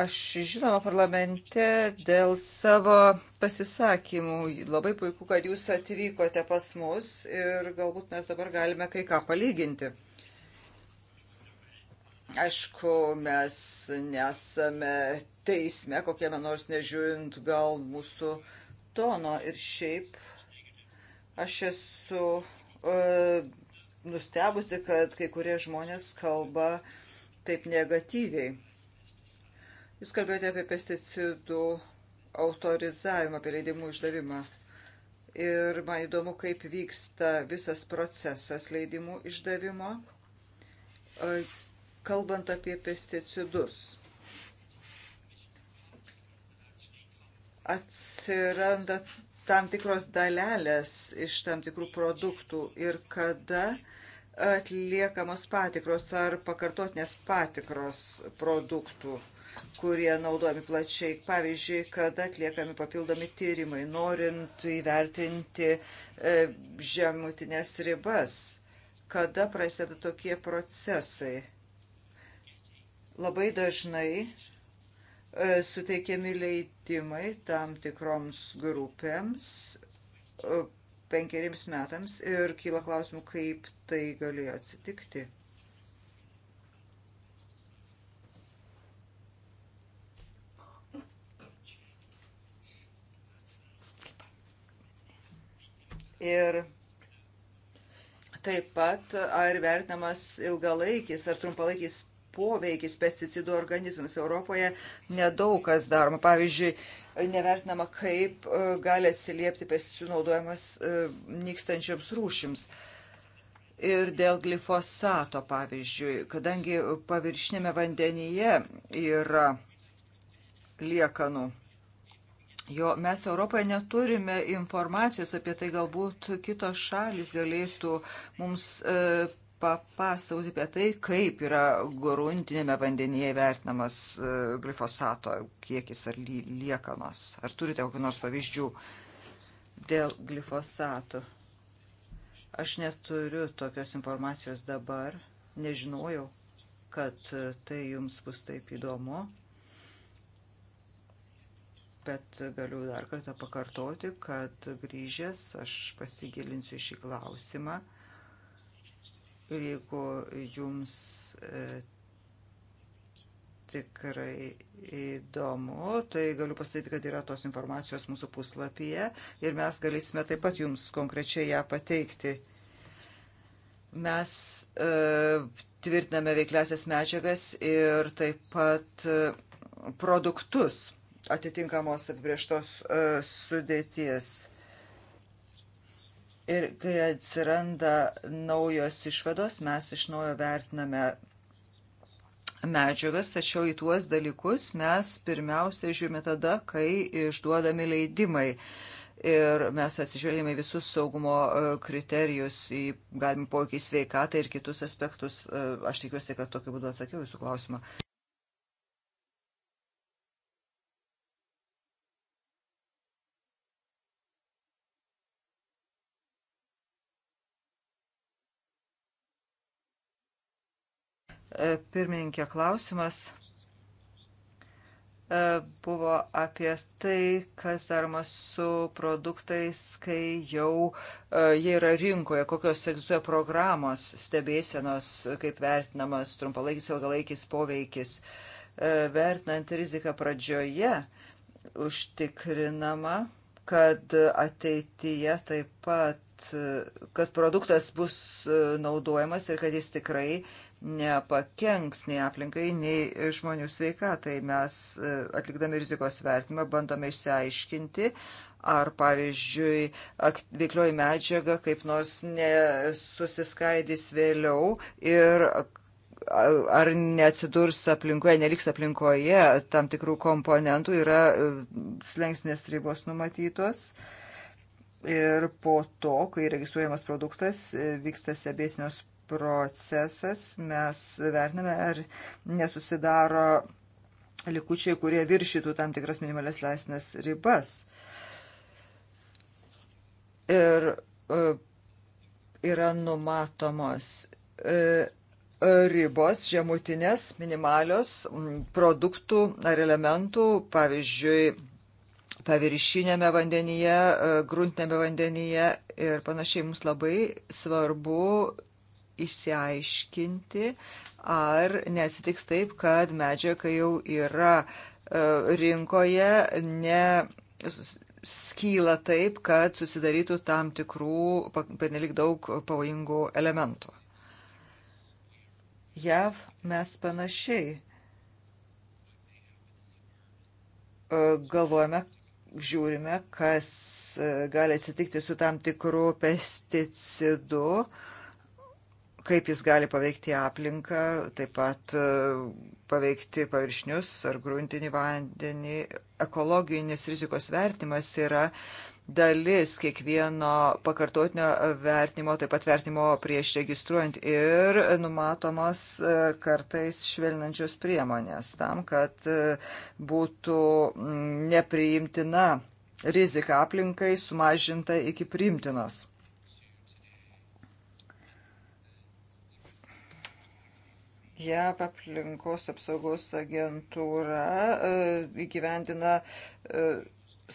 aš žinoma parlamente dėl savo pasisakymų. Labai puiku, kad jūs atvykote pas mus ir galbūt mes dabar galime kai ką palyginti. Aišku, mes nesame teisme, kokiame nors nežiūrint gal mūsų tono ir šiaip aš esu e, nustebusi, kad kai kurie žmonės kalba taip negatyviai. Jūs kalbėjote apie pesticidų autorizavimą, apie leidimų išdavimą. Ir man įdomu, kaip vyksta visas procesas leidimų išdavimo. E, kalbant apie pesticidus. Atsiranda tam tikros dalelės iš tam tikrų produktų ir kada atliekamos patikros ar pakartotinės patikros produktų kurie naudojami plačiai. Pavyzdžiui, kada atliekami papildomi tyrimai, norint įvertinti e, žemutinės ribas, kada prasideda tokie procesai. Labai dažnai e, suteikiami leidimai tam tikroms grupėms e, penkeriems metams ir kyla klausimų, kaip tai galėjo atsitikti. Ir taip pat ar vertinamas ilgalaikis ar trumpalaikis poveikis pesticidų organizmams. Europoje nedaug kas daroma. Pavyzdžiui, nevertinama, kaip e, gali atsiliepti pesticidų naudojimas e, nykstančiams rūšims. Ir dėl glifosato, pavyzdžiui, kadangi paviršinėme vandenyje yra liekanų, jo mes Europoje neturime informacijos apie tai, galbūt kitos šalis galėtų mums e, papasakoti apie tai, kaip yra gruntinėme vandenyje vertinamas e, glifosato kiekis ar liekanos? Ar turite kokių nors pavyzdžių dėl glifosato? Aš neturiu tokios informacijos dabar, nežinojau, kad e, tai jums bus taip įdomu. Bet galiu dar kartą pakartoti, kad grįžęs aš pasigilinsiu šį klausimą Ir jeigu jums e, tikrai įdomu, tai galiu pasakyti, kad yra tos informacijos mūsų puslapyje ir mes galėsime taip pat jums konkrečiai ją pateikti. Mes e, tvirtiname veikliasias medžiagas ir taip pat e, produktus atitinkamos apibrieštos e, sudėties. Ir kai atsiranda naujos išvados, mes iš naujo vertiname medžiagas, tačiau į tuos dalykus mes pirmiausia žiūrime tada, kai išduodami leidimai. Ir mes atsižvelgėme visus saugumo e, kriterijus į galimą poveikį sveikatą ir kitus aspektus. E, aš tikiuosi, kad tokiu būdu atsakiau jūsų klausimą. E, pirmininkė klausimas e, buvo apie tai, kas daroma su produktais, kai jau e, jie yra rinkoje, kokios egzistuoja programos stebėsenos, kaip vertinamas trumpalaikis, ilgalaikis poveikis, vertinant riziką pradžioje, užtikrinama, kad ateityje taip pat, kad produktas bus naudojamas ir kad jis tikrai nepakenks nei aplinkai, nei žmonių sveikatai. Mes e, atlikdami rizikos vertimą bandome išsiaiškinti, ar pavyzdžiui veiklioji medžiaga kaip nors nesusiskaidys vėliau ir ar neatsidurs aplinkoje, neliks aplinkoje tam tikrų komponentų, yra e, slengsnės ribos numatytos. Ir po to, kai registruojamas produktas, e, vyksta stebėsinios procesas. Mes vertiname, ar nesusidaro likučiai, kurie viršytų tam tikras minimales leisnės ribas. Ir e, yra numatomos e, e, ribos žemutinės, minimalios produktų ar elementų, pavyzdžiui, paviršinėme vandenyje, gruntinėme vandenyje ir panašiai mums labai svarbu išsiaiškinti, ar neatsitiks taip, kad medžiaga jau yra e, rinkoje, ne skyla taip, kad susidarytų tam tikrų, panelik daug pavojingų elementų. JAV mes panašiai e, galvojame, žiūrime, kas e, gali atsitikti su tam tikru pesticidu, kaip jis gali paveikti aplinką, taip pat e, paveikti paviršinius ar gruntinį vandenį. Ekologinis rizikos vertimas yra dalis kiekvieno pakartotinio vertinimo, taip pat vertinimo prieš registruojant ir numatomos e, kartais švelninančios priemonės tam, kad e, būtų nepriimtina rizika aplinkai sumažinta iki priimtinos. JAV aplinkos apsaugos agentūra e, įgyvendina e,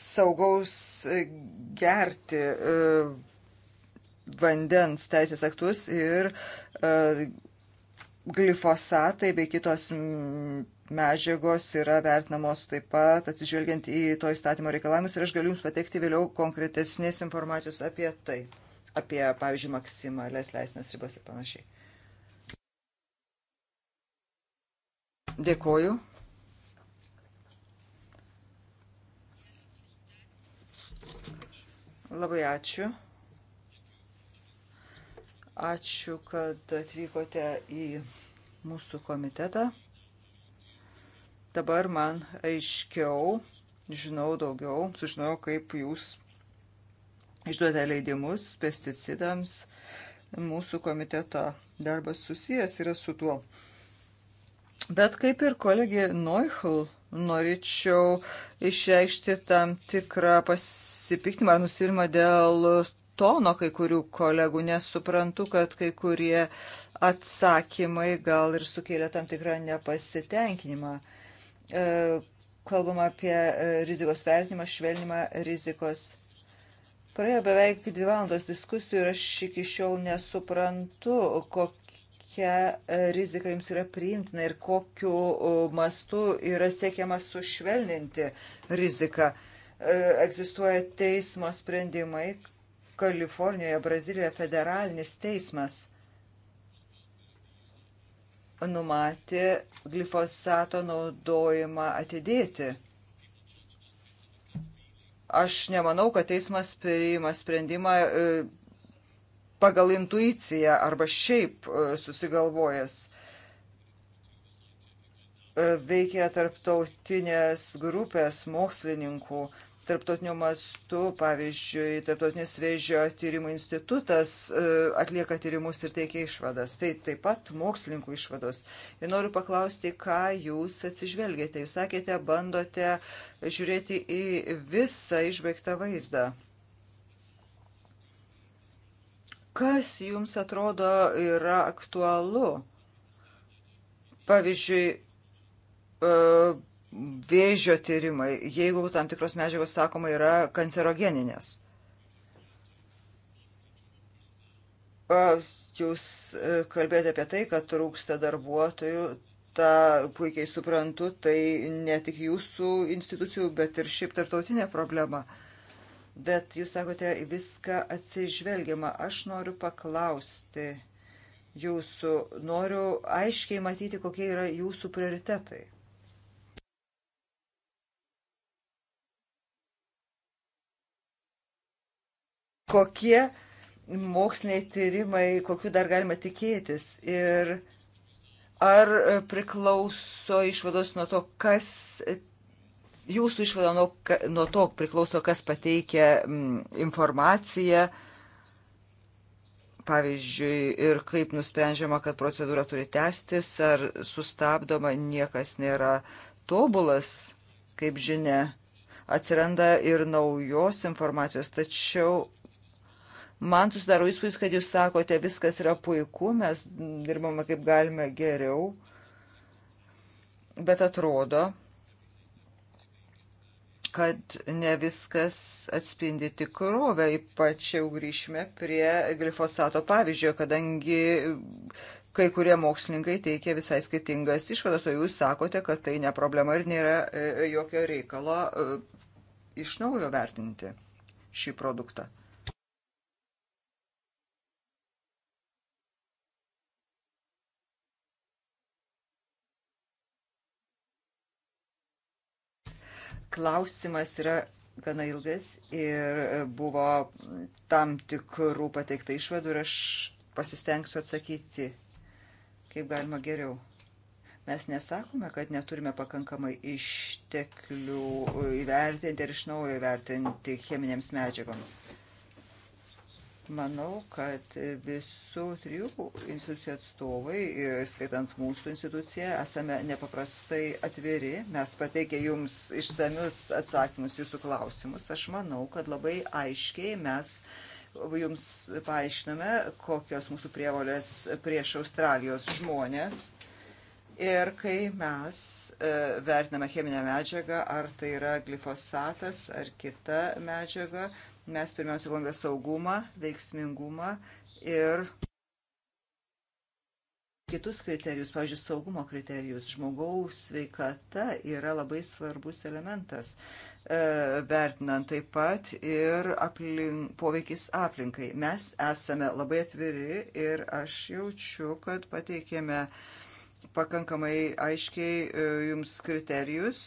saugaus gerti e, vandens teisės aktus ir glifosatai bei kitos medžiagos yra vertinamos taip pat atsižvelgiant į to įstatymo reikalavimus ir aš galiu Jums pateikti vėliau konkretesnės informacijos apie tai, apie, pavyzdžiui, maksimalias leisinas ribas ir panašiai. Dėkoju. Labai ačiū. Ačiū, kad atvykote į mūsų komitetą. Dabar man aiškiau, žinau daugiau, sužinojau, kaip jūs išduodate leidimus pesticidams. Mūsų komiteto darbas susijęs yra su tuo. Bet kaip ir kolegė Neuchl, norėčiau išreikšti tam tikrą pasipiktimą ar nusilimą dėl tono kai kurių kolegų, nes suprantu, kad kai kurie atsakymai gal ir sukėlė tam tikrą nepasitenkinimą. E, kalbam apie e, rizikos vertinimą, švelnimą rizikos. Praėjo beveik dvi valandos diskusijų ir aš iki šiol nesuprantu, kokia kokia e, rizika jums yra priimtina ir kokiu mastu yra siekiama sušvelninti riziką. E, egzistuoja teismo sprendimai Kalifornijoje, Brazilijoje federalinis teismas numatė glifosato naudojimą atidėti. Aš nemanau, kad teismas priima sprendimą e, pagal intuiciją arba šiaip e, susigalvojęs. E, veikia tarptautinės grupės mokslininkų, tarptautinio mastu, pavyzdžiui, Tarptautinis vėžio tyrimų institutas e, atlieka tyrimus ir teikia išvadas. Tai taip pat mokslininkų išvados. Ir noriu paklausti, ką jūs atsižvelgėte. Jūs sakėte, bandote žiūrėti į visą išbaigtą vaizdą. Kas jums atrodo yra aktualu? Pavyzdžiui, e, vėžio tyrimai, jeigu tam tikros medžiagos, sakoma, yra kancerogeninės. E, jūs e, kalbėjote apie tai, kad trūksta darbuotojų, tą puikiai suprantu, tai ne tik jūsų institucijų, bet ir šiaip tartautinė problema bet jūs sakote, viską atsižvelgiama. Aš noriu paklausti jūsų, noriu aiškiai matyti, kokie yra jūsų prioritetai. Kokie moksliniai tyrimai, kokiu dar galima tikėtis ir ar priklauso išvados nuo to, kas jūsų išvada nuo, nuo to priklauso, kas pateikia informaciją, pavyzdžiui, ir kaip nusprendžiama, kad procedūra turi tęstis ar sustabdoma, niekas nėra tobulas, kaip žinia, atsiranda ir naujos informacijos, tačiau man susidaro įspūdis, kad jūs sakote, viskas yra puiku, mes dirbame kaip galime geriau, bet atrodo, kad ne viskas atspindi tikrovę, ypač jau grįžime prie glifosato pavyzdžio, kadangi kai kurie mokslininkai teikia visai skirtingas išvadas, o jūs sakote, kad tai ne problema ir nėra e, jokio reikalo e, iš naujo vertinti šį produktą. klausimas yra gana ilgas ir buvo tam tikrų pateikta išvadų ir aš pasistengsiu atsakyti kaip galima geriau. Mes nesakome, kad neturime pakankamai išteklių įvertinti ir iš naujo įvertinti cheminėms medžiagoms. Manau, kad visų trijų institucijų atstovai, skaitant mūsų instituciją, esame nepaprastai atviri. Mes pateikė jums išsamius atsakymus jūsų klausimus. Aš manau, kad labai aiškiai mes jums paaiškiname, kokios mūsų prievolės prieš Australijos žmonės. Ir kai mes e, vertiname cheminę medžiagą, ar tai yra glifosatas ar kita medžiaga, Mes pirmiausia galvome saugumą, veiksmingumą ir kitus kriterijus, pavyzdžiui, saugumo kriterijus. Žmogaus sveikata yra labai svarbus elementas, e, vertinant taip pat ir aplink, poveikis aplinkai. Mes esame labai atviri ir aš jaučiu, kad pateikėme pakankamai aiškiai e, jums kriterijus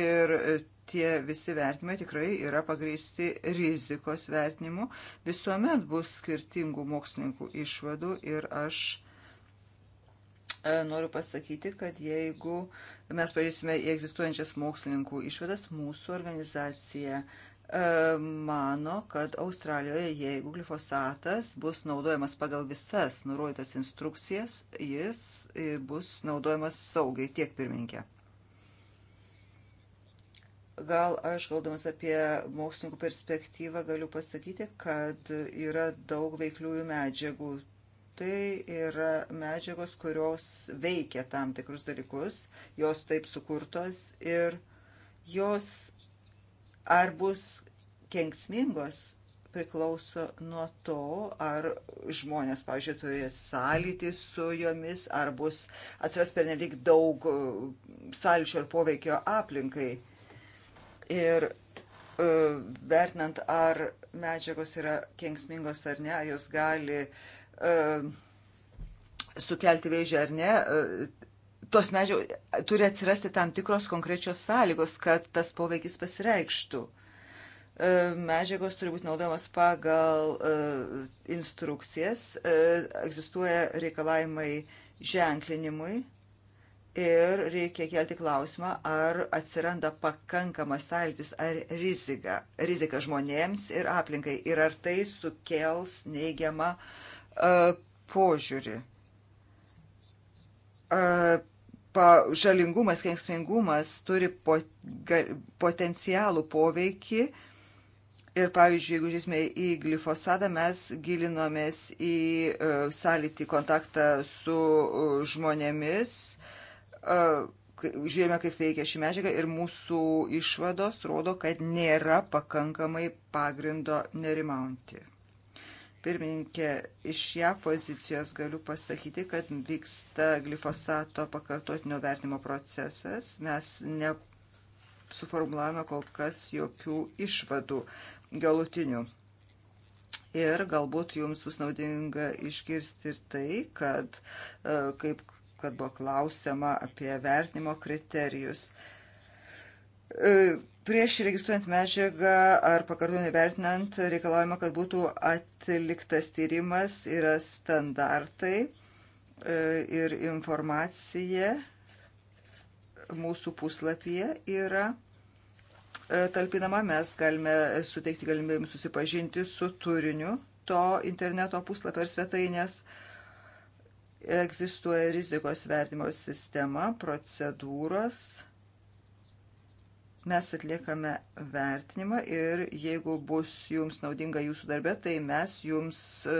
ir e, tie visi vertinimai tikrai yra pagrįsti rizikos vertinimu. Visuomet bus skirtingų mokslininkų išvadų ir aš e, noriu pasakyti, kad jeigu mes pažiūrėsime į egzistuojančias mokslininkų išvadas, mūsų organizacija e, mano, kad Australijoje, jeigu glifosatas bus naudojamas pagal visas nurodytas instrukcijas, jis e, bus naudojamas saugiai tiek pirmininkė. Gal aš, galdamas apie mokslininkų perspektyvą, galiu pasakyti, kad yra daug veikliųjų medžiagų. Tai yra medžiagos, kurios veikia tam tikrus dalykus, jos taip sukurtos ir jos ar bus kenksmingos priklauso nuo to, ar žmonės, pavyzdžiui, turi sąlytį su jomis, ar bus atsiras pernelyg daug uh, sąlyčio ir poveikio aplinkai ir e, vertinant, ar medžiagos yra kenksmingos ar ne, ar jos gali e, sukelti vėžį ar ne, e, tos medžiagos turi atsirasti tam tikros konkrečios sąlygos, kad tas poveikis pasireikštų. Medžiagos turi būti naudojamos pagal instrukcijas, egzistuoja reikalavimai ženklinimui ir reikia kelti klausimą, ar atsiranda pakankamas sąlytis ar rizika, rizika žmonėms ir aplinkai ir ar tai sukels neigiamą uh, požiūrį. Uh, žalingumas, kenksmingumas turi po, gal, potencialų poveikį ir, pavyzdžiui, jeigu žiūrėsime į glifosadą, mes gilinomės į uh, sąlytį kontaktą su uh, žmonėmis žiūrėjome, kaip veikia ši medžiaga ir mūsų išvados rodo, kad nėra pakankamai pagrindo nerimauti. Pirmininkė, iš ją pozicijos galiu pasakyti, kad vyksta glifosato pakartotinio vertimo procesas. Mes nesuformulavome kol kas jokių išvadų galutinių. Ir galbūt jums bus naudinga išgirsti ir tai, kad kaip kad buvo klausima apie vertinimo kriterijus. E, prieš registruojant medžiagą ar pakartotinai vertinant reikalavimą, kad būtų atliktas tyrimas, yra standartai e, ir informacija mūsų puslapyje yra e, talpinama, mes galime suteikti galimybę jums susipažinti su turiniu to interneto puslapio ir svetainės. Uh, egzistuoja rizikos vertimo sistema, procedūros. Mes atliekame vertinimą ir jeigu bus jums naudinga jūsų darbė, tai mes jums e,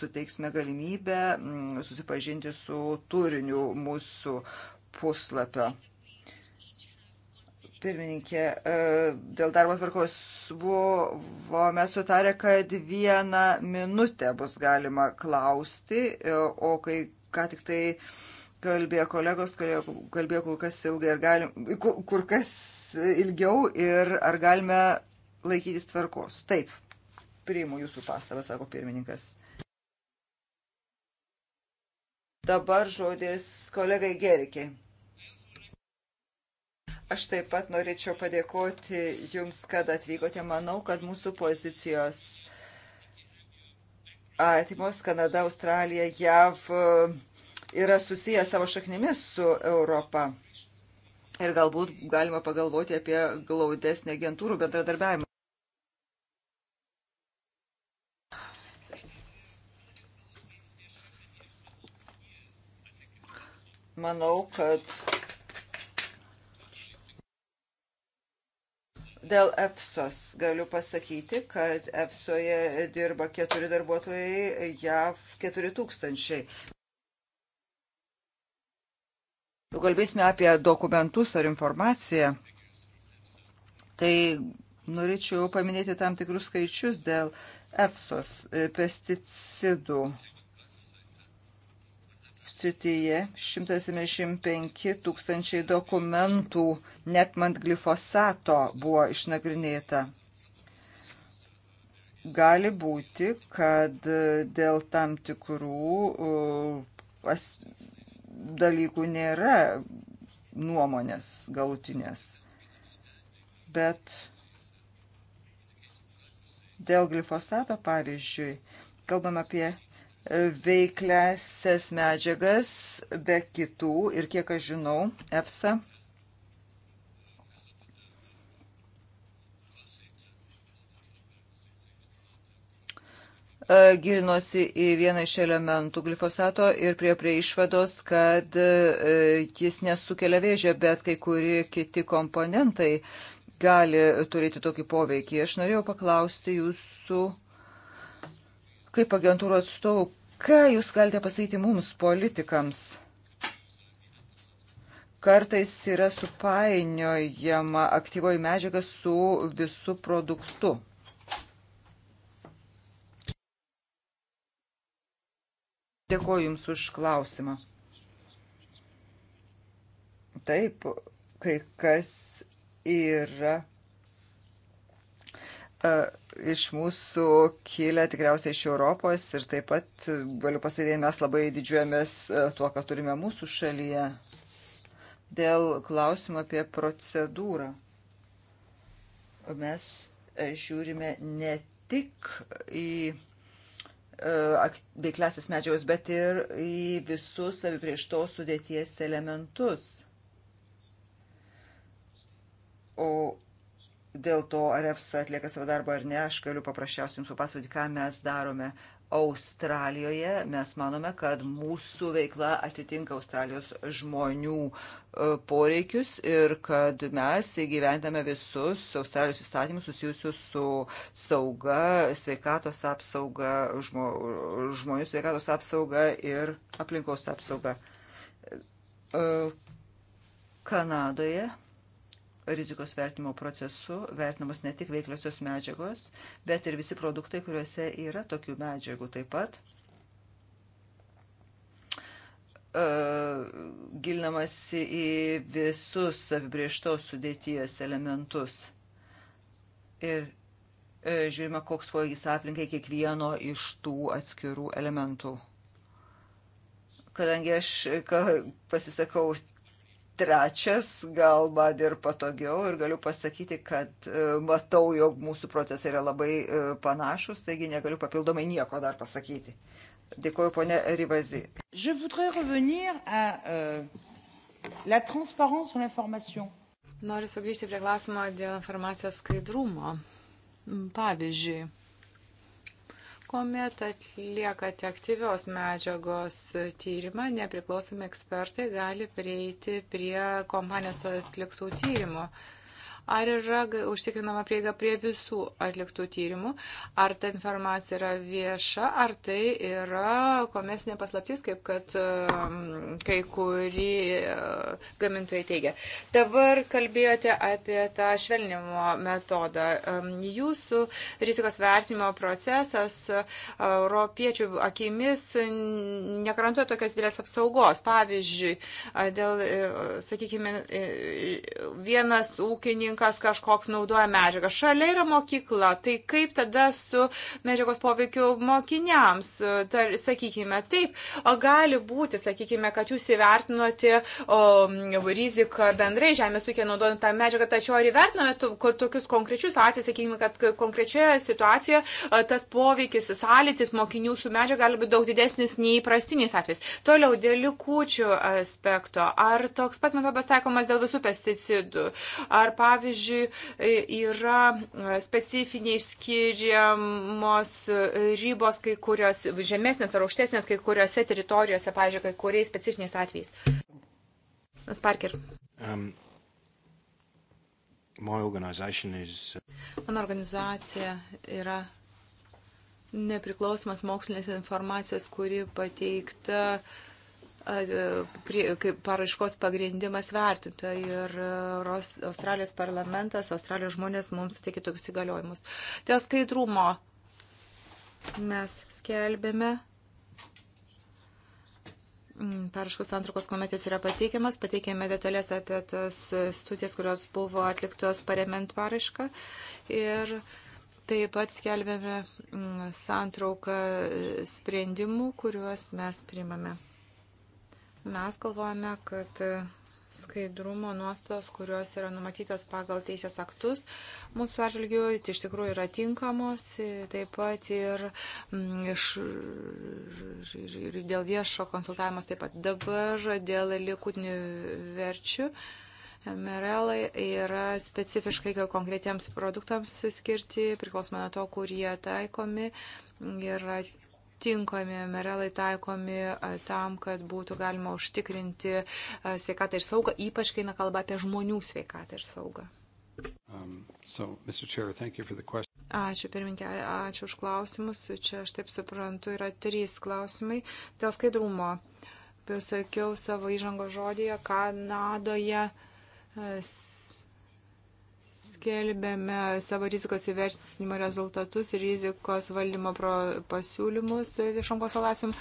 suteiksime galimybę m, mm, susipažinti su turiniu mūsų puslapio pirmininkė, e, dėl darbo tvarkos buvome sutarę, kad vieną minutę bus galima klausti, e, o kai ką tik tai kalbėjo kolegos, kalbėjo kur kas ilgai ir galim, kur kas ilgiau ir ar galime laikytis tvarkos. Taip, priimu jūsų pastabą, sako pirmininkas. Dabar žodis kolegai Gerikiai. Aš taip pat norėčiau padėkoti Jums, kad atvykote. Manau, kad mūsų pozicijos atimos Kanada, Australija, JAV e, yra susiję savo šaknimis su Europa. Ir galbūt galima pagalvoti apie glaudesnį agentūrų bendradarbiavimą. Manau, kad Dėl EFSOS galiu pasakyti, kad EFSOje dirba keturi darbuotojai, JAV keturi tūkstančiai. Jeigu kalbėsime apie dokumentus ar informaciją, tai norėčiau paminėti tam tikrus skaičius dėl EFSOS e, pesticidų srityje 175 tūkstančiai dokumentų, net man glifosato buvo išnagrinėta. Gali būti, kad dėl tam tikrų dalykų nėra nuomonės galutinės. Bet dėl glifosato, pavyzdžiui, kalbam apie veiklesias medžiagas be kitų ir kiek aš žinau, EFSA e, gilinosi į vieną iš elementų glifosato ir prie prie išvados, kad e, jis nesukelia vėžio, bet kai kurie kiti komponentai gali turėti tokį poveikį. Aš norėjau paklausti jūsų kaip agentūrų atstovų, ką jūs galite pasakyti mums, politikams? Kartais yra supainiojama aktyvoji medžiaga su visu produktu. Dėkoju Jums už klausimą. Taip, kai kas yra E, iš mūsų kilę tikriausiai iš Europos ir taip pat, e, galiu pasakyti, mes labai didžiuojamės e, tuo, ką turime mūsų šalyje. Dėl klausimo apie procedūrą. Mes žiūrime ne tik į veiklesias medžiagas, bet ir į visus apiprieštos sudėties elementus. O dėl to, ar EFSA atlieka savo darbą ar ne, aš galiu paprasčiausiai jums papasakoti, ką mes darome. Australijoje mes manome, kad mūsų veikla atitinka Australijos žmonių e, poreikius ir kad mes įgyvendame visus Australijos įstatymus susijusius su sauga, sveikatos apsauga, žmo, žmonių sveikatos apsauga ir aplinkos apsauga. E, Kanadoje rizikos vertinimo procesu vertinamos ne tik veikliosios medžiagos, bet ir visi produktai, kuriuose yra tokių medžiagų taip pat. E, gilinamasi į visus apibrieštos sudėties elementus ir e, žiūrime, koks poveikis aplinkai kiekvieno iš tų atskirų elementų. Kadangi aš pasisakau trečias, gal man ir patogiau ir galiu pasakyti, kad e, matau, jog mūsų procesai yra labai e, panašus, taigi negaliu papildomai nieko dar pasakyti. Dėkuoju, ponė Rivazi. E, Noriu sugrįžti prie klausimo dėl informacijos skaidrumo. Pavyzdžiui, kuomet atliekate aktyvios medžiagos tyrimą, nepriklausomi ekspertai gali prieiti prie kompanijos atliktų tyrimų ar yra užtikrinama prieiga prie visų atliktų tyrimų, ar ta informacija yra vieša, ar tai yra komersinė paslaptis, kaip kad um, kai kuri uh, gamintojai teigia. Dabar kalbėjote apie tą švelnimo metodą. Um, jūsų rizikos vertinimo procesas uh, europiečių akimis negarantuoja tokios didelės apsaugos. Pavyzdžiui, dėl, e, sakykime, e, vienas ūkininkas, ūkininkas kažkoks naudoja medžiagą. Šalia yra mokykla. Tai kaip tada su medžiagos poveikiu mokiniams? Tar, sakykime, taip, gali būti, sakykime, kad jūs įvertinote o, riziką bendrai žemės ūkė naudojant tą medžiagą, tačiau ar įvertinote tokius konkrečius atvejus, sakykime, kad konkrečioje situacijoje tas poveikis, sąlytis mokinių su medžiaga gali būti daug didesnis nei įprastiniais atvejais. Toliau dėl likučių aspekto. Ar toks pat metodas taikomas dėl visų pesticidų? Ar pavyzdžiui, pavyzdžiui, yra specifiniai išskiriamos ribos kai kurios, žemesnės ar aukštesnės kai kuriuose teritorijose, pavyzdžiui, kai kuriais specifiniais atvejais. Sparker. Um. Is... Uh, Mano organizacija yra nepriklausomas mokslinės informacijos, kuri pateikta uh, kaip paraiškos pagrindimas vertinta ir e, Australijos parlamentas, Australijos žmonės mums suteikė tokius įgaliojimus. Dėl skaidrumo mes skelbėme. Mm, Paraškų santrukos komitės yra pateikiamas, pateikėme detalės apie tas studijas, kurios buvo atliktos paremant parašką. Ir Taip pat skelbėme mm, santrauką e, sprendimų, kuriuos mes primame. Mes galvojame, kad e, skaidrumo nuostatos, kurios yra numatytos pagal teisės aktus mūsų atžvilgių, tai iš tikrųjų yra tinkamos, e, taip pat ir, mm, iš, ir, ir dėl viešo konsultavimas taip pat dabar, dėl likutinių verčių. MRL yra specifiškai konkretiems produktams skirti, priklausomai nuo to, kurie taikomi. Yra tinkami mineralai taikomi tam, kad būtų galima užtikrinti sveikatą ir saugą, ypač kai na kalba apie žmonių sveikatą ir saugą. Um, so, Chair, ačiū pirmininkė, ačiū už klausimus. Čia aš taip suprantu, yra trys klausimai dėl skaidrumo. Pasakiau savo įžango žodėje, Kanadoje paskelbėme savo rizikos įvertinimo rezultatus ir rizikos valdymo pasiūlymus viešom konsultacijom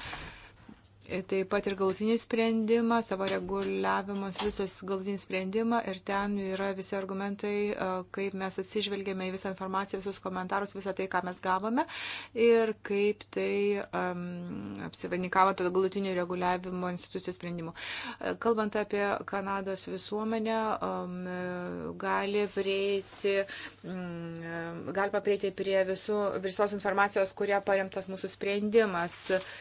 taip pat ir galutinį sprendimą, savo reguliavimo institucijos galutinį sprendimą ir ten yra visi argumentai, kaip mes atsižvelgėme į visą informaciją, visus komentarus, visą tai, ką mes gavome ir kaip tai um, apsivanikavo to galutinio reguliavimo institucijos sprendimu. Kalbant apie Kanados visuomenę, um, gali prieiti, um, galima prieiti prie visų, visos informacijos, kuria paremtas mūsų sprendimas. Uh,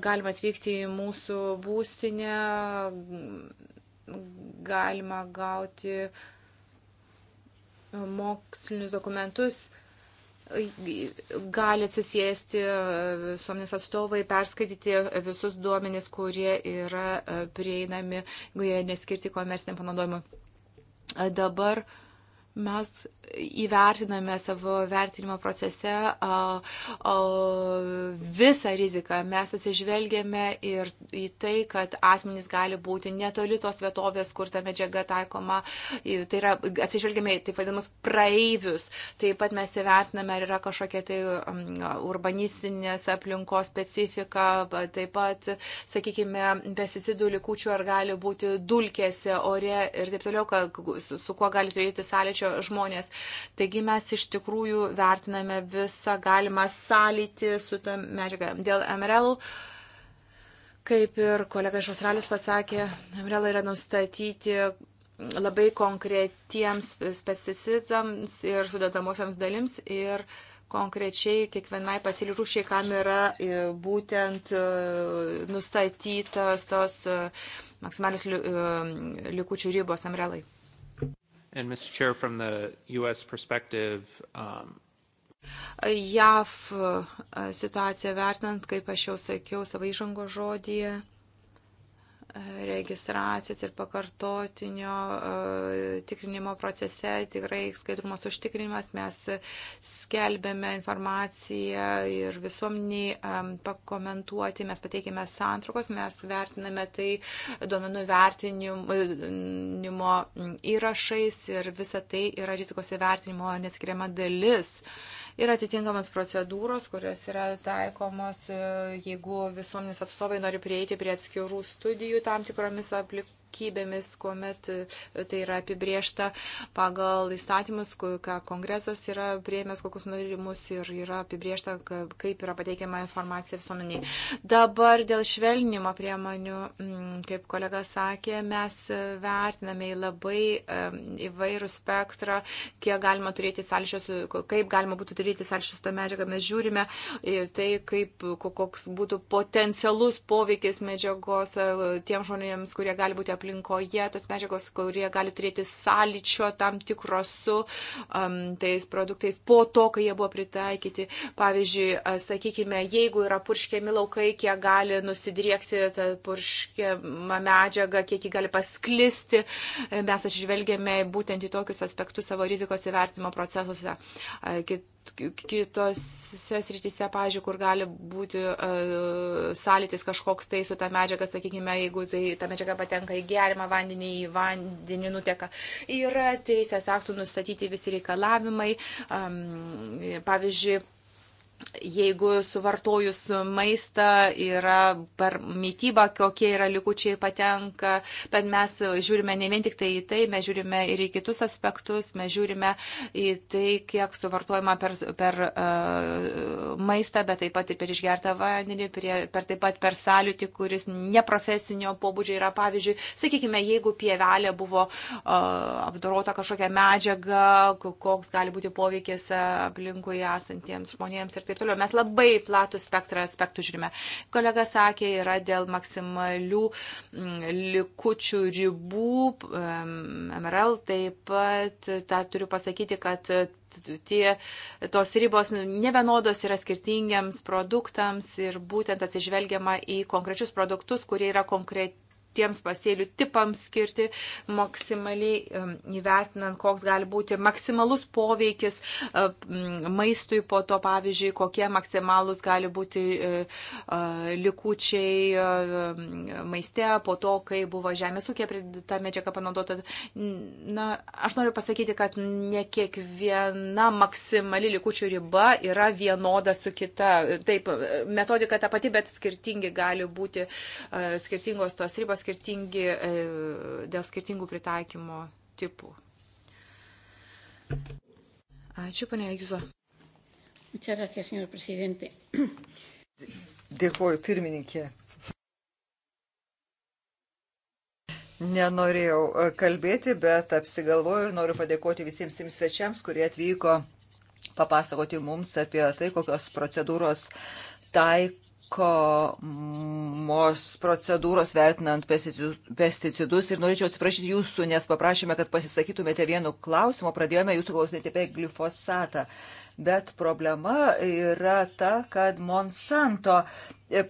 galima atvykti į mūsų būstinę, galima gauti mokslinius dokumentus, gali atsisėsti visuomenės atstovai, perskaityti visus duomenys, kurie yra prieinami, jeigu jie neskirti komerciniam panaudojimui. Dabar mes įvertiname savo vertinimo procese visą riziką. Mes atsižvelgėme ir į tai, kad asmenys gali būti netoli tos vietovės, kur ta medžiaga taikoma. Tai yra, atsižvelgėme į taip vadinamus praeivius. Taip pat mes įvertiname, ar yra kažkokia tai urbanistinės aplinkos specifika. Taip pat, sakykime, pesticidų likučių ar gali būti dulkėse, ore ir taip toliau, su, su kuo gali turėti sąlyčio žmonės. Taigi mes iš tikrųjų vertiname visą galimą sąlytį su tą medžiagą. Dėl MRL, kaip ir kolega iš Australijos pasakė, MRL yra nustatyti labai konkretiems pesticidams ir sudedamosiams dalims ir konkrečiai kiekvienai pasilirušiai, kam yra e, būtent e, nustatytos tos e, maksimalius likučių ribos amrelai. And, Mr. Chair, from the U.S. perspective, um, JAF uh, situaciją vertinant, kaip aš jau sakiau savo įžango žodį, registracijos ir pakartotinio e, tikrinimo procese tikrai skaidrumas užtikrinimas. Mes skelbėme informaciją ir visuomeniai e, pakomentuoti, mes pateikėme santrukos, mes vertiname tai duomenų vertinimo e, įrašais ir visa tai yra rizikos įvertinimo neatskiriama dalis. Uh, ir atitinkamas procedūros, kurios yra taikomos, e, jeigu visuomenės atstovai nori prieiti prie atskirų studijų tam tikromis aplik aplinkybėmis, kuomet e, tai yra apibriešta pagal įstatymus, ką kongresas yra prieimęs, kokius norimus ir yra apibriešta, kaip yra pateikiama informacija visuomeniai. Dabar dėl švelnimo priemonių, mm, kaip kolega sakė, mes vertiname į labai e, įvairų spektrą, kiek galima turėti sąlyšio, kaip galima būtų turėti sąlyšio su tą medžiagą. Mes žiūrime tai, kaip, koks būtų potencialus poveikis medžiagos e, tiem žmonėms, kurie gali būti aplinkoje, tos medžiagos, kurie gali turėti sąlyčio tam tikro su um, tais produktais po to, kai jie buvo pritaikyti. Pavyzdžiui, sakykime, jeigu yra purškiami laukai, kiek gali nusidriekti tą purškiamą medžiagą, kiek ji gali pasklisti, e, mes atsižvelgėme būtent į tokius aspektus savo rizikos įvertimo procesuose. Kit kitose srityse, pažiūrėjau, kur gali būti uh, sąlytis kažkoks tai su ta medžiaga, sakykime, jeigu tai, ta medžiaga patenka į gerimą vandenį, į vandenį nuteka. Yra teisės aktų nustatyti visi reikalavimai. Um, pavyzdžiui, jeigu suvartojus maistą yra per mytybą, kokie yra likučiai patenka, bet mes žiūrime ne vien tik tai į tai, mes žiūrime ir į kitus aspektus, mes žiūrime į tai, kiek suvartojama per, per uh, maistą, bet taip pat ir per išgertą vandenį, prie, per taip pat per saliutį, kuris neprofesinio pobūdžio yra. Pavyzdžiui, sakykime, jeigu pievelė buvo uh, apdorota kažkokia medžiaga, koks gali būti poveikis uh, aplinkui esantiems žmonėms ir taip taip toliau. Mes labai platų spektrą aspektų žiūrime. Kolega sakė, yra dėl maksimalių mm, likučių ribų, MRL taip pat, tą turiu pasakyti, kad tie, tos ribos nevienodos yra skirtingiams produktams ir būtent atsižvelgiama į konkrečius produktus, kurie yra konkrečiai tiems pasėlių tipams skirti, maksimaliai įvertinant, koks gali būti maksimalus poveikis e, maistui po to, pavyzdžiui, kokie maksimalus gali būti e, likučiai e, maiste po to, kai buvo žemės ūkė pridėta medžiaga panaudota. Na, aš noriu pasakyti, kad ne kiekviena maksimali likučių riba yra vienoda su kita. Taip, metodika ta pati, bet skirtingi gali būti skirtingos tos ribos skirtingi e, dėl skirtingų pritaikymo tipų. Ačiū, panė Juzo. Dėkuoju, pirmininkė. Nenorėjau e, kalbėti, bet apsigalvoju ir noriu padėkoti visiems tiems svečiams, kurie atvyko papasakoti mums apie tai, kokios procedūros taiko taikomos procedūros vertinant pesticidus ir norėčiau atsiprašyti jūsų, nes paprašėme, kad pasisakytumėte vienu klausimu, pradėjome jūsų klausinėti apie glifosatą. Bet problema yra ta, kad Monsanto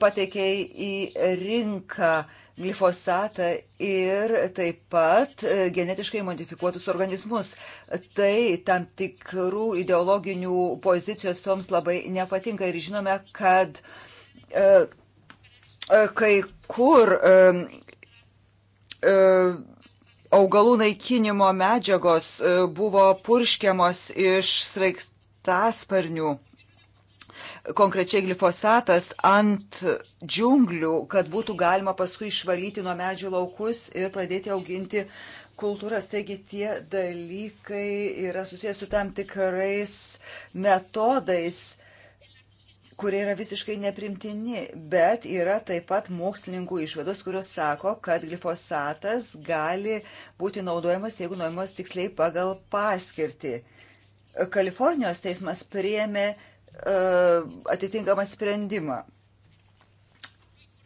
pateikė į rinką glifosatą ir taip pat e, genetiškai modifikuotus organizmus. Tai tam tikrų ideologinių pozicijos toms labai nepatinka ir žinome, kad uh, E, e, kai kur e, augalų naikinimo medžiagos buvo purškiamos iš sraigtasparnių, konkrečiai glifosatas, ant džiunglių, kad būtų galima paskui išvalyti nuo medžių laukus ir pradėti auginti kultūras. Taigi tie dalykai yra susijęs su tam tikrais metodais kurie yra visiškai neprimtini, bet yra taip pat mokslininkų išvados, kurios sako, kad glifosatas gali būti naudojamas, jeigu naudojamas tiksliai pagal paskirtį. Kalifornijos teismas priėmė uh, atitinkamą sprendimą.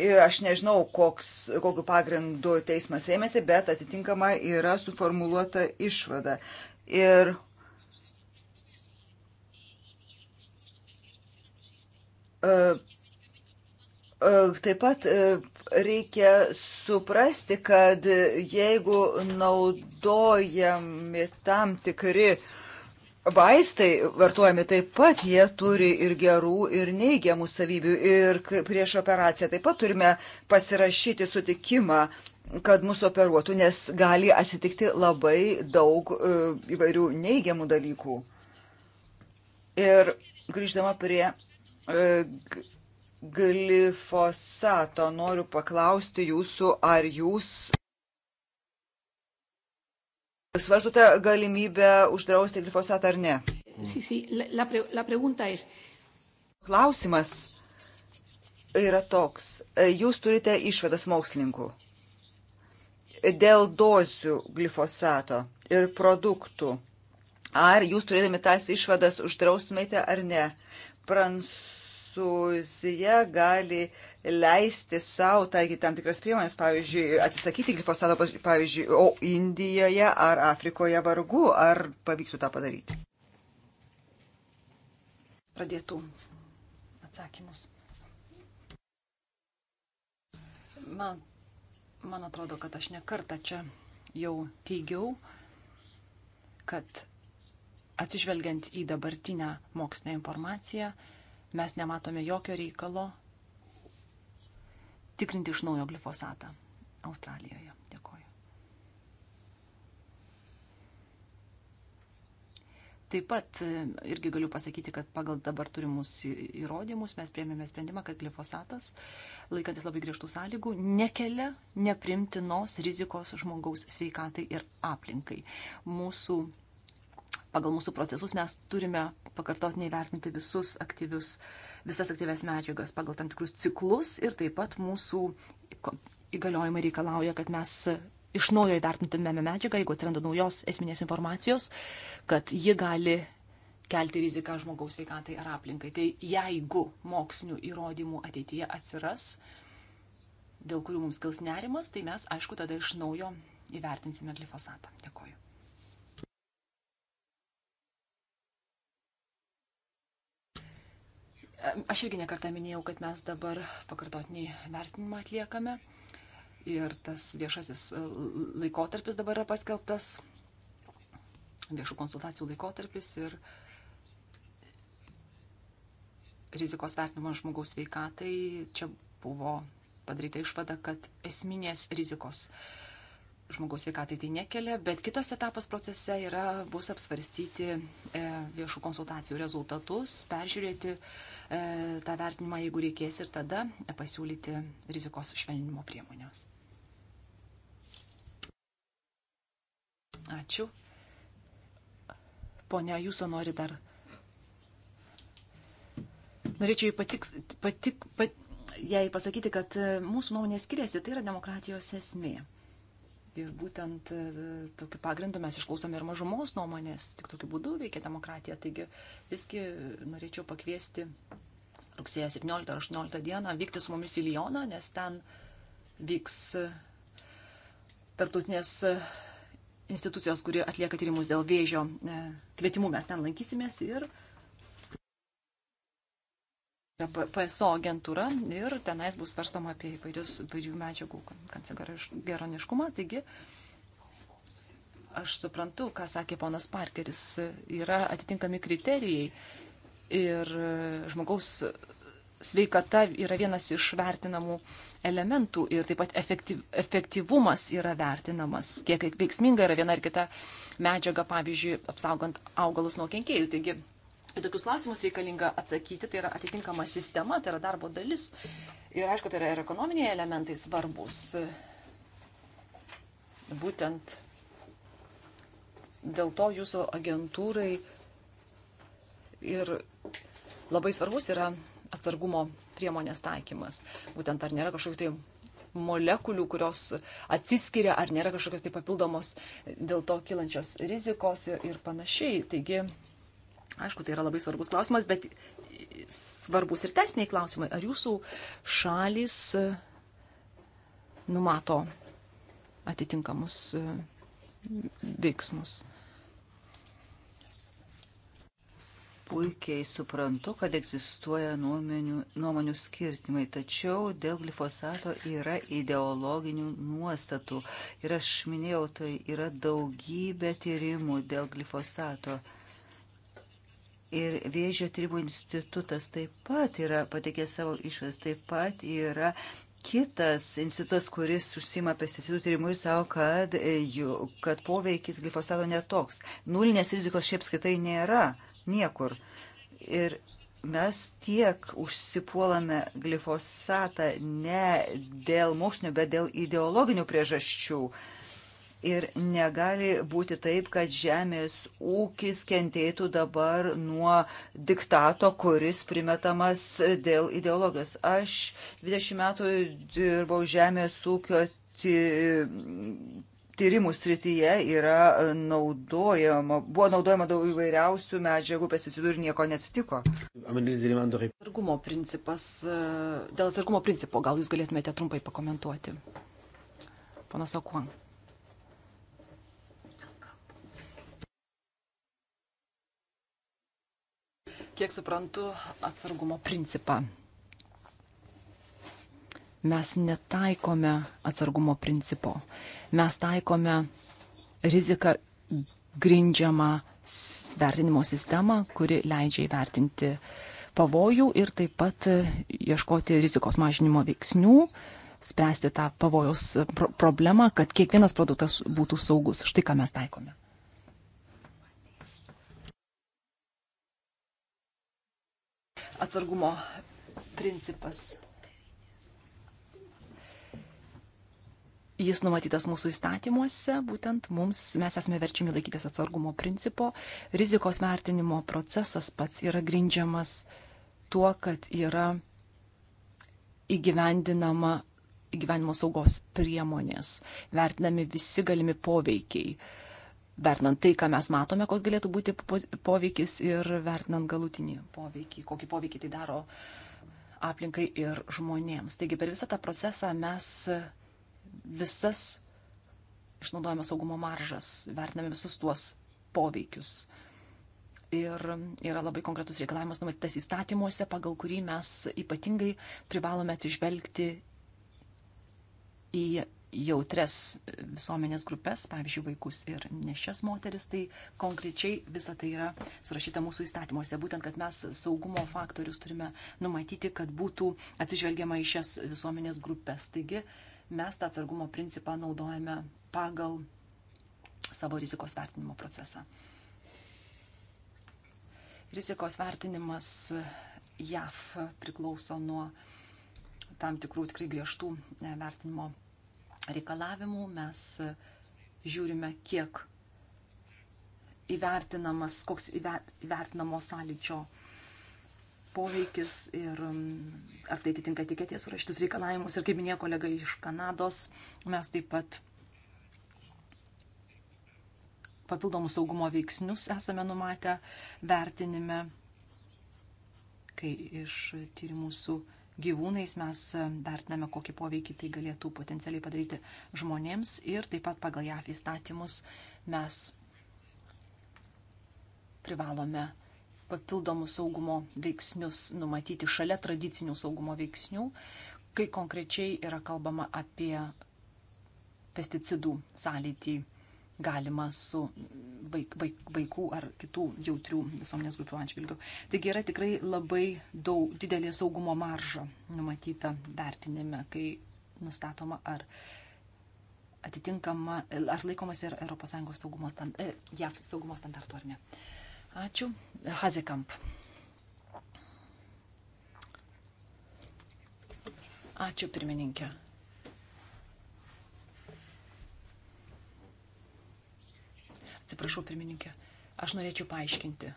Ir aš nežinau, koks, kokiu pagrindu teismas ėmėsi, bet atitinkama yra suformuoluota išvada. Ir uh, E, e, taip pat e, reikia suprasti, kad jeigu naudojami tam tikri vaistai, vartojami taip pat, jie turi ir gerų, ir neigiamų savybių. Ir prieš operaciją taip pat turime pasirašyti sutikimą, kad mūsų operuotų, nes gali atsitikti labai daug įvairių neigiamų dalykų. Ir grįždama prie E, glifosato noriu paklausti jūsų, ar jūs svarstote galimybę uždrausti glifosatą ar ne? Klausimas yra toks. E, jūs turite išvedas mokslininkų dėl dozių glifosato ir produktų. Ar jūs turėdami tas išvadas uždraustumėte ar ne? Prancūzija gali leisti savo taikyti tam tikras priemonės, pavyzdžiui, atsisakyti glifosato, pavyzdžiui, o Indijoje ar Afrikoje vargu, ar pavyktų tą padaryti. Pradėtų atsakymus. Man, man atrodo, kad aš nekartą čia jau teigiau, kad atsižvelgiant į dabartinę mokslinę informaciją, mes nematome jokio reikalo tikrinti iš naujo glifosatą Australijoje. Dėkoju. Taip pat e, irgi galiu pasakyti, kad pagal dabar turimus įrodymus mes priemėme sprendimą, kad glifosatas, laikantis labai griežtų sąlygų, nekelia neprimtinos rizikos žmogaus sveikatai ir aplinkai. Mūsų pagal mūsų procesus mes turime pakartotinai vertinti visus aktyvius, visas aktyves medžiagas pagal tam tikrus ciklus ir taip pat mūsų įgaliojimai reikalauja, kad mes iš naujo įvertintumėme medžiagą, jeigu atsiranda naujos esminės informacijos, kad ji gali kelti riziką žmogaus sveikatai ar aplinkai. Tai jeigu mokslinių įrodymų ateityje atsiras, dėl kurių mums kils nerimas, tai mes, aišku, tada iš naujo įvertinsime glifosatą. Dėkoju. Aš irgi nekartą minėjau, kad mes dabar pakartotinį vertinimą atliekame ir tas viešasis laikotarpis dabar yra paskelbtas, viešų konsultacijų laikotarpis ir rizikos vertinimo žmogaus veikatai čia buvo padaryta išvada, kad esminės rizikos žmogaus veikatai tai nekelia, bet kitas etapas procese yra bus apsvarstyti e, viešų konsultacijų rezultatus, peržiūrėti E, tą vertinimą, jeigu reikės, ir tada pasiūlyti rizikos švelninimo priemonės. Ačiū. Pone, jūsų nori dar. Norėčiau patiks, patik, pat, jai pasakyti, kad e, mūsų nuomonė skiriasi, tai yra demokratijos esmė. Ir būtent e, tokiu pagrindu mes išklausome ir mažumos nuomonės, tik tokiu būdu veikia demokratija. Taigi visgi norėčiau pakviesti rugsėje 17-18 dieną vykti su mumis į Lyoną, nes ten vyks tarptautinės institucijos, kuri atlieka tyrimus dėl vėžio e, kvietimų. Mes ten lankysimės ir uh, PSO agentūra ir tenais bus svarstama apie įvairius įvairių medžiagų kancerogeniškumą. Taigi, aš suprantu, ką sakė ponas Parkeris, yra atitinkami kriterijai ir žmogaus sveikata yra vienas iš vertinamų elementų ir taip pat efektyv, efektyvumas yra vertinamas, kiek veiksminga yra viena ar kita medžiaga, pavyzdžiui, apsaugant augalus nuo kenkėjų. Taigi, į tokius klausimus reikalinga atsakyti, tai yra atitinkama sistema, tai yra darbo dalis. Ir aišku, tai yra ir ekonominiai elementai svarbus. Būtent dėl to jūsų agentūrai ir labai svarbus yra atsargumo priemonės taikymas. Būtent ar nėra kažkokių tai molekulių, kurios atsiskiria, ar nėra kažkokios tai papildomos dėl to kilančios rizikos ir, ir panašiai. Taigi Aišku, tai yra labai svarbus klausimas, bet svarbus ir tesniai klausimai. Ar jūsų šalis e, numato atitinkamus e, veiksmus? Puikiai suprantu, kad egzistuoja nuomonių, nuomonių skirtimai, tačiau dėl glifosato yra ideologinių nuostatų. Ir aš minėjau, tai yra daugybė tyrimų dėl glifosato. Uh, ir Vėžio tyrimų institutas taip pat yra patikęs savo išvadas, taip pat yra kitas institutas, kuris užsima pesticidų tyrimų ir savo, kad, e, kad poveikis glifosato netoks. Nulinės rizikos šiaip skaitai nėra niekur. Ir mes tiek užsipuolame glifosatą ne dėl mokslinio, bet dėl ideologinių priežasčių. Uh, Ir negali būti taip, kad žemės ūkis kentėtų dabar nuo diktato, kuris primetamas dėl ideologijos. Aš 20 metų dirbau žemės ūkio tyrimų srityje yra naudojama, buvo naudojama daug įvairiausių medžiagų, pesticidų ir nieko neatsitiko. Atsargumo principas, dėl atsargumo principo gal jūs galėtumėte trumpai pakomentuoti. Panas Okuan. kiek suprantu, atsargumo principą. Mes netaikome atsargumo principo. Mes taikome riziką grindžiamą vertinimo sistemą, kuri leidžia įvertinti pavojų ir taip pat ieškoti rizikos mažinimo veiksnių, spręsti tą pavojaus problemą, kad kiekvienas produktas būtų saugus. Štai ką mes taikome. atsargumo principas. Jis numatytas mūsų įstatymuose, būtent mums, mes esame verčiami laikytis atsargumo principo. Rizikos vertinimo procesas pats yra grindžiamas tuo, kad yra įgyvendinama įgyvenimo saugos priemonės, vertinami visi galimi poveikiai vertinant tai, ką mes matome, koks galėtų būti poveikis ir vertinant galutinį poveikį, kokį poveikį tai daro aplinkai ir žmonėms. Taigi per visą tą procesą mes visas išnaudojame saugumo maržas, vertiname visus tuos poveikius. Ir yra labai konkretus reikalavimas numatytas įstatymuose, pagal kurį mes ypatingai privalome atsižvelgti į jautres visuomenės grupės, pavyzdžiui, vaikus ir nešias moteris, tai konkrečiai visa tai yra surašyta mūsų įstatymuose. Būtent, kad mes saugumo faktorius turime numatyti, kad būtų atsižvelgiama į šias visuomenės grupės. Taigi mes tą atsargumo principą naudojame pagal savo rizikos vertinimo procesą. Rizikos vertinimas JAF priklauso nuo tam tikrų tikrai griežtų e, vertinimo reikalavimų, mes žiūrime, kiek įvertinamas, koks įvertinamo sąlyčio poveikis ir um, ar tai atitinka etiketės raštus reikalavimus. Ir kaip minėjo kolega iš Kanados, mes taip pat papildomus saugumo veiksnius esame numatę vertinime, kai iš tyrimų su gyvūnais, mes e, vertiname, kokį poveikį tai galėtų potencialiai padaryti žmonėms ir taip pat pagal JAF įstatymus mes privalome papildomus saugumo veiksnius numatyti šalia tradicinių saugumo veiksnių, kai konkrečiai yra kalbama apie pesticidų sąlytį galima su vaik, vaik, vaikų ar kitų jautrių visuomenės grupių atžvilgių. Taigi yra tikrai labai daug, didelė saugumo marža numatyta vertinime, kai nustatoma ar atitinkama, ar laikomas ir ES saugumo, stand, eh, JAV saugumo standartų ar ne. Ačiū. Hazekamp. Ačiū pirmininkė. Atsiprašau, pirmininkė. Aš norėčiau paaiškinti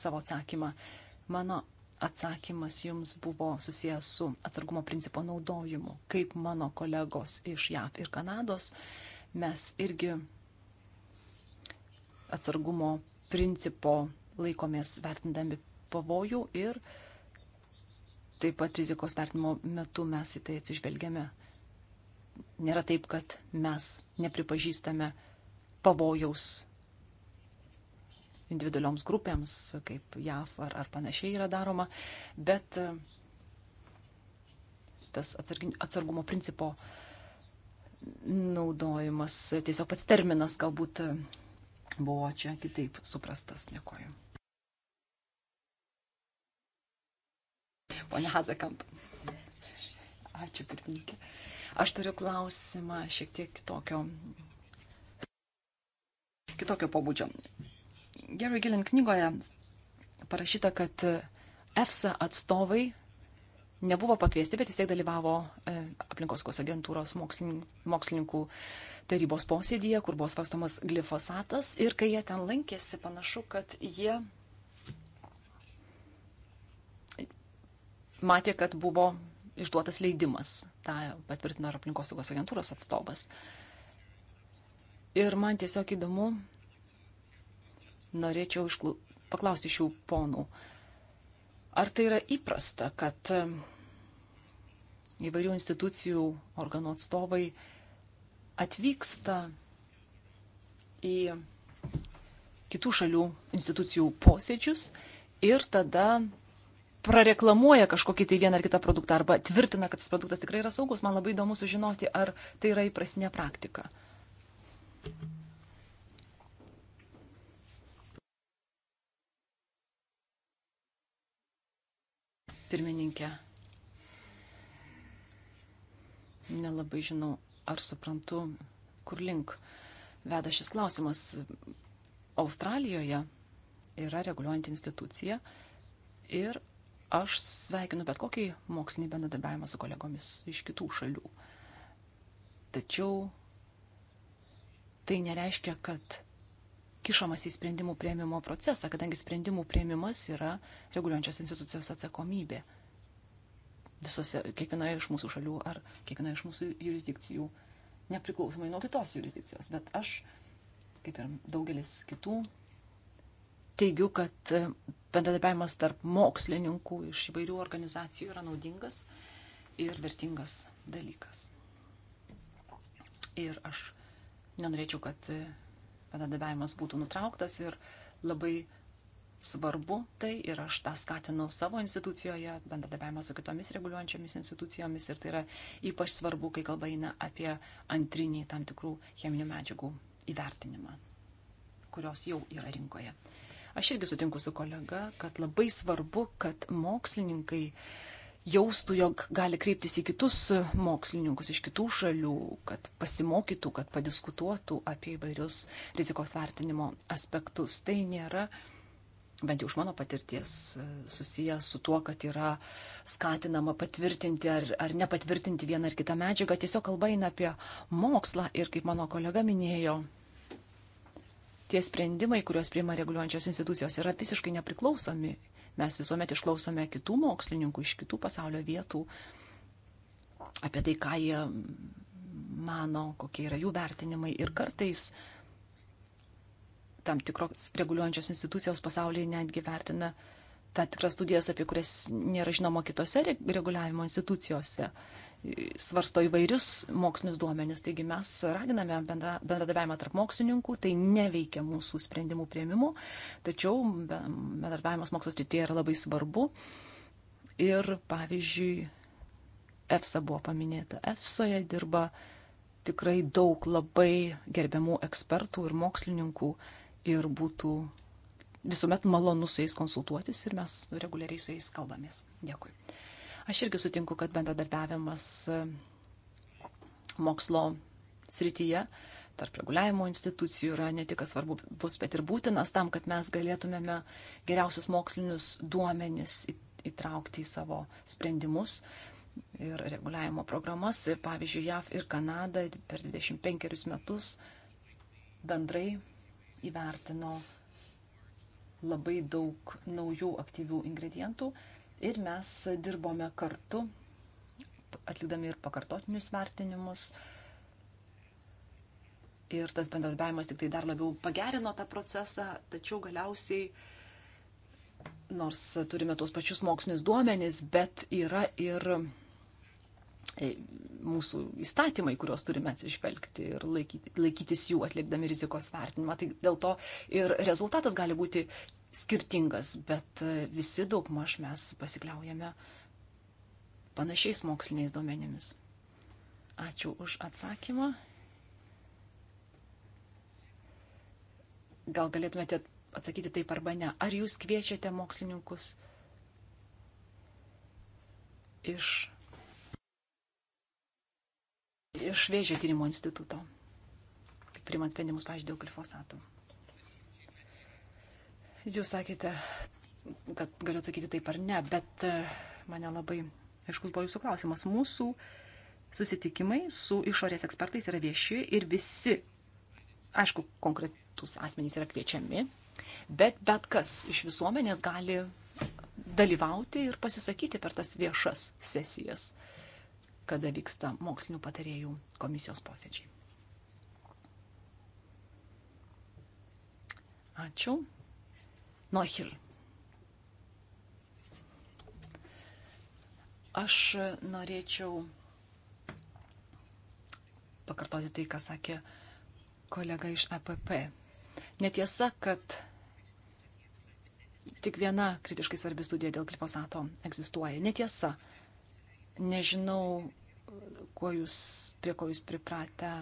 savo atsakymą. Mano atsakymas jums buvo susijęs su atsargumo principo naudojimu. Kaip mano kolegos iš JAV ir Kanados, mes irgi atsargumo principo laikomės vertindami pavojų ir taip pat rizikos vertinimo metu mes į tai atsižvelgiame. Nėra taip, kad mes nepripažįstame pavojaus individualioms grupėms, kaip JAF ar, ar panašiai yra daroma, bet e, tas atsargumo principo naudojimas, tiesiog pats terminas galbūt e, buvo čia kitaip suprastas. Dėkoju. Pone Hazekamp. Ačiū, pirmininkė. Aš turiu klausimą šiek tiek kitokio, kitokio pobūdžio. Gary Gillen knygoje parašyta, kad e, EFSA atstovai nebuvo pakviesti, bet vis tiek dalyvavo e, aplinkoskos agentūros mokslininkų tarybos posėdėje, kur buvo svarstamas glifosatas. Ir kai jie ten lankėsi, panašu, kad jie matė, kad buvo išduotas leidimas. Ta patvirtino ir aplinkosaugos agentūros atstovas. Ir man tiesiog įdomu, norėčiau išklu... paklausti šių ponų. Ar tai yra įprasta, kad um, įvairių institucijų organų atstovai atvyksta į kitų šalių institucijų posėdžius ir tada prareklamuoja kažkokį tai vieną ar kitą produktą arba tvirtina, kad tas produktas tikrai yra saugus. Man labai įdomu sužinoti, ar tai yra įprasinė praktika. pirmininkė. Nelabai žinau, ar suprantu, kur link veda šis klausimas. Australijoje yra reguliuojanti institucija ir aš sveikinu bet kokį mokslinį bendradarbiavimą su kolegomis iš kitų šalių. Tačiau tai nereiškia, kad kišamas į sprendimų prieimimo procesą, kadangi sprendimų prieimimas yra reguliuojančios institucijos atsakomybė visose, kiekvienoje iš mūsų šalių ar kiekvienoje iš mūsų jurisdikcijų, nepriklausomai nuo kitos jurisdikcijos. Bet aš, kaip ir daugelis kitų, teigiu, kad e, bendradarbiavimas tarp mokslininkų iš įvairių organizacijų yra naudingas ir vertingas dalykas. Ir aš nenorėčiau, kad e, bendradarbiavimas būtų nutrauktas ir labai svarbu tai ir aš tą skatinu savo institucijoje, bendradarbiavimą su kitomis reguliuojančiomis institucijomis ir tai yra ypač svarbu, kai kalba eina apie antrinį tam tikrų cheminių medžiagų įvertinimą, kurios jau yra rinkoje. Aš irgi sutinku su kolega, kad labai svarbu, kad mokslininkai uh, jaustų, jog gali kreiptis į kitus mokslininkus iš kitų šalių, kad pasimokytų, kad padiskutuotų apie įvairius rizikos vertinimo aspektus. Tai nėra, bent jau iš mano patirties, e, susiję su tuo, kad yra skatinama patvirtinti ar, ar nepatvirtinti vieną ar kitą medžiagą. Tiesiog kalba eina apie mokslą ir, kaip mano kolega minėjo, tie sprendimai, kuriuos priima reguliuojančios institucijos, yra visiškai nepriklausomi Mes visuomet išklausome kitų mokslininkų iš kitų pasaulio vietų apie tai, ką jie mano, kokie yra jų vertinimai. Ir kartais tam tikros reguliuojančios institucijos pasaulyje netgi vertina tą tikras studijas, apie kurias nėra žinoma kitose reguliavimo institucijose. Uh, svarsto įvairius mokslinius duomenis, taigi mes raginame bendra, bendradarbiavimą tarp mokslininkų, tai neveikia mūsų sprendimų prieimimu, tačiau bendradarbiavimas mokslo srityje yra labai svarbu. Ir pavyzdžiui, EFSA buvo paminėta, EFSOje dirba tikrai daug labai gerbiamų ekspertų ir mokslininkų ir būtų visuomet malonu su jais konsultuotis ir mes reguliariai su jais kalbamės. Dėkui. Aš irgi sutinku, kad bendradarbiavimas e, mokslo srityje tarp reguliavimo institucijų yra ne tik svarbu bus, bet ir būtinas tam, kad mes galėtumėme geriausius mokslinius duomenis įtraukti į savo sprendimus ir reguliavimo programas. Ir pavyzdžiui, JAV ir Kanada per 25 metus bendrai įvertino labai daug naujų aktyvių ingredientų Ir mes dirbome kartu, atlikdami ir pakartotinius vertinimus. Ir tas bendradarbiavimas tik tai dar labiau pagerino tą procesą, tačiau galiausiai, nors turime tuos pačius mokslinius duomenis, bet yra ir e, mūsų įstatymai, kuriuos turime atsižvelgti ir laikyti, laikytis jų atlikdami rizikos vertinimą. Tai dėl to ir rezultatas gali būti skirtingas, bet e, visi daugmaž mes pasikliaujame panašiais moksliniais duomenimis. Ačiū už atsakymą. Gal galėtumėte atsakyti taip arba ne. Ar jūs kviečiate mokslininkus iš, iš Vėžio tyrimo instituto, primant sprendimus, pažiūrėjau, dėl glifosatų? Jūs sakėte, kad galiu atsakyti taip ar ne, bet e, mane labai aiškus buvo jūsų klausimas. Mūsų susitikimai su išorės ekspertais yra vieši ir visi, aišku, konkretus asmenys yra kviečiami, bet bet kas iš visuomenės gali dalyvauti ir pasisakyti per tas viešas sesijas, kada vyksta mokslinių patarėjų komisijos posėdžiai. Ačiū. Nochir. Aš norėčiau pakartoti tai, ką sakė kolega iš APP. Netiesa, kad tik viena kritiškai svarbi studija dėl glifosato egzistuoja. Netiesa. Nežinau, kuo jūs, prie ko jūs pripratę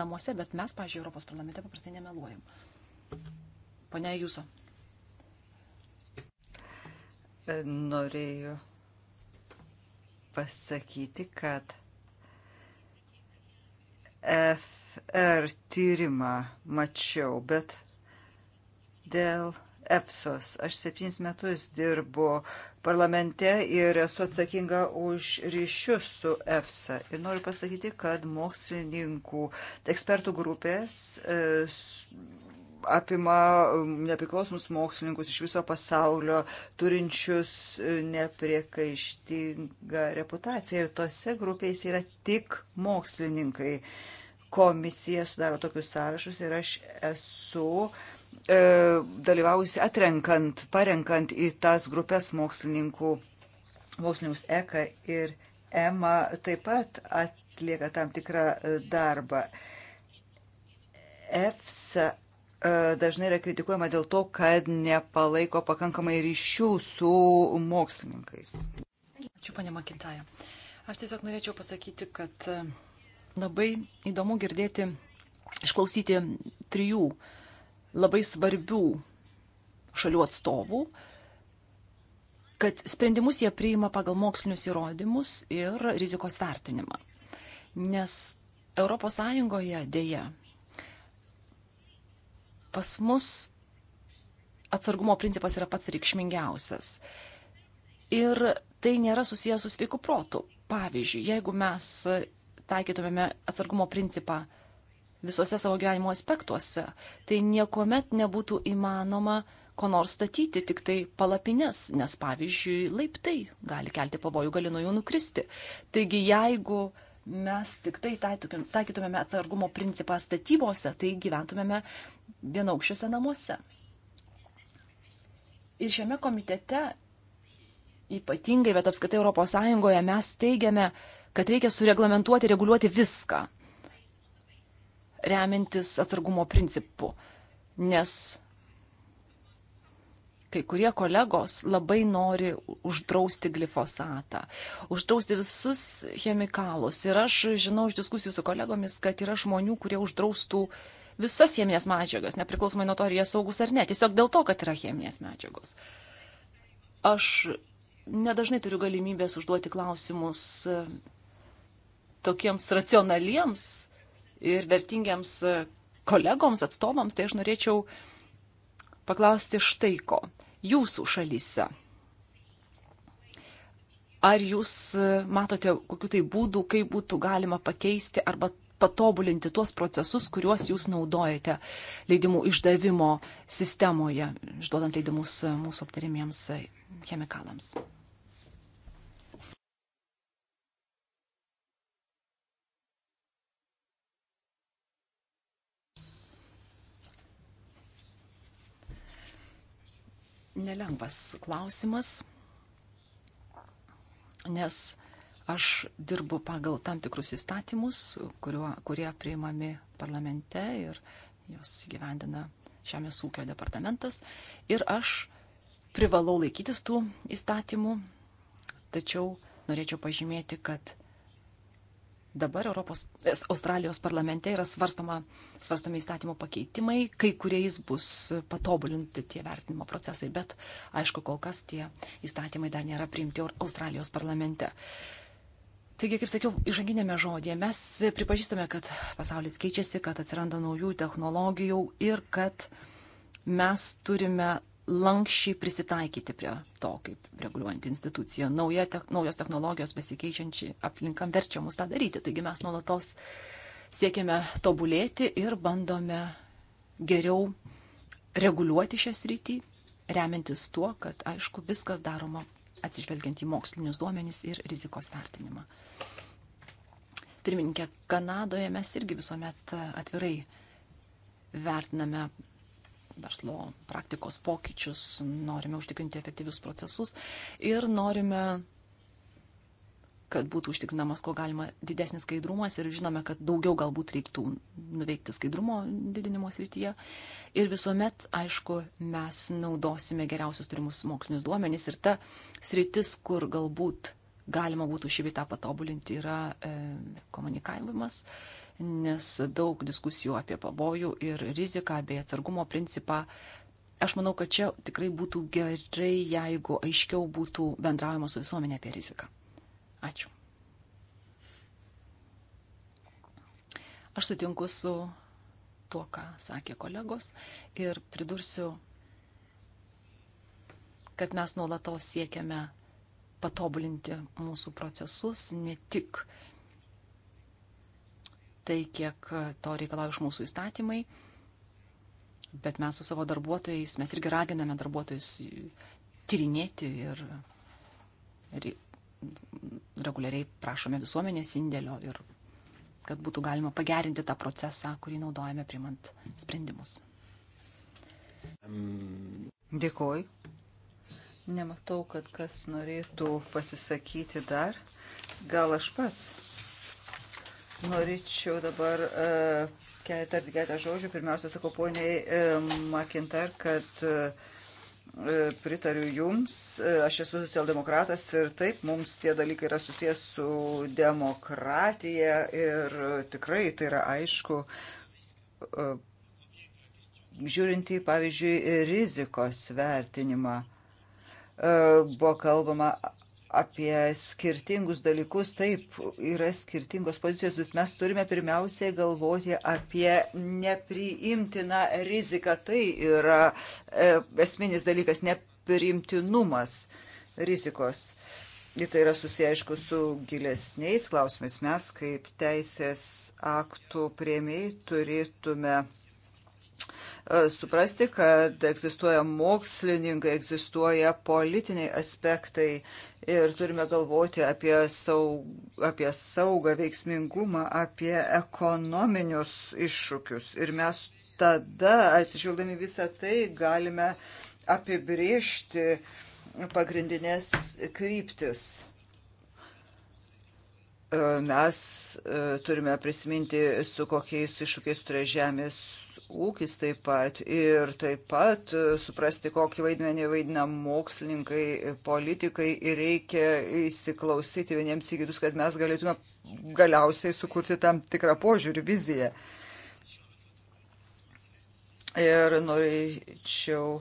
namuose, bet mes, pažiūrėjau, Europos parlamente paprastai nemeluojam. Pane Jūso norėjau pasakyti, kad FR tyrimą mačiau, bet dėl EFSOS aš septynis metus dirbu parlamente ir esu atsakinga už ryšius su EFSA. Ir noriu pasakyti, kad mokslininkų, ekspertų grupės e, apima um, nepriklausomus mokslininkus iš viso pasaulio, turinčius e, nepriekaištingą reputaciją. Ir tose grupėse yra tik mokslininkai. Komisija sudaro tokius sąrašus ir aš esu e, dalyvaujusi atrenkant, parenkant į tas grupės mokslininkų, mokslininkus ECA ir EMA taip pat atlieka tam tikrą e, darbą. EFSA E, dažnai yra kritikuojama dėl to, kad nepalaiko pakankamai ryšių su mokslininkais. Ačiū, panė Makintaja. Aš tiesiog norėčiau pasakyti, kad e, labai įdomu girdėti, išklausyti trijų labai svarbių šalių atstovų, kad sprendimus jie priima pagal mokslinius įrodymus ir rizikos vertinimą. Nes ES dėja pas mus atsargumo principas yra pats reikšmingiausias. Ir tai nėra susijęs su sveiku protu. Pavyzdžiui, jeigu mes taikytumėme atsargumo principą visose savo gyvenimo aspektuose, tai niekuomet nebūtų įmanoma ko nors statyti, tik tai palapines, nes pavyzdžiui, laiptai gali kelti pavojų, gali nuo jų nukristi. Taigi, jeigu uh, mes tik tai taikytumėme atsargumo principą statybose, tai gyventumėme vienaukščiuose namuose. Ir šiame komitete, ypatingai, bet apskaitai Europos Sąjungoje, mes teigiame, kad reikia sureglamentuoti, reguliuoti viską, remintis atsargumo principu, nes kai kurie kolegos labai nori uždrausti glifosatą, uždrausti visus chemikalus. Ir aš žinau iš diskusijų su kolegomis, kad yra žmonių, kurie uždraustų visas cheminės medžiagas, nepriklausomai nuo to, ar jie saugus ar ne, tiesiog dėl to, kad yra cheminės medžiagos. Aš nedažnai turiu galimybės užduoti klausimus e, tokiems racionaliems ir vertingiems e, kolegoms, atstovams, tai aš norėčiau uh, paklausti štai ko. Jūsų šalyse. Ar jūs e, matote kokiu tai būdu, kaip būtų galima pakeisti arba patobulinti tuos procesus, kuriuos jūs naudojate leidimų išdavimo sistemoje, išduodant leidimus e, mūsų aptarimiems e, chemikalams? nelengvas klausimas, nes aš dirbu pagal tam tikrus įstatymus, kuriuo, kurie priimami parlamente ir juos gyvendina Žemės ūkio departamentas. Ir aš privalau laikytis tų įstatymų, tačiau norėčiau pažymėti, kad dabar Europos, Australijos parlamente yra svarstoma, svarstomi įstatymo pakeitimai, kai kuriais bus patobulinti tie vertinimo procesai, bet aišku, kol kas tie įstatymai dar nėra priimti Australijos parlamente. Taigi, kaip sakiau, įžanginėme žodėje mes pripažįstame, kad pasaulis keičiasi, kad atsiranda naujų technologijų ir kad mes turime lankščiai prisitaikyti prie to, kaip reguliuojant instituciją. Nauja, te, naujos technologijos pasikeičiančiai aplinkam verčia mus tą daryti. Taigi mes nuolatos siekiame tobulėti ir bandome geriau reguliuoti šią sritį, remiantis tuo, kad, aišku, viskas daroma atsižvelgiant į mokslinius duomenys ir rizikos vertinimą. Pirmininkė, Kanadoje mes irgi visuomet atvirai vertiname verslo praktikos pokyčius, norime užtikrinti efektyvius procesus ir norime kad būtų užtikrinamas, ko galima, didesnis skaidrumas ir žinome, kad daugiau galbūt reiktų nuveikti skaidrumo didinimo srityje. Ir visuomet, aišku, mes naudosime geriausius turimus mokslinius duomenys ir ta sritis, kur galbūt galima būtų šį bitą patobulinti, yra e, komunikavimas. E, nes daug diskusijų apie pavojų ir riziką bei atsargumo principą. Aš manau, kad čia tikrai būtų gerai, jeigu aiškiau būtų bendraujama su visuomenė apie riziką. Ačiū. Aš sutinku su tuo, ką sakė kolegos ir pridursiu, kad mes nuolatos siekiame patobulinti mūsų procesus, ne tik uh, tai, kiek to reikalauja iš mūsų įstatymai. Bet mes su savo darbuotojais, mes irgi raginame darbuotojus tyrinėti ir, ir reguliariai prašome visuomenės indėlio ir kad būtų galima pagerinti tą procesą, kurį naudojame primant sprendimus. Dėkoju. Nematau, kad kas norėtų pasisakyti dar. Gal aš pats Norėčiau dabar e, tarti keletą žodžių. Pirmiausia, sakau poniai e, Makintar, kad e, pritariu Jums, aš esu socialdemokratas ir taip, mums tie dalykai yra susijęs su demokratija ir tikrai tai yra aišku, žiūrint į, pavyzdžiui, rizikos vertinimą. Buvo kalbama apie skirtingus dalykus, taip, yra skirtingos pozicijos, vis mes turime pirmiausiai galvoti apie nepriimtiną riziką. Tai yra e, esminis dalykas, nepriimtinumas rizikos. Ir tai yra susiję, aišku, su gilesniais klausimais. Mes kaip teisės aktų prieimiai turėtume suprasti, kad egzistuoja mokslininkai, egzistuoja politiniai aspektai ir turime galvoti apie, saug, apie saugą, veiksmingumą, apie ekonominius iššūkius. Ir mes tada, atsižvelgdami visą tai, galime apibriežti pagrindinės kryptis mes e, turime prisiminti, su kokiais iššūkiais turėjo žemės ūkis taip pat ir taip pat e, suprasti, kokį vaidmenį vaidina mokslininkai, e, politikai ir reikia įsiklausyti vieniems į kitus, kad mes galėtume galiausiai sukurti tam tikrą požiūrį, viziją. Ir norėčiau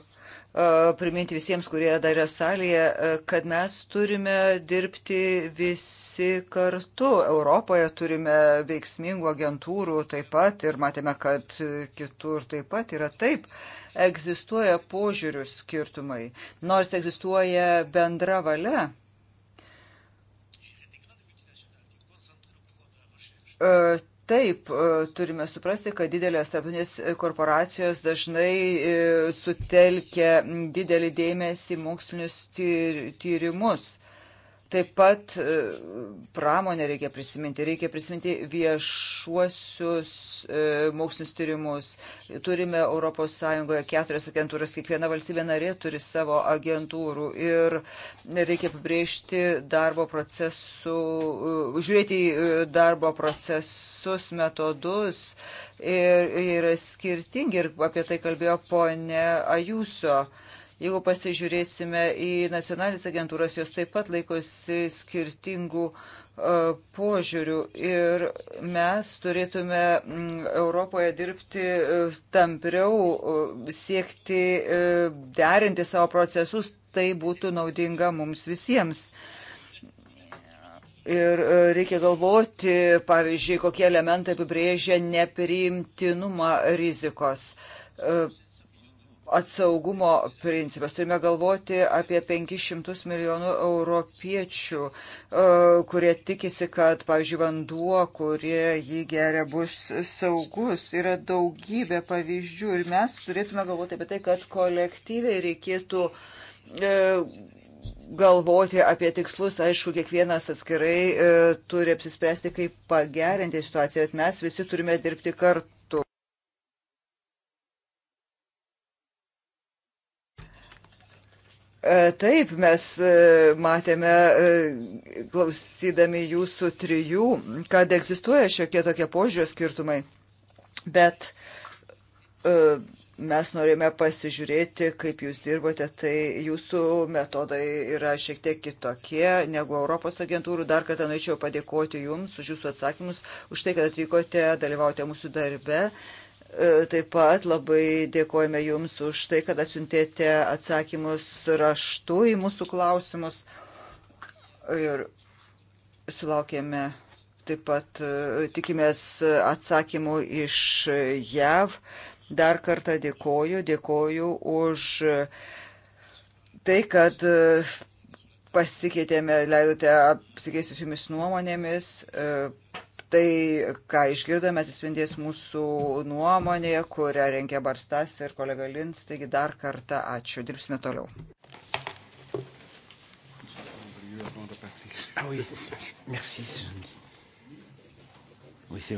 priminti visiems, kurie dar yra salėje, kad mes turime dirbti visi kartu. Europoje turime veiksmingų agentūrų taip pat ir matėme, kad kitur taip pat yra taip. Egzistuoja požiūrių skirtumai, nors egzistuoja bendra valia. Uh, Taip, e, turime suprasti, kad didelės tarptautinės korporacijos dažnai e, sutelkia didelį dėmesį mokslinius tyrimus. Taip pat e, pramonę reikia prisiminti, reikia prisiminti viešuosius e, mokslinius tyrimus. Turime ES keturias agentūras, kiekviena valstybė narė turi savo agentūrų ir reikia pabrėžti darbo procesų, e, žiūrėti į darbo procesus, metodus ir yra skirtingi ir apie tai kalbėjo ponė Ajuso. Jeigu pasižiūrėsime į nacionalinės agentūras, jos taip pat laikosi skirtingų e, požiūrių ir mes turėtume Europoje dirbti e, tampriau, e, siekti derinti savo procesus, tai būtų naudinga mums visiems. Ir reikia galvoti, pavyzdžiui, kokie elementai apibrėžia nepriimtinumą rizikos atsaugumo principas. Turime galvoti apie 500 milijonų europiečių, e, kurie tikisi, kad, pavyzdžiui, vanduo, kurie jį geria, bus saugus. Yra daugybė pavyzdžių ir mes turėtume galvoti apie tai, kad kolektyviai reikėtų e, galvoti apie tikslus, aišku, kiekvienas atskirai e, turi apsispręsti, kaip pagerinti situaciją, bet mes visi turime dirbti kartu E, taip, mes e, matėme, e, klausydami jūsų trijų, kad egzistuoja šiokie tokie požiūrio skirtumai, bet mes norime pasižiūrėti, kaip jūs dirbote, tai jūsų metodai yra šiek tiek kitokie negu Europos agentūrų. Dar kartą norėčiau padėkoti jums už jūsų atsakymus, už tai, kad atvykote dalyvauti mūsų darbe. E, taip pat labai dėkojame Jums už tai, kad atsiuntėte atsakymus raštu į mūsų klausimus. Ir sulaukėme taip pat, e, tikimės atsakymų iš JAV. Dar kartą dėkoju, dėkoju už tai, kad e, pasikeitėme, leidote apsikeisti su jumis nuomonėmis. Tai, ką išgirdome, atsispindės mūsų nuomonėje, kurią renkė Barstas ir kolega Lins. Taigi dar kartą ačiū. Dirbsime toliau. Ah oui, merci. Oui,